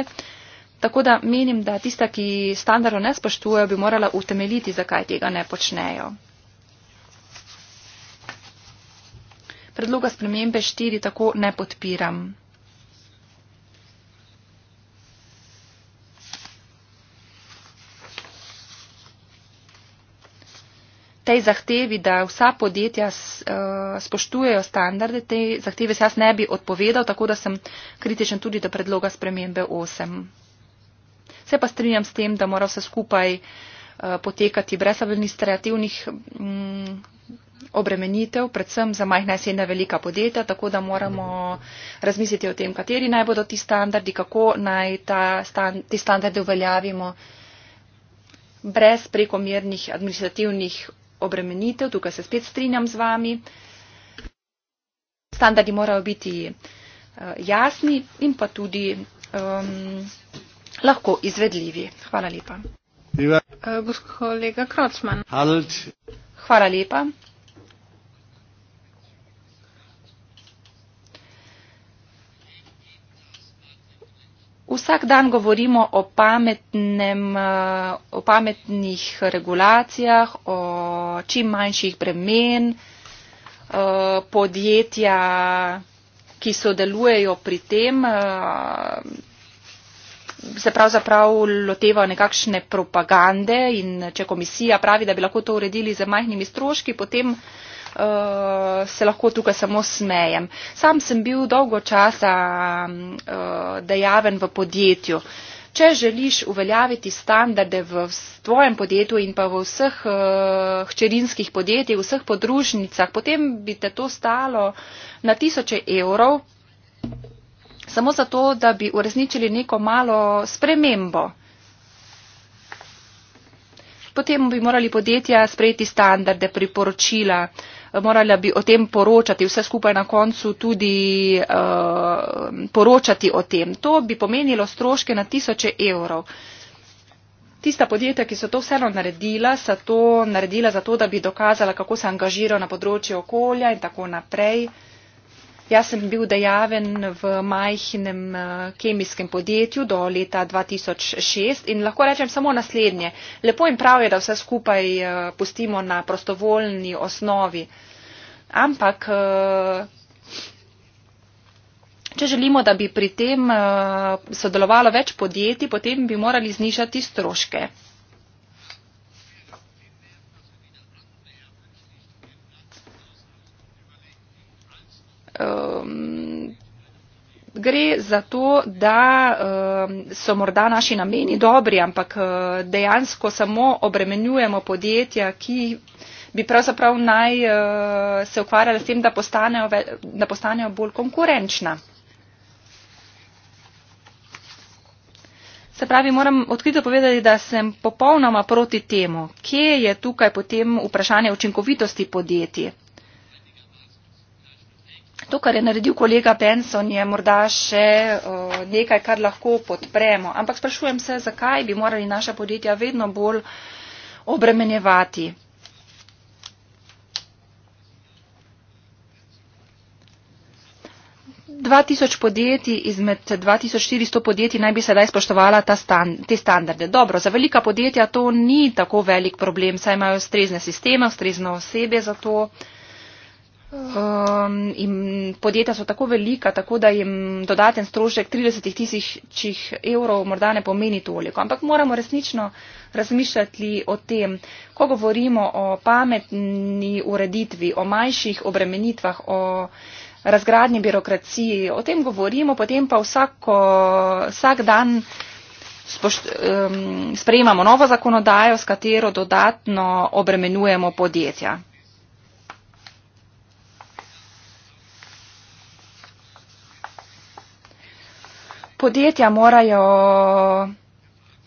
Tako da menim, da tista, ki standardo ne spoštujejo, bi morala utemeljiti, zakaj tega ne počnejo. Predloga spremembe 4 tako ne podpiram. tej zahtevi, da vsa podjetja eh, spoštujejo standarde, te zahteve se jaz ne bi odpovedal, tako da sem kritičen tudi do predloga spremembe 8. Se pa strinjam s tem, da mora vse skupaj eh, potekati brez administrativnih mm, obremenitev, predvsem za majhna srednja velika podjetja, tako da moramo razmisliti o tem, kateri naj bodo ti standardi, kako naj ta, te standarde uveljavimo brez prekomernih administrativnih obremenitev, tukaj se spet strinjam z vami. Standardi morajo biti eh, jasni in pa tudi um, lahko izvedljivi. Hvala lepa. Eh, Hvala lepa. Vsak dan govorimo o, pametnem, eh, o pametnih regulacijah, o čim manjših bremen, eh, podjetja, ki sodelujejo pri tem, eh, se pravzaprav lotevajo nekakšne propagande in če komisija pravi, da bi lahko to uredili z majhnimi stroški, potem se lahko tukaj samo smejem. Sam sem bil dolgo časa e, dejaven v podjetju. Če želiš uveljaviti standarde v tvojem podjetju in pa v vseh e, hčerinskih podjetjih, v vseh podružnicah, potem bi te to stalo na tisoče evrov, samo zato, da bi uresničili neko malo spremembo. Potem bi morali podjetja sprejeti standarde, priporočila, uh, morala bi o tem poročati, vse skupaj na koncu tudi uh, poročati o tem. To bi pomenilo stroške na tisoče evrov. Tista podjetja, ki so to vseeno naredila, so to naredila zato, da bi dokazala, kako se angažirajo na področju okolja in tako naprej. Uh, Jaz sem bil dejaven v majhnem eh, kemijskem podjetju do leta 2006 in lahko rečem samo naslednje. Lepo in prav je, da vse skupaj eh, pustimo na prostovoljni osnovi. Ampak, eh, če želimo, da bi pri tem sodelovalo več podjetij, potem bi morali znižati stroške.
um,
gre za to, da um, so morda naši nameni dobri, ampak uh, dejansko samo obremenjujemo podjetja, ki bi pravzaprav naj uh, se ukvarjali s tem, da postanejo, da postanejo bolj konkurenčna. Se pravi, moram odkrito povedati, da sem popolnoma proti temu, kje je tukaj potem vprašanje učinkovitosti podjetij to, kar je naredil kolega Benson, je morda še uh, nekaj, kar lahko podpremo. Ampak sprašujem se, zakaj bi morali naša podjetja vedno bolj obremenjevati. Podjetij, izmed 2400 podjetij naj bi sedaj spoštovala stan, te standarde. Dobro, za velika podjetja to ni tako velik problem, saj imajo ustrezne sisteme, ustrezne osebe za to. Uh, Um, in podjetja so tako velika, tako da jim dodaten strošek 30 tisočih evrov morda ne pomeni toliko. Ampak moramo resnično razmišljati o tem, ko govorimo o pametni ureditvi, o manjših obremenitvah, o razgradnji birokraciji, o tem govorimo, potem pa vsako, vsak dan spošt, um, sprejemamo novo zakonodajo, s katero dodatno obremenujemo podjetja. podjetja morajo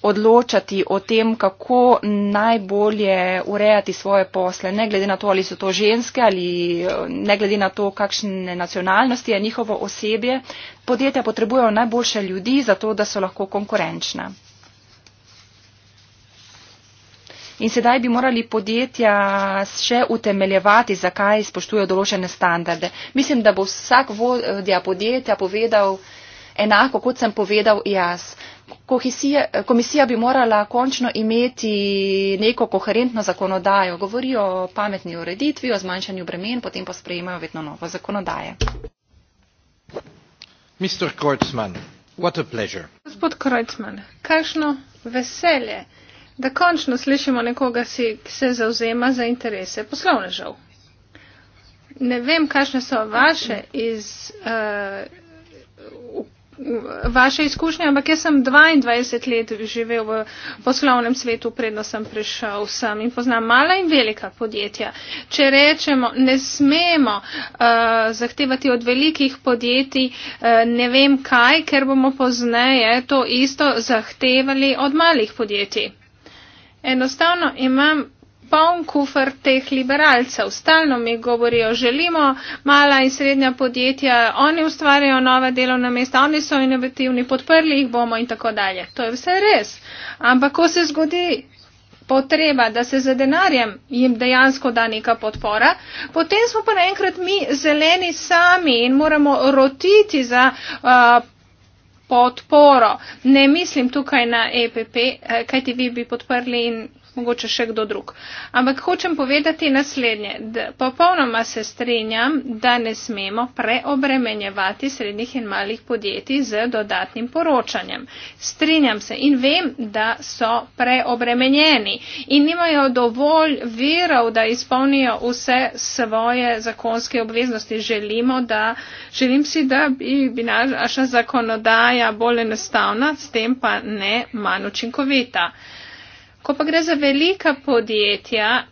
odločati o tem, kako najbolje urejati svoje posle, ne glede na to, ali so to ženske ali ne glede na to, kakšne nacionalnosti je njihovo osebje. Podjetja potrebujejo najboljše ljudi za to, da so lahko konkurenčna. In sedaj bi morali podjetja še utemeljevati, zakaj spoštujejo določene standarde. Mislim, da bo vsak vodja podjetja povedal, enako kot sem povedal jaz. Kohesija, komisija bi morala končno imeti neko koherentno zakonodajo. Govorijo o pametni ureditvi, o zmanjšanju bremen, potem pa sprejemajo vedno novo zakonodaje.
Gospod Kreutzmann, kakšno veselje, da končno slišimo nekoga, ki se zauzema za interese poslovnežev. Ne vem, kakšne so vaše iz, uh, vaše izkušnje, ampak jaz sem 22 let živel v poslovnem svetu, predno sem prišel sem in poznam mala in velika podjetja. Če rečemo, ne smemo uh, zahtevati od velikih podjetij uh, ne vem kaj, ker bomo pozneje to isto zahtevali od malih podjetij. Enostavno imam poln kufr teh liberalcev. Stalno mi govorijo, želimo mala in srednja podjetja, oni ustvarjajo nove delovne mesta, oni so inovativni, podprli jih bomo in tako dalje. To je vse res. Ampak ko se zgodi potreba, da se za denarjem jim dejansko da neka podpora, potem smo pa naenkrat mi zeleni sami in moramo rotiti za. Uh, podporo. Ne mislim tukaj na EPP, eh, kajti vi bi podprli in mogoče še kdo drug. Ampak hočem povedati naslednje. Popolnoma se strinjam, da ne smemo preobremenjevati srednjih in malih podjetij z dodatnim poročanjem. Strinjam se in vem, da so preobremenjeni in nimajo dovolj virov, da izpolnijo vse svoje zakonske obveznosti. Želimo, da, želim si, da bi, bi naša zakonodaja bolj enostavna, s tem pa ne manj učinkovita. Ko pa gre za velika podjetja,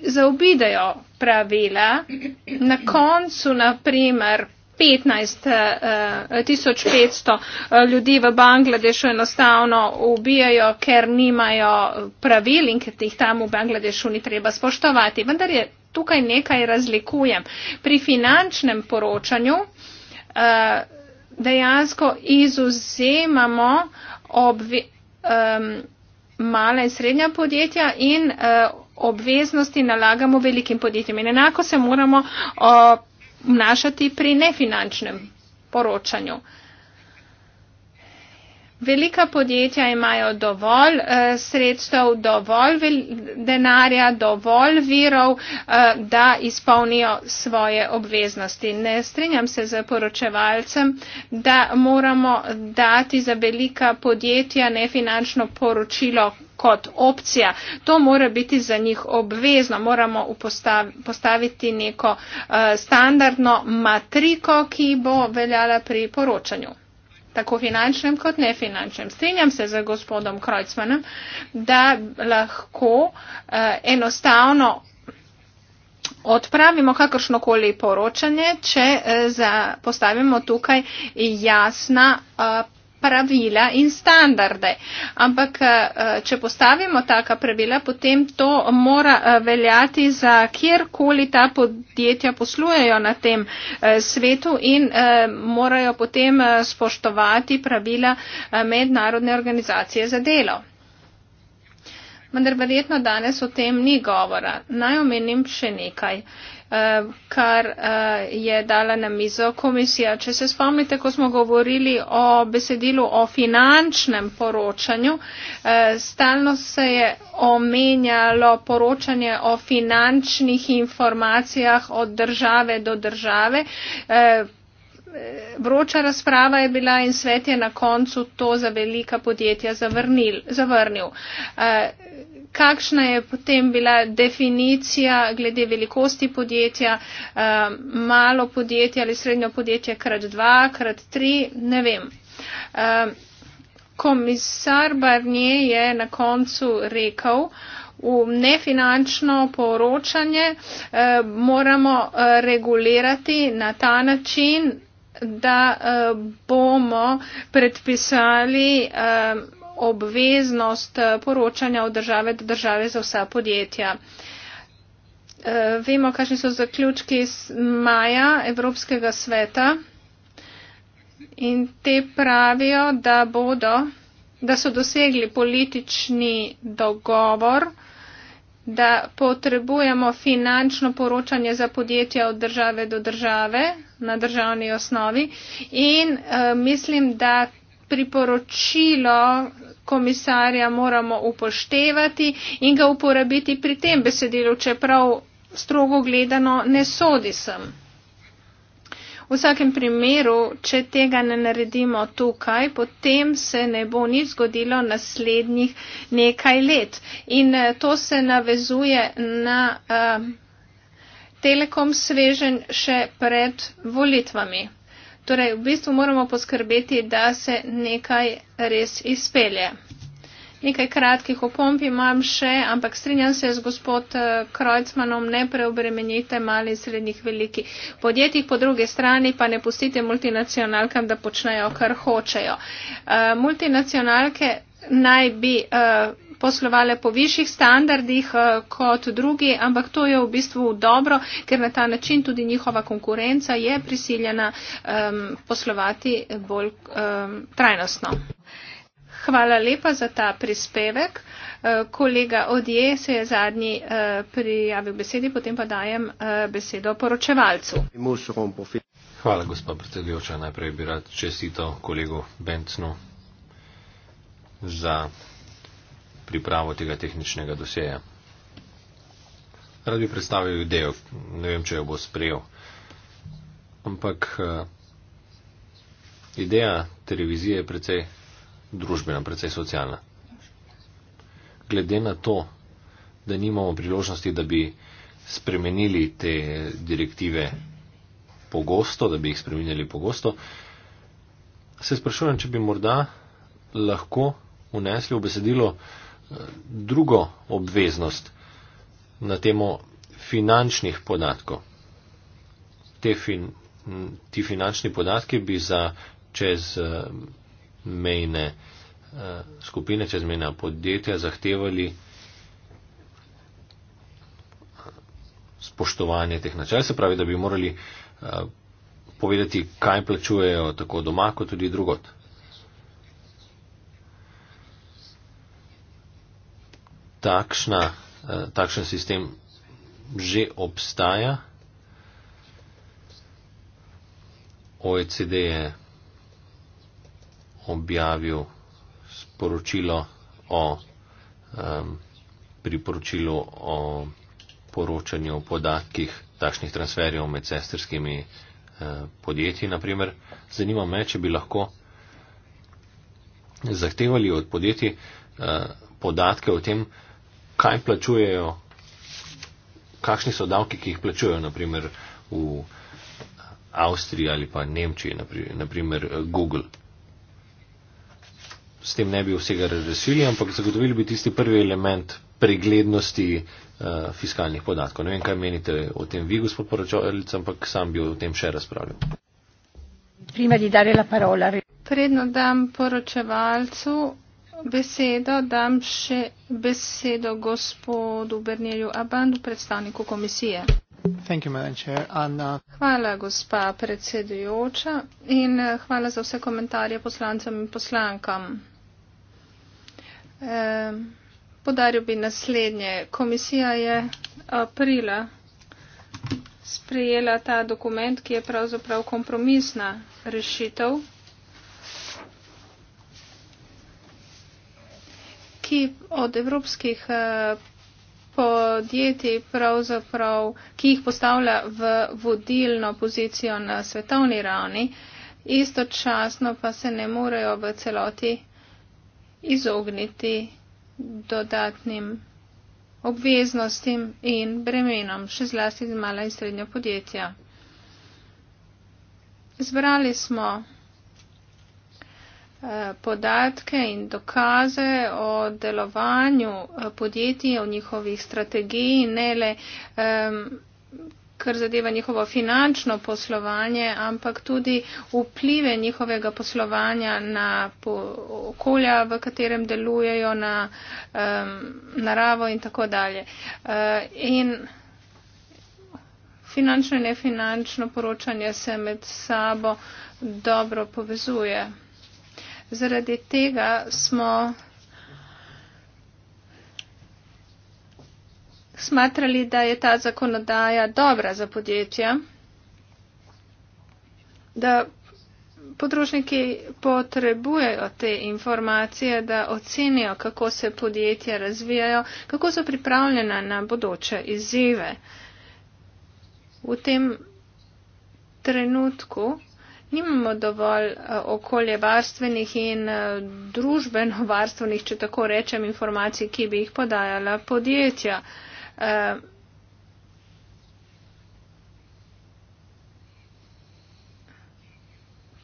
zaobidajo pravila. Na koncu, naprimer, 15 eh, tisoč uh, eh, 500 ljudi v Bangladešu enostavno ubijajo, ker nimajo pravil in ker jih tam v Bangladešu ni treba spoštovati. Vendar je tukaj nekaj razlikujem. Pri finančnem poročanju uh, dejansko izuzemamo obvi, um, mala in srednja podjetja in uh, obveznosti nalagamo velikim podjetjem. In enako se moramo eh, obnašati pri nefinančnem poročanju. Uh, Velika podjetja imajo dovolj eh, sredstev, dovolj vel, denarja, dovolj virov, eh, da izpolnijo svoje obveznosti. Ne strinjam se z poročevalcem, da moramo dati za velika podjetja nefinančno poročilo kot opcija. To mora biti za njih obvezno. Moramo postaviti neko eh, standardno matriko, ki bo veljala pri poročanju tako finančnem kot nefinančnem. Strinjam se z gospodom Krojcmanom, da lahko eh, enostavno odpravimo kakršnokoli poročanje, če eh, za, postavimo tukaj jasna. Eh, pravila in standarde. Ampak, eh, če postavimo taka pravila, potem to mora eh, veljati za kjerkoli ta podjetja poslujejo na tem eh, svetu in morajo potem spoštovati pravila mednarodne organizacije za delo. Vendar verjetno danes o tem ni govora. Naj omenim še nekaj. Uh, Eh, kar eh, je dala na mizo komisija. Če se spomnite, ko smo govorili o besedilu o finančnem poročanju, eh, stalno se je omenjalo poročanje o finančnih informacijah od države do države. Vroča razprava je bila in svet je na koncu to za velika podjetja zavrnil kakšna je potem bila definicija glede velikosti podjetja, eh, malo podjetje ali srednjo podjetje krat dva, krat tri, ne vem. Eh, komisar Barnier je na koncu rekel, v nefinančno poročanje eh, moramo regulirati na ta način, da bomo predpisali obveznost eh, poročanja od države do države za vsa podjetja. Eh, vemo, kakšni so zaključki iz maja Evropskega sveta in te pravijo, da, bodo, da so dosegli politični dogovor, da potrebujemo finančno poročanje za podjetja od države do države na državni osnovi in uh, mislim, da priporočilo komisarja moramo upoštevati in ga uporabiti pri tem besedilu, čeprav strogo gledano ne sodi sem. V vsakem primeru, če tega ne naredimo tukaj, potem se ne bo nič zgodilo naslednjih nekaj let. In eh, to se navezuje na uh, Telekom svežen še pred volitvami. Torej, v bistvu moramo poskrbeti, da se nekaj res izpelje. Nekaj kratkih opomp imam še, ampak strinjam se z gospod eh, Krojcmanom, ne preobremenite malih in srednjih velikih podjetij, po drugi strani pa ne pustite multinacionalkam, da počnejo, kar hočejo. Uh, multinacionalke naj bi uh, poslovale po višjih standardih eh, kot drugi, ampak to je v bistvu dobro, ker na ta način tudi njihova konkurenca je prisiljena um, poslovati bolj um, trajnostno. Hvala lepa za ta prispevek. Eh, kolega Odje se je zadnji eh, prijavil besedi, potem pa dajem besedo poročevalcu.
Hvala, gospod predsedujoča. Najprej bi rad čestito kolegu Bentnu za pripravo tega tehničnega doseja. Rad bi predstavil idejo, ne vem, če jo bo sprejel. Ampak eh, ideja televizije je precej družbena, precej socialna. Glede na to, da nimamo priložnosti, da bi spremenili te direktive pogosto, da bi jih spremenili pogosto, se sprašujem, če bi morda lahko unesli v besedilo drugo obveznost na temo finančnih podatkov. Te fin, ti finančni podatki bi za čez eh, mejne eh, skupine, čez mejna podjetja zahtevali spoštovanje teh načel, se pravi, da bi morali eh, povedati, kaj plačujejo tako doma, kot tudi drugot. takšna, eh, takšen sistem že obstaja. OECD je objavil sporočilo o um, priporočilu o poročanju o podatkih takšnih transferjev med sesterskimi eh, podjetji. Naprimer, zanima me, če bi lahko zahtevali od podjetij eh, podatke o tem, eh, kaj plačujejo, kakšni so davki, ki jih plačujejo, naprimer v Avstriji ali pa Nemčiji, naprimer, naprimer Google. S tem ne bi vsega razrešili, ampak zagotovili bi tisti prvi element preglednosti uh, fiskalnih podatkov. Ne vem, kaj menite o tem vi, gospod poročalec, ampak sam bi o tem še razpravljal.
Prima di dare la parola. Predno dam poročevalcu Beseda dam še besedo gospodu Bernilju Abandu, predstavniku komisije.
Thank you, Chair. Anna. Uh,
hvala, gospa predsedujoča, in eh, hvala za vse komentarje poslancem in poslankam. E, podaril bi naslednje. Komisija je aprila sprejela ta dokument, ki je pravzaprav kompromisna rešitev ki od evropskih uh, podjetij pravzaprav, ki jih postavlja v vodilno pozicijo na svetovni ravni, istočasno pa se ne morejo v celoti izogniti dodatnim obveznostim in bremenom, še zlasti z mala in srednja podjetja. Zbrali smo podatke in dokaze o delovanju eh, podjetij, o njihovih strategiji, ne le kar zadeva njihovo finančno poslovanje, ampak tudi vplive njihovega poslovanja na okolja, v katerem delujejo, na um, naravo in tako dalje. Uh, in finančno in nefinančno poročanje se med sabo dobro povezuje. Zaradi tega smo smatrali, da je ta zakonodaja dobra za podjetja, da podružniki potrebujejo te informacije, da ocenijo, kako se podjetja razvijajo, kako so pripravljena na bodoče izzive. V tem trenutku nimamo dovolj eh, okoljevarstvenih in eh, družbenovarstvenih, če tako rečem, informacij, ki bi jih podajala podjetja. Eh,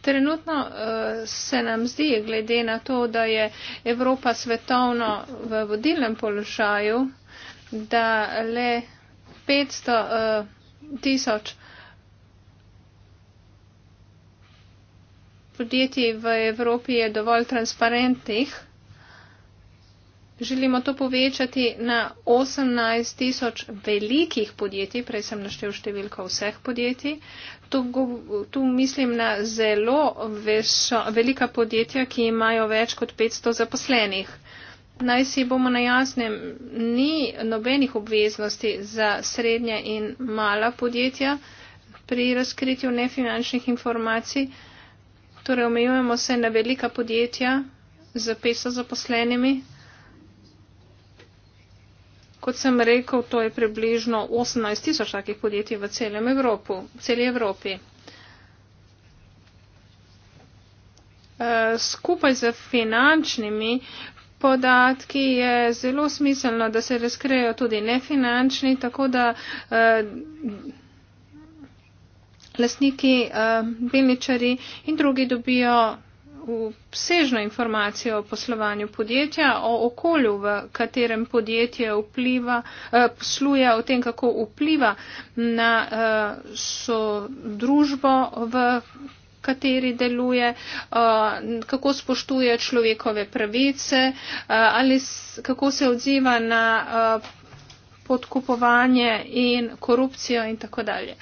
trenutno se nam zdi, glede na to, da je Evropa svetovno v vodilnem položaju, da le 500 tisoč podjetij v Evropi je dovolj transparentnih. Želimo to povečati na 18 tisoč velikih podjetij, prej sem naštel številko vseh podjetij. Tu, tu mislim na zelo veso, velika podjetja, ki imajo več kot 500 zaposlenih. Naj si bomo na jasnem, ni nobenih obveznosti za srednje in mala podjetja pri razkritju nefinančnih informacij. Uh, torej omejujemo se na velika podjetja z 500 zaposlenimi. Kot sem rekel, to je približno 18 tisoč takih podjetij v, Evropu, v celi Evropi. E, skupaj z finančnimi podatki je zelo smiselno, da se razkrejo tudi nefinančni, tako da e, lastniki, eh, delničari in drugi dobijo vsežno informacijo o poslovanju podjetja, o okolju, v katerem podjetje vpliva, eh, posluje, o tem, kako vpliva na eh, so družbo, v kateri deluje, kako spoštuje človekove pravice ali kako se odziva na podkupovanje in korupcijo in tako dalje.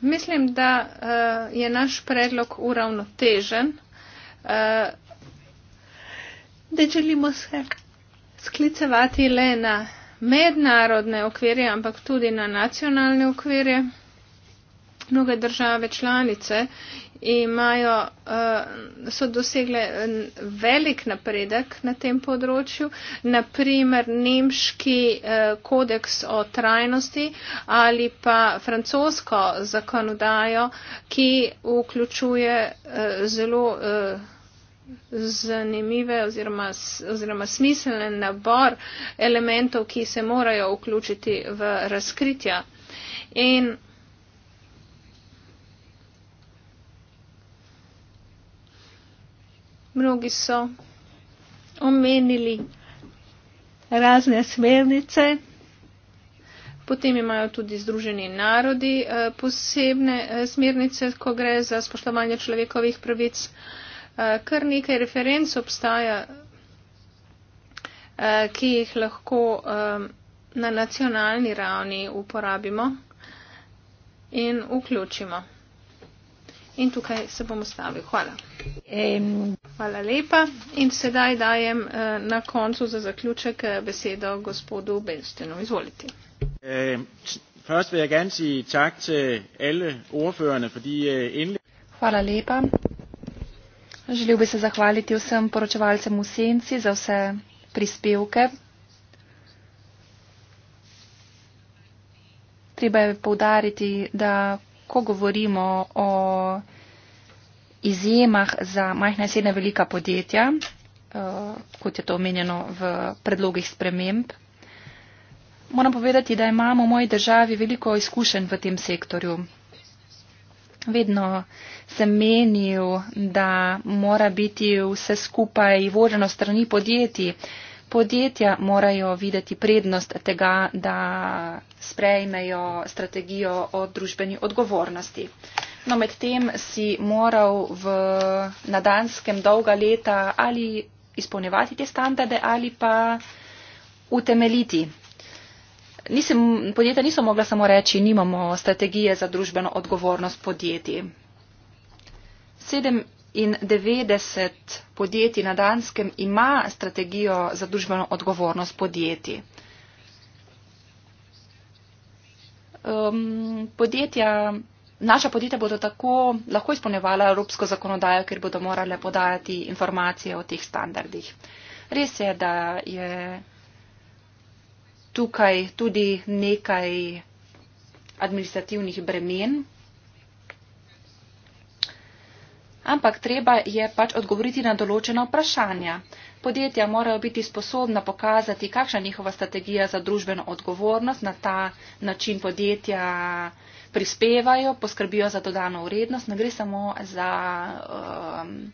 Mislim, da eh, je naš predlog uravnotežen, eh, da želimo se sklicevati le na mednarodne okvirje, ampak tudi na nacionalne okvirje. Mnoge države članice imajo, eh, so dosegle eh, velik napredek na tem področju, naprimer nemški eh, kodeks o trajnosti ali pa francosko zakonodajo, ki vključuje zelo zanimive oziroma, oziroma smiselne nabor elementov, ki se morajo vključiti v razkritja. In mnogi so omenili razne smernice. Potem imajo tudi združeni narodi eh, posebne eh, smernice, ko gre za spoštovanje človekovih pravic. Eh, kar nekaj referenc obstaja, ki jih lahko na nacionalni ravni uporabimo in vključimo in tukaj se bom ustavil. Hvala. Hvala lepa in sedaj dajem eh, na koncu za zaključek eh, besedo gospodu Belstenu. Izvolite.
Eh,
Hvala lepa. Želel bi se zahvaliti vsem poročevalcem v senci za vse prispevke. Treba je povdariti, da ko govorimo o izjemah za majhna in srednja velika podjetja, eh, kot je to omenjeno v predlogih sprememb, moram povedati, da imamo v moji državi veliko izkušenj v tem sektorju. Vedno sem menil, da mora biti vse skupaj voljeno strani podjetij podjetja morajo videti prednost tega, da sprejmejo strategijo o družbeni odgovornosti. No, medtem si moral v nadanskem dolga leta ali izpolnjevati te standarde ali pa utemeliti. Nisem, podjetja niso mogla samo reči, nimamo strategije za družbeno odgovornost podjetij in 90 podjetij na Danskem ima strategijo za družbeno odgovornost podjetij. Um, podjetja, naša podjetja bodo tako lahko izpolnevala evropsko zakonodajo, ker bodo morale podajati informacije o teh standardih. Res je, da je tukaj tudi nekaj administrativnih bremen, ampak treba je pač odgovoriti na določena vprašanja. Podjetja morajo biti sposobna pokazati, kakšna je njihova strategija za družbeno odgovornost, na ta način podjetja prispevajo, poskrbijo za dodano vrednost, ne gre samo za um,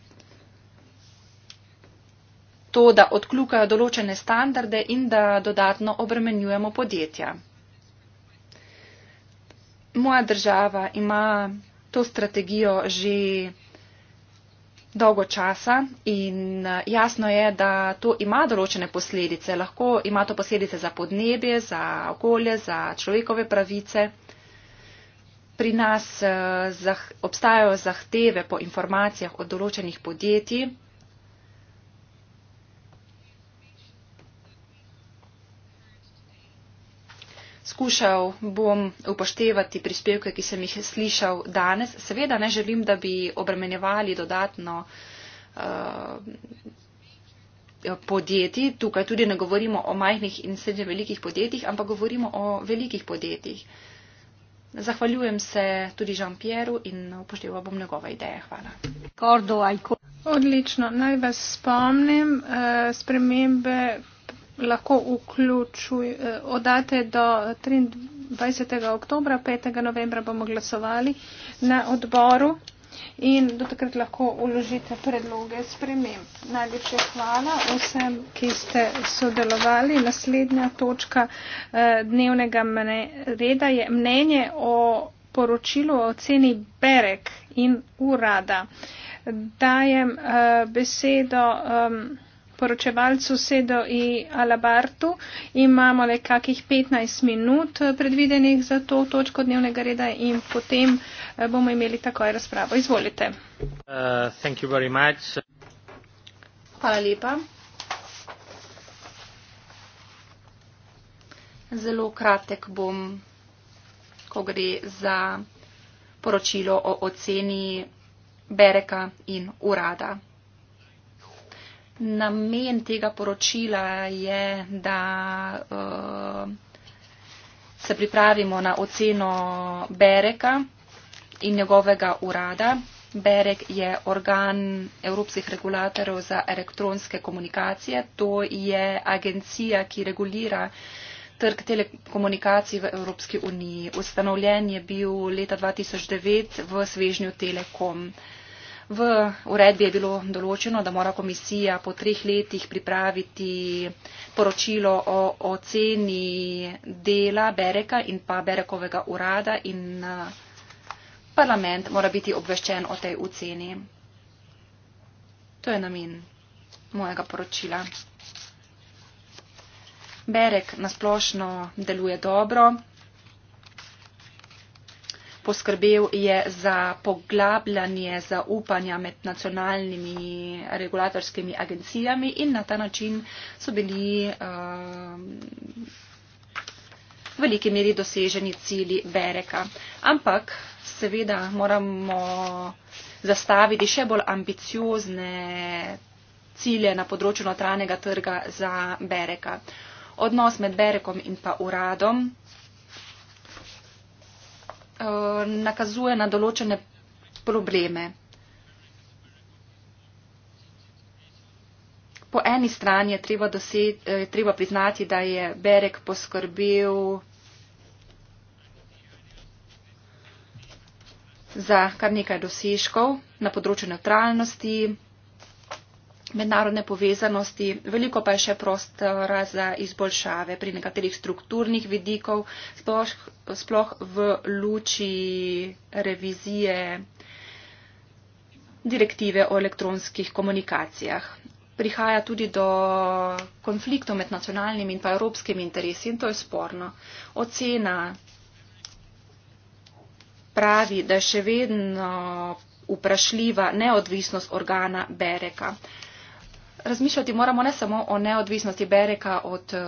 to, da odkljukajo določene standarde in da dodatno obremenjujemo podjetja. Moja država ima to strategijo že dolgo časa in eh, jasno je, da to ima določene posledice. Lahko ima to posledice za podnebje, za okolje, za človekove pravice. Pri nas eh, zah, obstajajo zahteve po informacijah od določenih podjetij, skušal bom upoštevati prispevke, ki sem jih slišal danes. Seveda ne želim, da bi obremenjevali dodatno uh, eh, podjetji. Tukaj tudi ne govorimo o majhnih in srednje velikih podjetjih, ampak govorimo o velikih podjetjih. Zahvaljujem se tudi Jean-Pierru in upošteval
bom njegove ideje. Hvala. Odlično. Naj vas spomnim, uh, spremembe lahko vključuj, eh, odate do 23. oktobra, 5. novembra bomo glasovali na odboru in do takrat lahko uložite predloge sprememb. Najlepše hvala vsem, ki ste sodelovali. Naslednja točka eh, dnevnega reda je mnenje o poročilu o ceni Berek in urada. Dajem eh, besedo poročevalcu Sedo i Alabartu. Imamo le kakih 15 minut eh, predvidenih za to točko dnevnega reda in potem eh, bomo imeli takoj razpravo. Izvolite.
Uh, thank you very much.
Hvala lepa.
Zelo kratek bom, ko gre za poročilo o oceni Bereka in urada namen tega poročila je, da uh, se pripravimo na oceno Bereka in njegovega urada. Berek je organ evropskih regulatorjev za elektronske komunikacije. To je agencija, ki regulira trg telekomunikacij v Evropski uniji. Ustanovljen je bil leta 2009 v svežnju Telekom. Uh, V uredbi je bilo določeno, da mora komisija po treh letih pripraviti poročilo o oceni dela Bereka in pa Berekovega urada in eh, parlament mora biti obveščen o tej oceni. To je namen mojega poročila. Berek nasplošno deluje dobro, poskrbel je za poglabljanje zaupanja med nacionalnimi regulatorskimi agencijami in na ta način so bili um, v veliki meri doseženi cili Bereka. Ampak seveda moramo zastaviti še bolj ambiciozne cilje na področju notranjega trga za Bereka. Odnos med Berekom in pa uradom Eh, nakazuje na določene probleme. Po eni strani je treba, dosed, eh, je treba priznati, da je Berek poskrbel za kar nekaj dosežkov na področju neutralnosti, mednarodne povezanosti, veliko pa je še prostora za izboljšave pri nekaterih strukturnih vidikov, sploh, sploh v luči revizije direktive o elektronskih komunikacijah. Prihaja tudi do konfliktov med nacionalnimi in pa evropskimi interesi in to je sporno. Ocena pravi, da je še vedno vprašljiva neodvisnost organa Bereka razmišljati moramo ne samo o neodvisnosti Bereka od eh,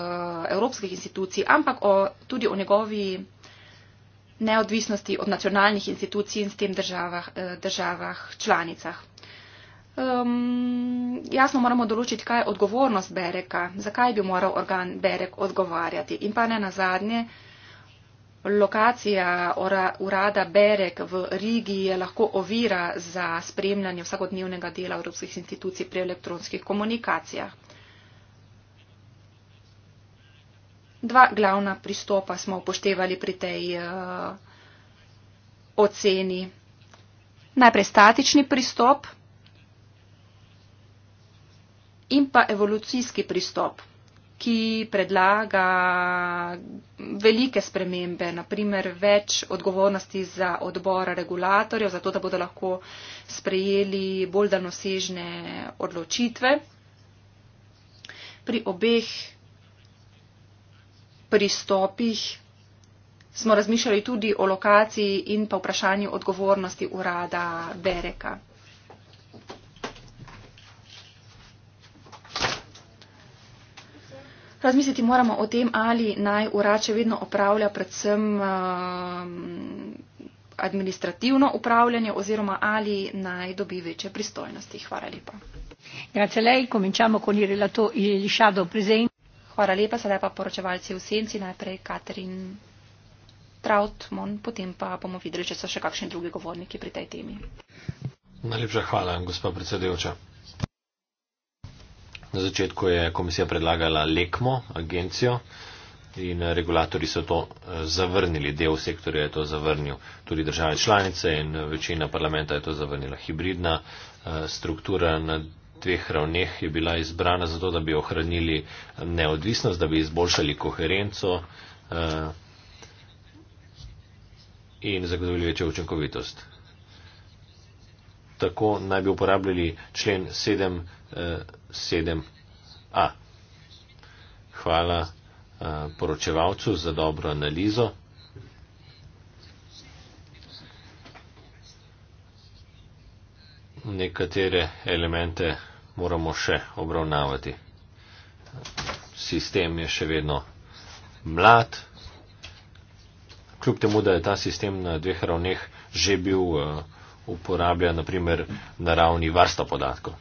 evropskih institucij, ampak o, tudi o njegovi neodvisnosti od nacionalnih institucij in s tem državah, eh, državah članicah. Um, jasno moramo določiti, kaj je odgovornost Bereka, zakaj bi moral organ Berek odgovarjati. In pa ne na zadnje, uh, Lokacija urada Berek v Rigi je lahko ovira za spremljanje vsakodnevnega dela evropskih institucij pri elektronskih komunikacijah. Dva glavna pristopa smo upoštevali pri tej uh, oceni. Najprej statični pristop in pa evolucijski pristop ki predlaga velike spremembe, naprimer več odgovornosti za odbora regulatorjev, zato da bodo lahko sprejeli bolj daljnosežne odločitve. Pri obeh pristopih smo razmišljali tudi o lokaciji in pa vprašanju odgovornosti urada Bereka. Razmisliti moramo o tem, ali naj urad še vedno opravlja predvsem um, administrativno upravljanje oziroma ali naj dobi večje pristojnosti. Hvala lepa. Grazie lei, cominciamo con il relatore, il shadow present. Hvala lepa, sedaj pa poročevalci v senci, najprej Katrin Trautmon, potem pa bomo videli, če so še kakšni drugi govorniki pri tej temi.
Najlepša hvala, gospod predsedujoča. Na začetku je komisija predlagala LEKMO, agencijo, in eh, regulatori so to eh, zavrnili. Del sektorja je to zavrnil, tudi države članice in eh, večina parlamenta je to zavrnila. Hibridna struktura na dveh ravneh je bila izbrana zato, da bi ohranili neodvisnost, da bi izboljšali koherenco in zagotovili večjo učinkovitost. Tako naj bi uporabljali člen 7. 7a. Hvala eh, poročevalcu za dobro analizo. Nekatere elemente moramo še obravnavati. Sistem je še vedno mlad. Kljub temu, da je ta sistem na dveh ravneh že bil eh, uporabljen, naprimer na ravni varstva podatkov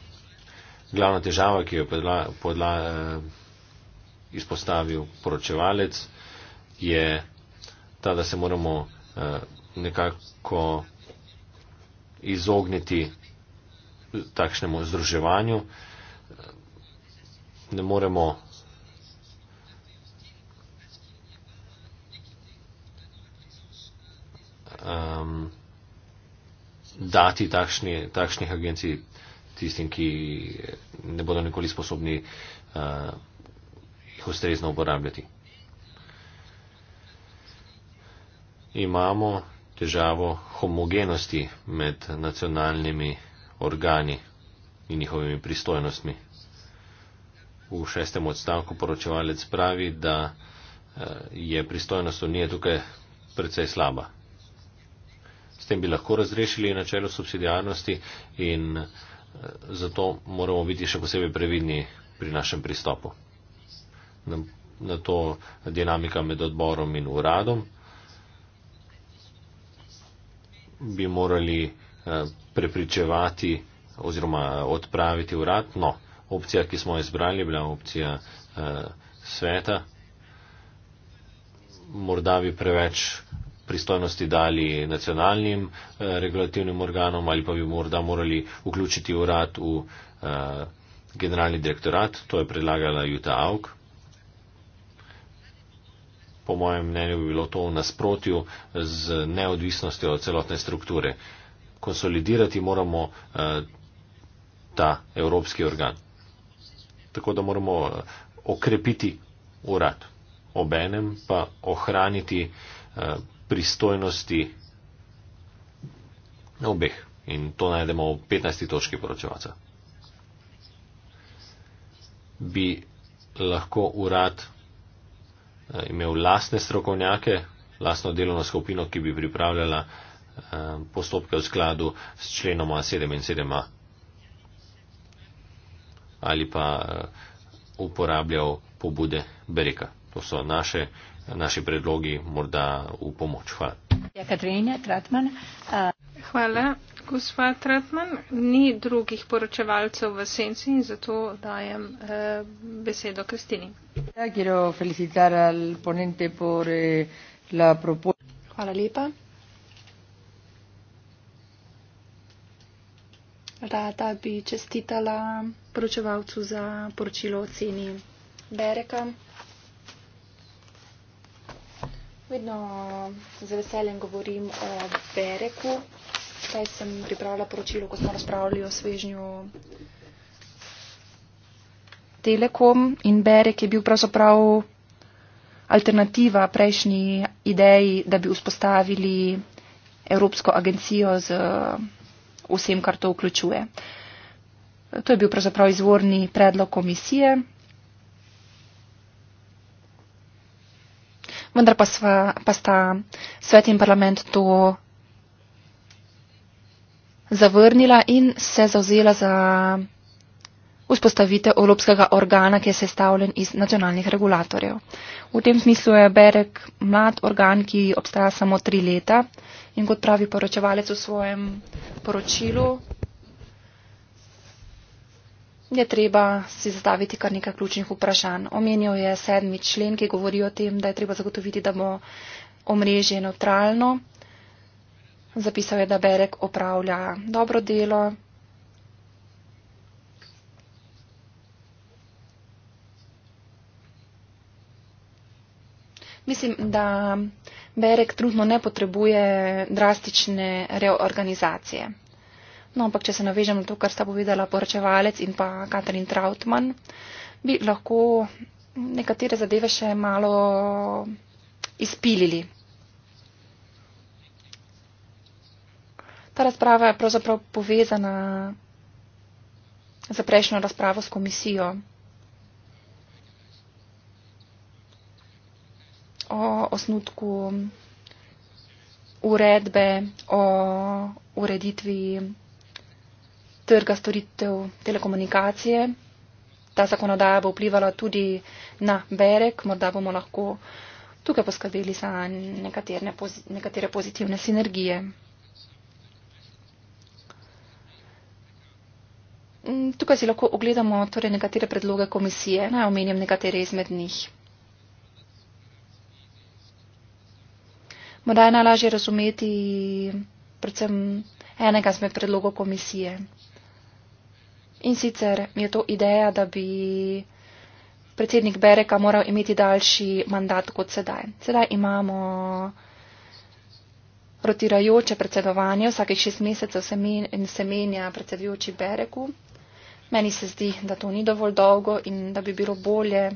glavna težava, ki jo je podla, podla, eh, izpostavil poročevalec, je ta, da se moramo eh, nekako izogniti takšnemu združevanju. Ne moremo um, dati takšni, takšnih agencij tistim, ki ne bodo nikoli sposobni uh, jih ustrezno uporabljati. Imamo težavo homogenosti med nacionalnimi organi in njihovimi pristojnostmi. V šestem odstavku poročevalec pravi, da eh, je pristojnost unije tukaj precej slaba. S tem bi lahko razrešili načelo subsidijarnosti in uh, zato moramo biti še posebej previdni pri našem pristopu. Na, na to dinamika med odborom in uradom bi morali eh, prepričevati oziroma odpraviti urad. No, opcija, ki smo jo izbrali, bila opcija eh, sveta. Morda bi preveč pristojnosti dali nacionalnim eh, regulativnim organom ali pa bi morda morali vključiti urad v eh, generalni direktorat. To je predlagala Juta Aug. Po mojem mnenju bi bilo to v nasprotju z neodvisnostjo celotne strukture. Konsolidirati moramo eh, ta evropski organ. Tako da moramo okrepiti urad. Obenem pa ohraniti pristojnosti na obeh. In to najdemo v 15. točki poročevalca. Bi lahko urad eh, imel lastne strokovnjake, lastno delovno skupino, ki bi pripravljala eh, postopke v skladu s členoma 7 in 7a. Ali pa eh, uporabljal pobude Bereka. To so naše naši predlogi morda v pomoč. Hvala.
Ja, Katrinja, Tratman, a... Hvala, gospa Tratman. Ni drugih poročevalcev v senci in zato dajem e, besedo Kristini.
Ja, quiero por, e, la propu... Hvala lepa. Rada bi čestitala poročevalcu za poročilo o ceni Bereka. Vedno z veseljem govorim o Bereku. Zdaj sem pripravila poročilo, ko smo razpravljali o svežnju Telekom in Berek je bil pravzaprav alternativa prejšnji ideji, da bi vzpostavili Evropsko agencijo z vsem, kar to vključuje. To je bil pravzaprav izvorni predlog komisije, vendar pa, sva, pa sta svet in parlament to zavrnila in se zauzela za vzpostavitev evropskega organa, ki je sestavljen iz nacionalnih regulatorjev. V tem smislu je Berek mlad organ, ki obstaja samo tri leta in kot pravi poročevalec v svojem poročilu je treba si zastaviti kar nekaj ključnih vprašanj. Omenil je sedmi člen, ki govori o tem, da je treba zagotoviti, da bo omrežje neutralno. Zapisal je, da Berek opravlja dobro delo. Mislim, da Berek trudno ne potrebuje drastične reorganizacije. No, ampak če se navežem na to, kar sta povedala poročevalec in pa Katrin Trautmann, bi lahko nekatere zadeve še malo izpilili. Ta razprava je pravzaprav povezana za prejšnjo razpravo s komisijo. o osnutku uredbe, o ureditvi trga storitev telekomunikacije. Ta zakonodaja bo vplivala tudi na berek, morda bomo lahko tukaj poskrbeli za nekatere, nekatere pozitivne sinergije. Mm, tukaj si lahko ogledamo torej nekatere predloge komisije, naj omenjam nekatere izmed njih. Morda je najlažje razumeti predvsem enega izmed predlogov komisije. In sicer je to ideja, da bi predsednik Bereka moral imeti daljši mandat kot sedaj. Sedaj imamo rotirajoče predsedovanje, vsakih šest mesecev se, men, se menja predsedujoči Bereku. Meni se zdi, da to ni dovolj dolgo in da bi bilo bolje,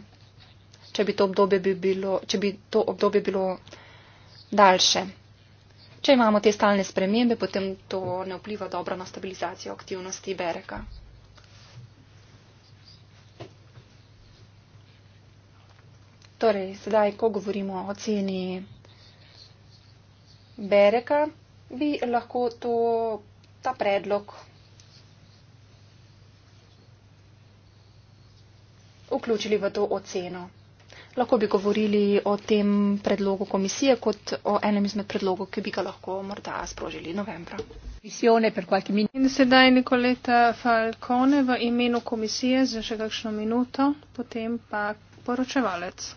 če bi to obdobje, bi bilo, če bi to obdobje bilo daljše. Če imamo te stalne spremembe, potem to ne vpliva dobro na stabilizacijo aktivnosti Bereka. Torej, sedaj, ko govorimo o ceni bereka, bi lahko to, ta predlog vključili v to oceno. Lahko bi govorili o tem predlogu komisije
kot o enem izmed predlogov, ki bi ga lahko morda sprožili novembra. In sedaj Nikoleta Falcone v imenu komisije za še kakšno minuto, potem pa poročevalec.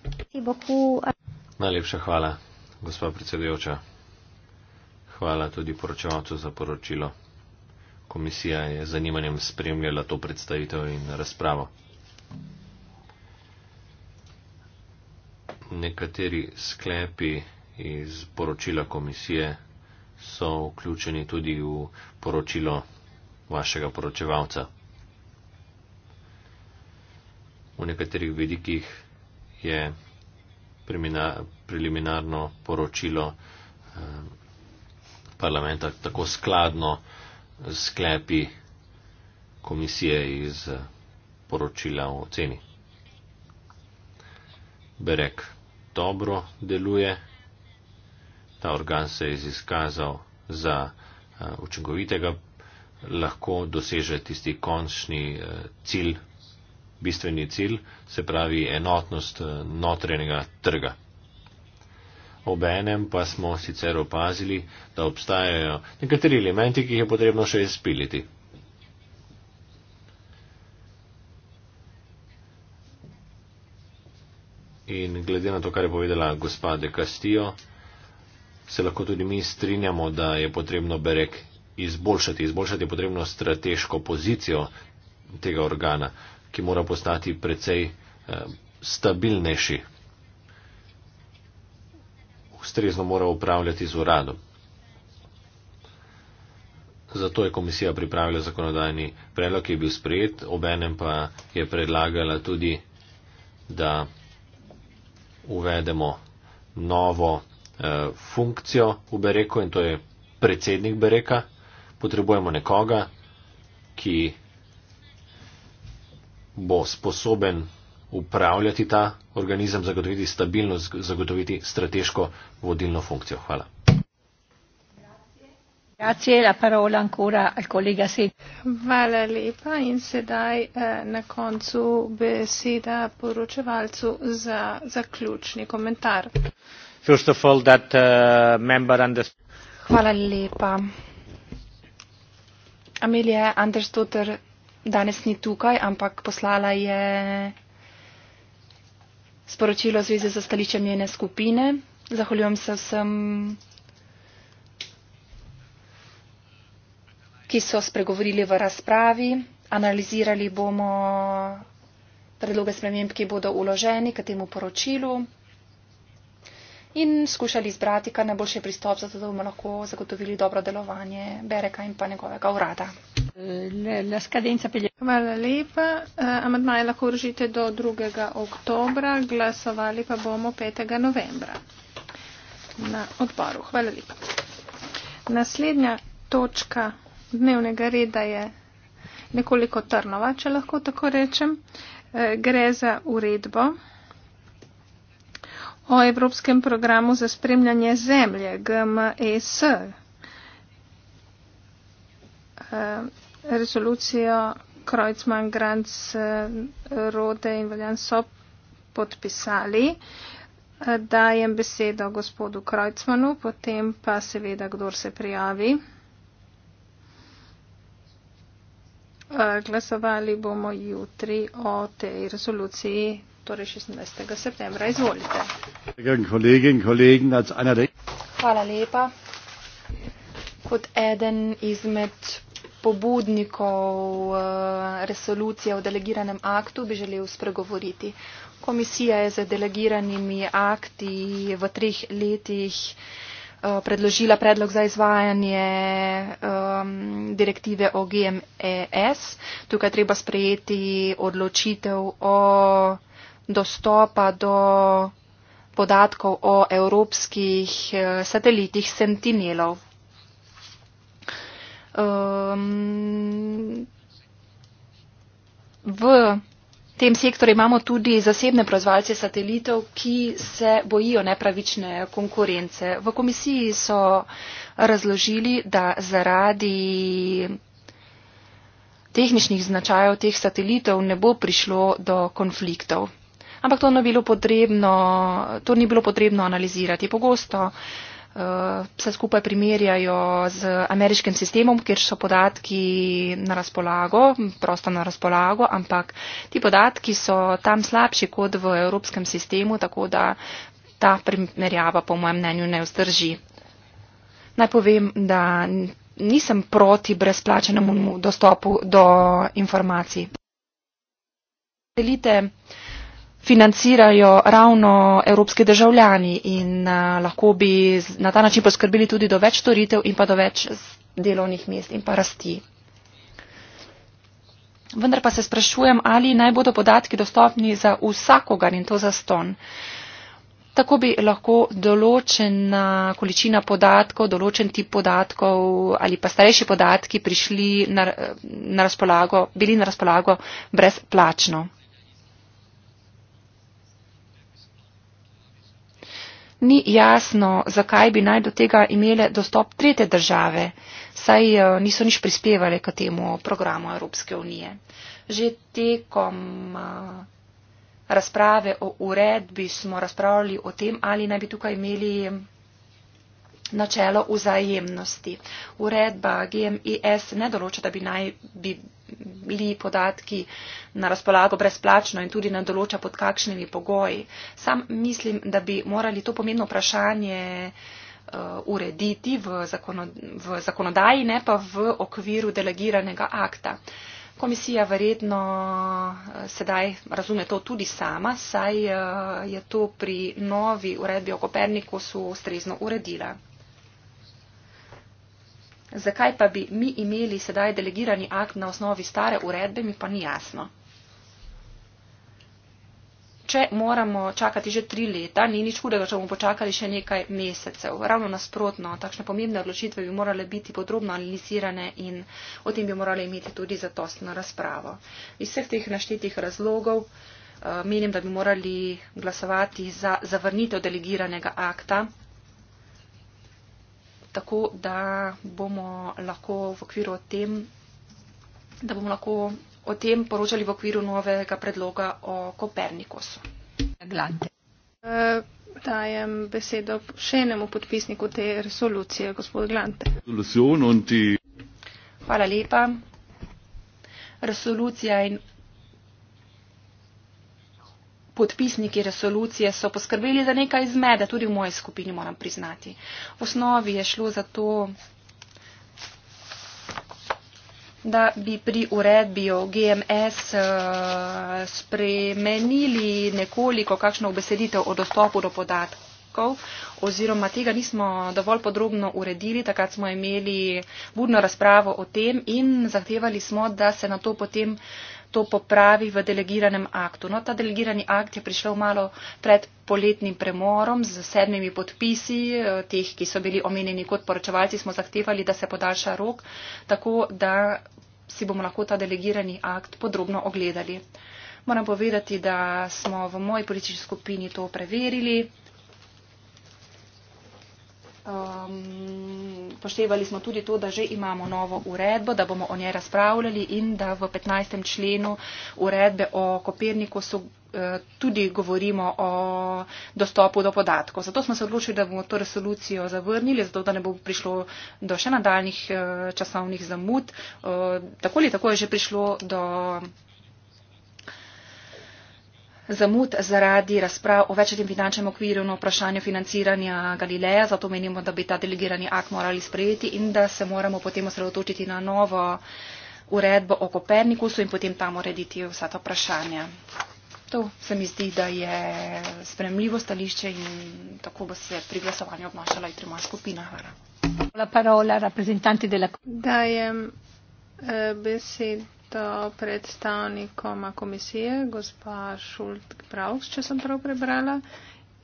Najlepša hvala, gospod predsedujoča. Hvala tudi poročevalcu za poročilo. Komisija je z zanimanjem spremljala to predstavitev in razpravo. Nekateri sklepi iz poročila komisije so vključeni tudi v poročilo vašega poročevalca v nekaterih vidikih je preliminarno poročilo eh, parlamenta tako skladno z sklepi komisije iz eh, poročila o ceni. Berek dobro deluje, ta organ se je izkazal za eh, učinkovitega, lahko doseže tisti končni cilj bistveni cilj, se pravi enotnost eh, notrenega trga. Obenem pa smo sicer opazili, da obstajajo nekateri elementi, ki jih je potrebno še izpiliti. In glede na to, kar je povedala gospa De Castillo, se lahko tudi mi strinjamo, da je potrebno berek izboljšati. Izboljšati je potrebno strateško pozicijo tega organa ki mora postati precej eh, stabilnejši. Ustrezno mora upravljati z uradom. Zato je komisija pripravila zakonodajni predlog, ki je bil sprejet, obenem pa je predlagala tudi, da uvedemo novo eh, funkcijo v Bereku in to je predsednik Bereka. Potrebujemo nekoga, ki bo sposoben upravljati ta organizem, zagotoviti stabilnost, zagotoviti strateško vodilno funkcijo. Hvala.
Hvala lepa in sedaj eh, na koncu beseda poročevalcu za zaključni komentar.
All, that, uh,
Hvala lepa. Amelija Andersdotter danes ni tukaj, ampak poslala je sporočilo v zvezi z stališčem njene skupine. Zahvaljujem se vsem, ki so spregovorili v razpravi. Analizirali bomo predloge sprememb, ki bodo uloženi k temu poročilu in skušali izbrati, kar najboljše pristop, zato da bomo lahko zagotovili dobro delovanje Bereka in pa njegovega urada.
La scadenza per gli Hvala lepa. Uh, Amadmaje lahko vržite do 2. oktobra, glasovali pa bomo 5. novembra na odboru. Hvala lepa. Naslednja točka dnevnega reda je nekoliko trnova, če lahko tako rečem. Uh, gre za uredbo o Evropskem programu za spremljanje zemlje, GMES, eh, rezolucijo Kreuzmann, Granz, eh, Rode in Valjan so podpisali. Eh, dajem besedo gospodu Kreuzmanu, potem pa seveda, kdor se prijavi. Glasovali bomo jutri o tej rezoluciji torej 16. septembra. Izvolite.
Hvala lepa. Kot eden izmed pobudnikov eh, resolucije o delegiranem aktu bi želel spregovoriti. Komisija je za delegiranimi akti v treh letih eh, predložila predlog za izvajanje um, direktive o GMES. Tukaj treba sprejeti odločitev o dostopa do podatkov o evropskih eh, satelitih Sentinelov. Um, v tem sektorju imamo tudi zasebne proizvalce satelitov, ki se bojijo nepravične konkurence. V komisiji so razložili, da zaradi tehničnih značajev teh satelitov ne bo prišlo do konfliktov ampak to ni bilo potrebno, to ni bilo potrebno analizirati. Pogosto uh, se skupaj primerjajo z ameriškim sistemom, kjer so podatki na razpolago, prosto na razpolago, ampak ti podatki so tam slabši kot v evropskem sistemu, tako da ta primerjava po mojem mnenju ne vzdrži. Naj povem, da nisem proti brezplačenemu dostopu do informacij. Delite financirajo ravno evropski državljani in eh, lahko bi na ta način poskrbeli tudi do več storitev in pa do več delovnih mest in pa rasti. Vendar pa se sprašujem, ali naj bodo podatki dostopni za vsakogar in to za ston. Tako bi lahko določena količina podatkov, določen tip podatkov ali pa starejši podatki prišli na, na razpolago, bili na razpolago brezplačno. ni jasno, zakaj bi naj do tega imele dostop tretje države, saj eh, niso nič prispevale k temu programu Evropske unije. Že tekom eh, razprave o uredbi smo razpravljali o tem, ali naj bi tukaj imeli načelo vzajemnosti. Uredba GMIS ne določa, da bi naj bi bili podatki na razpolago brezplačno in tudi ne določa pod kakšnimi pogoji. Sam mislim, da bi morali to pomembno vprašanje uh, urediti v zakonodaji, ne pa v okviru delegiranega akta. Komisija verjetno uh, sedaj razume to tudi sama, saj uh, je to pri novi uredbi o Kopernikusu ustrezno uredila. Zakaj pa bi mi imeli sedaj delegirani akt na osnovi stare uredbe, mi pa ni jasno. Če moramo čakati že tri leta, ni nič hudega, če bomo počakali še nekaj mesecev. Ravno nasprotno, takšne pomembne odločitve bi morale biti podrobno analizirane in o tem bi morali imeti tudi zatostno razpravo. Iz vseh teh naštetih razlogov eh, menim, da bi morali glasovati za zavrnitev delegiranega akta tako da bomo lahko v okviru o tem, da bomo lahko o tem poročali v okviru novega predloga o
Kopernikusu. Glante. E, dajem besedo še enemu podpisniku te resolucije, gospod Glante. Hvala lepa.
Resolucija in podpisniki resolucije so poskrbeli za nekaj zmede, tudi v moji skupini moram priznati. V osnovi je šlo za to, da bi pri uredbi o GMS uh, eh, spremenili nekoliko kakšno obeseditev o dostopu do podatkov, oziroma tega nismo dovolj podrobno uredili, takrat smo imeli budno razpravo o tem in zahtevali smo, da se na to potem uh, to popravi v delegiranem aktu. No, ta delegirani akt je prišel malo pred poletnim premorom z sedmimi podpisi, eh, teh, ki so bili omenjeni kot poročevalci, smo zahtevali, da se podaljša rok, tako da si bomo lahko ta delegirani akt podrobno ogledali. Moram povedati, da smo v moji politični skupini to preverili. Um, poštevali smo tudi to, da že imamo novo uredbo, da bomo o njej razpravljali in da v 15. členu uredbe o Koperniku so, uh, tudi govorimo o dostopu do podatkov. Zato smo se odločili, da bomo to resolucijo zavrnili, zato da ne bo prišlo do še nadaljnih uh, časovnih zamud. Uh, tako ali tako je že prišlo do zamud zaradi razprav o večjem finančnem okviru na vprašanju financiranja Galileja, zato menimo, da bi ta delegirani akt morali sprejeti in da se moramo potem osredotočiti na novo uredbo o Kopernikusu in potem tam urediti vsa ta vprašanja. To se mi zdi, da je spremljivo stališče in tako bo se pri glasovanju obnašala in trima skupina.
Hvala. Dajem eh, besedo predstavnikoma komisije, gospa Šult-Brauks, če sem prav prebrala.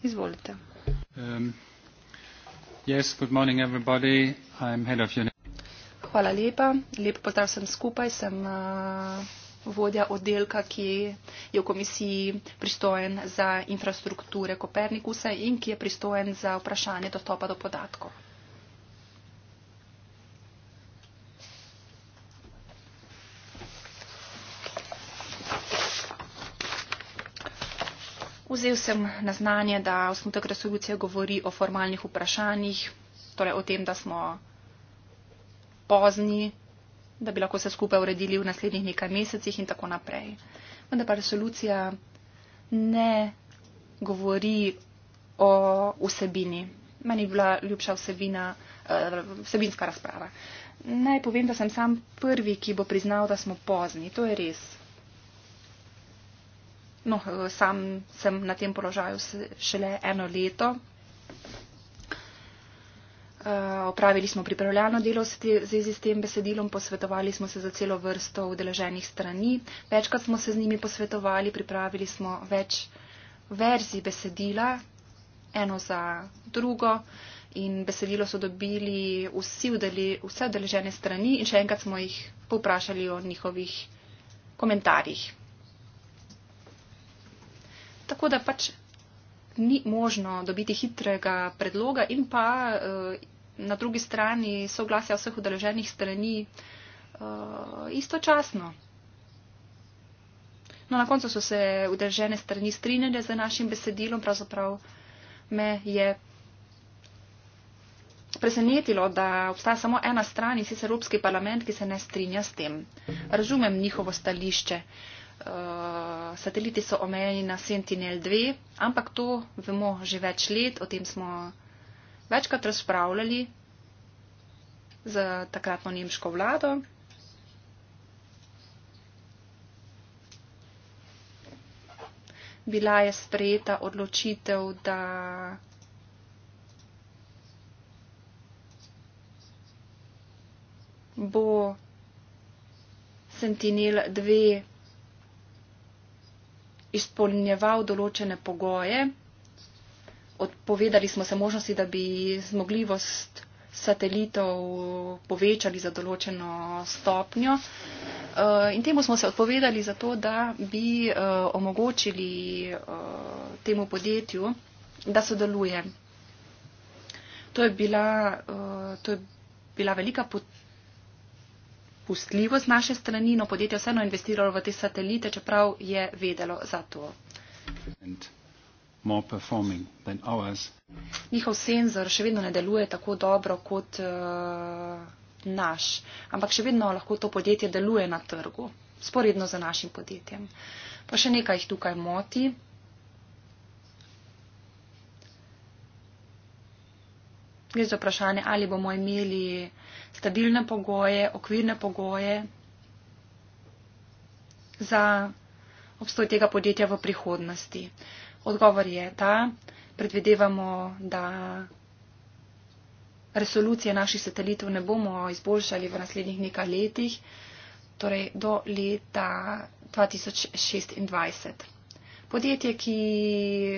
Izvolite.
Um,
yes, good morning everybody. I'm head of UNICEF.
Hvala lepa. Lep pozdrav sem skupaj. Sem uh, vodja oddelka, ki je v komisiji pristojen za infrastrukture Kopernikusa in ki je pristojen za vprašanje dostopa do podatkov. Vzel sem na znanje, da osnutek resolucije govori o formalnih vprašanjih, torej o tem, da smo pozni, da bi lahko se skupaj uredili v naslednjih nekaj mesecih in tako naprej. Vendar pa resolucija ne govori o vsebini. Meni je bila ljubša vsebina, eh, vsebinska razprava. Naj povem, da sem sam prvi, ki bo priznal, da smo pozni. To je res no, sam sem na tem položaju šele eno leto. Eh, opravili smo pripravljalno delo v zvezi s tem besedilom, posvetovali smo se za celo vrsto udeleženih strani, večkrat smo se z njimi posvetovali, pripravili smo več verzij besedila, eno za drugo in besedilo so dobili vsi udeli, vse udeležene strani in še enkrat smo jih povprašali o njihovih komentarjih tako da pač ni možno dobiti hitrega predloga in pa eh, na drugi strani soglasja vseh udeleženih strani eh, istočasno. No, na koncu so se udeležene strani strinjale za našim besedilom, pravzaprav me je presenetilo, da obstaja samo ena stran in sicer Evropski parlament, ki se ne strinja s tem. Razumem njihovo stališče. Uh, Eh, sateliti so omejeni na Sentinel-2, ampak to vemo že več let, o tem smo večkrat razpravljali z takratno nemško vlado. Bila je sprejeta odločitev, da bo Sentinel 2 izpolnjeval določene pogoje. Odpovedali smo se možnosti, da bi zmogljivost satelitov povečali za določeno stopnjo. Eh, in temu smo se odpovedali zato, da bi eh, omogočili eh, temu podjetju, da sodeluje. To je bila, to je bila velika potreba popustljivo z naše strani, no podjetje vseeno investiralo v te satelite, čeprav je vedelo za to. Njihov senzor še vedno ne deluje tako dobro kot uh, naš, ampak še vedno lahko to podjetje deluje na trgu, sporedno z našim podjetjem. Pa še nekaj jih tukaj moti. gre za vprašanje, ali bomo imeli stabilne pogoje, okvirne pogoje za obstoj tega podjetja v prihodnosti. Odgovor je ta, predvidevamo, da resolucije naših satelitov ne bomo izboljšali v naslednjih nekaj letih, torej do leta 2026. Podjetje, ki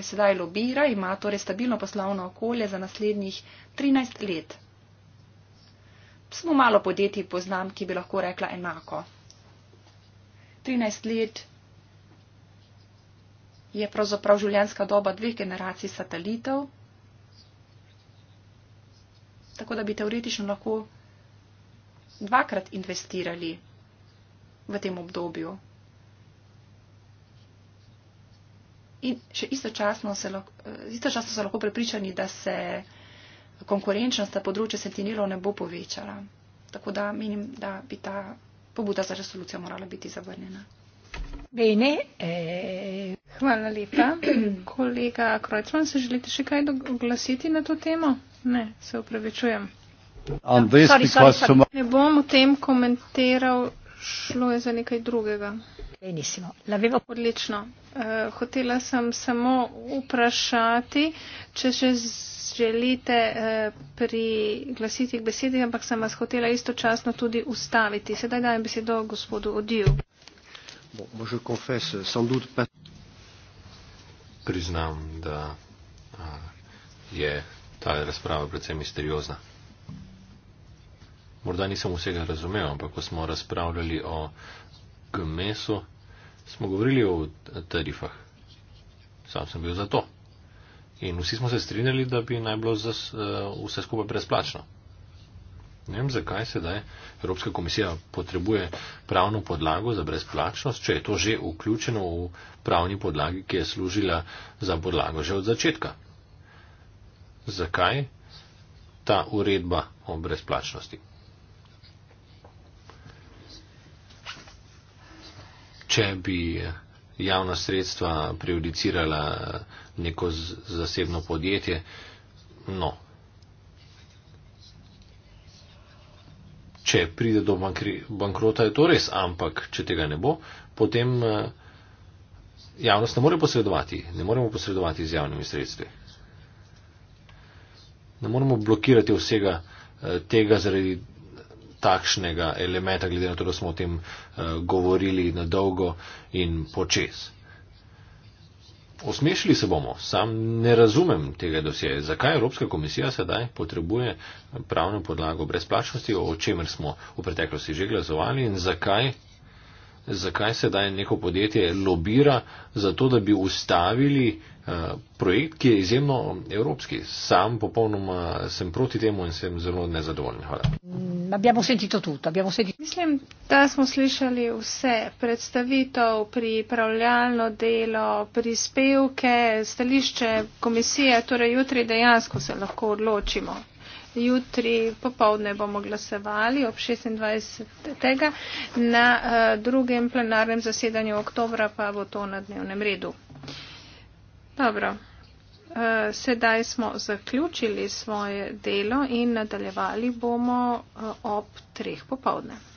sedaj lobira, ima torej stabilno poslovno okolje za naslednjih 13 let. Smo malo podjetij poznam, ki bi lahko rekla enako. 13 let je pravzaprav življenjska doba dveh generacij satelitov, tako da bi teoretično lahko dvakrat investirali v tem obdobju. in še istočasno, se lahko, istočasno so lahko prepričani, da se konkurenčnost na področju sentinelov ne bo povečala. Tako da menim, da bi ta pobuda
za resolucijo morala biti zavrnjena. Bene, eh, hvala lepa. Kolega Krojčman, se želite še kaj oglasiti na to temo? Ne, se upravičujem. Ja, sorry, sorry, sorry. Ne bom o tem komentiral, šlo je za nekaj drugega benissimo. L'avevo odlično. Uh, hotela sem samo vprašati, če še želite uh, priglasiti k besedi, ampak sem vas hotela istočasno tudi ustaviti. Sedaj dajem besedo gospodu Odiju. Bon, pas...
Priznam, da uh, je ta razprava predvsem misteriozna. Morda nisem vsega razumel, ampak ko smo razpravljali o GMS-u, e smo govorili o tarifah. Sam sem bil za to. In vsi smo se strinjali, da bi naj bilo eh, vse skupaj brezplačno. Ne vem, zakaj sedaj Evropska komisija potrebuje pravno podlago za brezplačnost, če je to že vključeno v pravni podlagi, ki je služila za podlago že od začetka. Zakaj ta uredba o brezplačnosti? če bi javna sredstva prejudicirala neko zasebno podjetje. No. Če pride do bankrota, je to res, ampak če tega ne bo, potem javnost ne more posredovati, ne moremo posredovati z javnimi sredstvi. Ne moremo blokirati vsega eh, tega zaradi takšnega elementa, glede na to, da smo o tem uh, govorili na dolgo in počes. Osmešili se bomo, sam ne razumem tega dosjeja. Zakaj Evropska komisija sedaj potrebuje pravno podlago brezplačnosti, o čemer smo v preteklosti že glasovali in zakaj zakaj se daj neko podjetje lobira, zato da bi ustavili eh, projekt, ki je izjemno evropski. Sam popolnoma sem proti temu in sem zelo nezadovoljen. Hvala.
Mislim, da smo slišali vse predstavitev, pripravljalno delo, prispevke, stališče komisije, torej jutri dejansko se lahko odločimo. Jutri popovdne bomo glasovali ob 26. na eh, drugem plenarnem zasedanju oktobra pa bo to na dnevnem redu. Dobro. Eh, sedaj smo zaključili svoje delo in nadaljevali bomo eh, ob treh popovdne.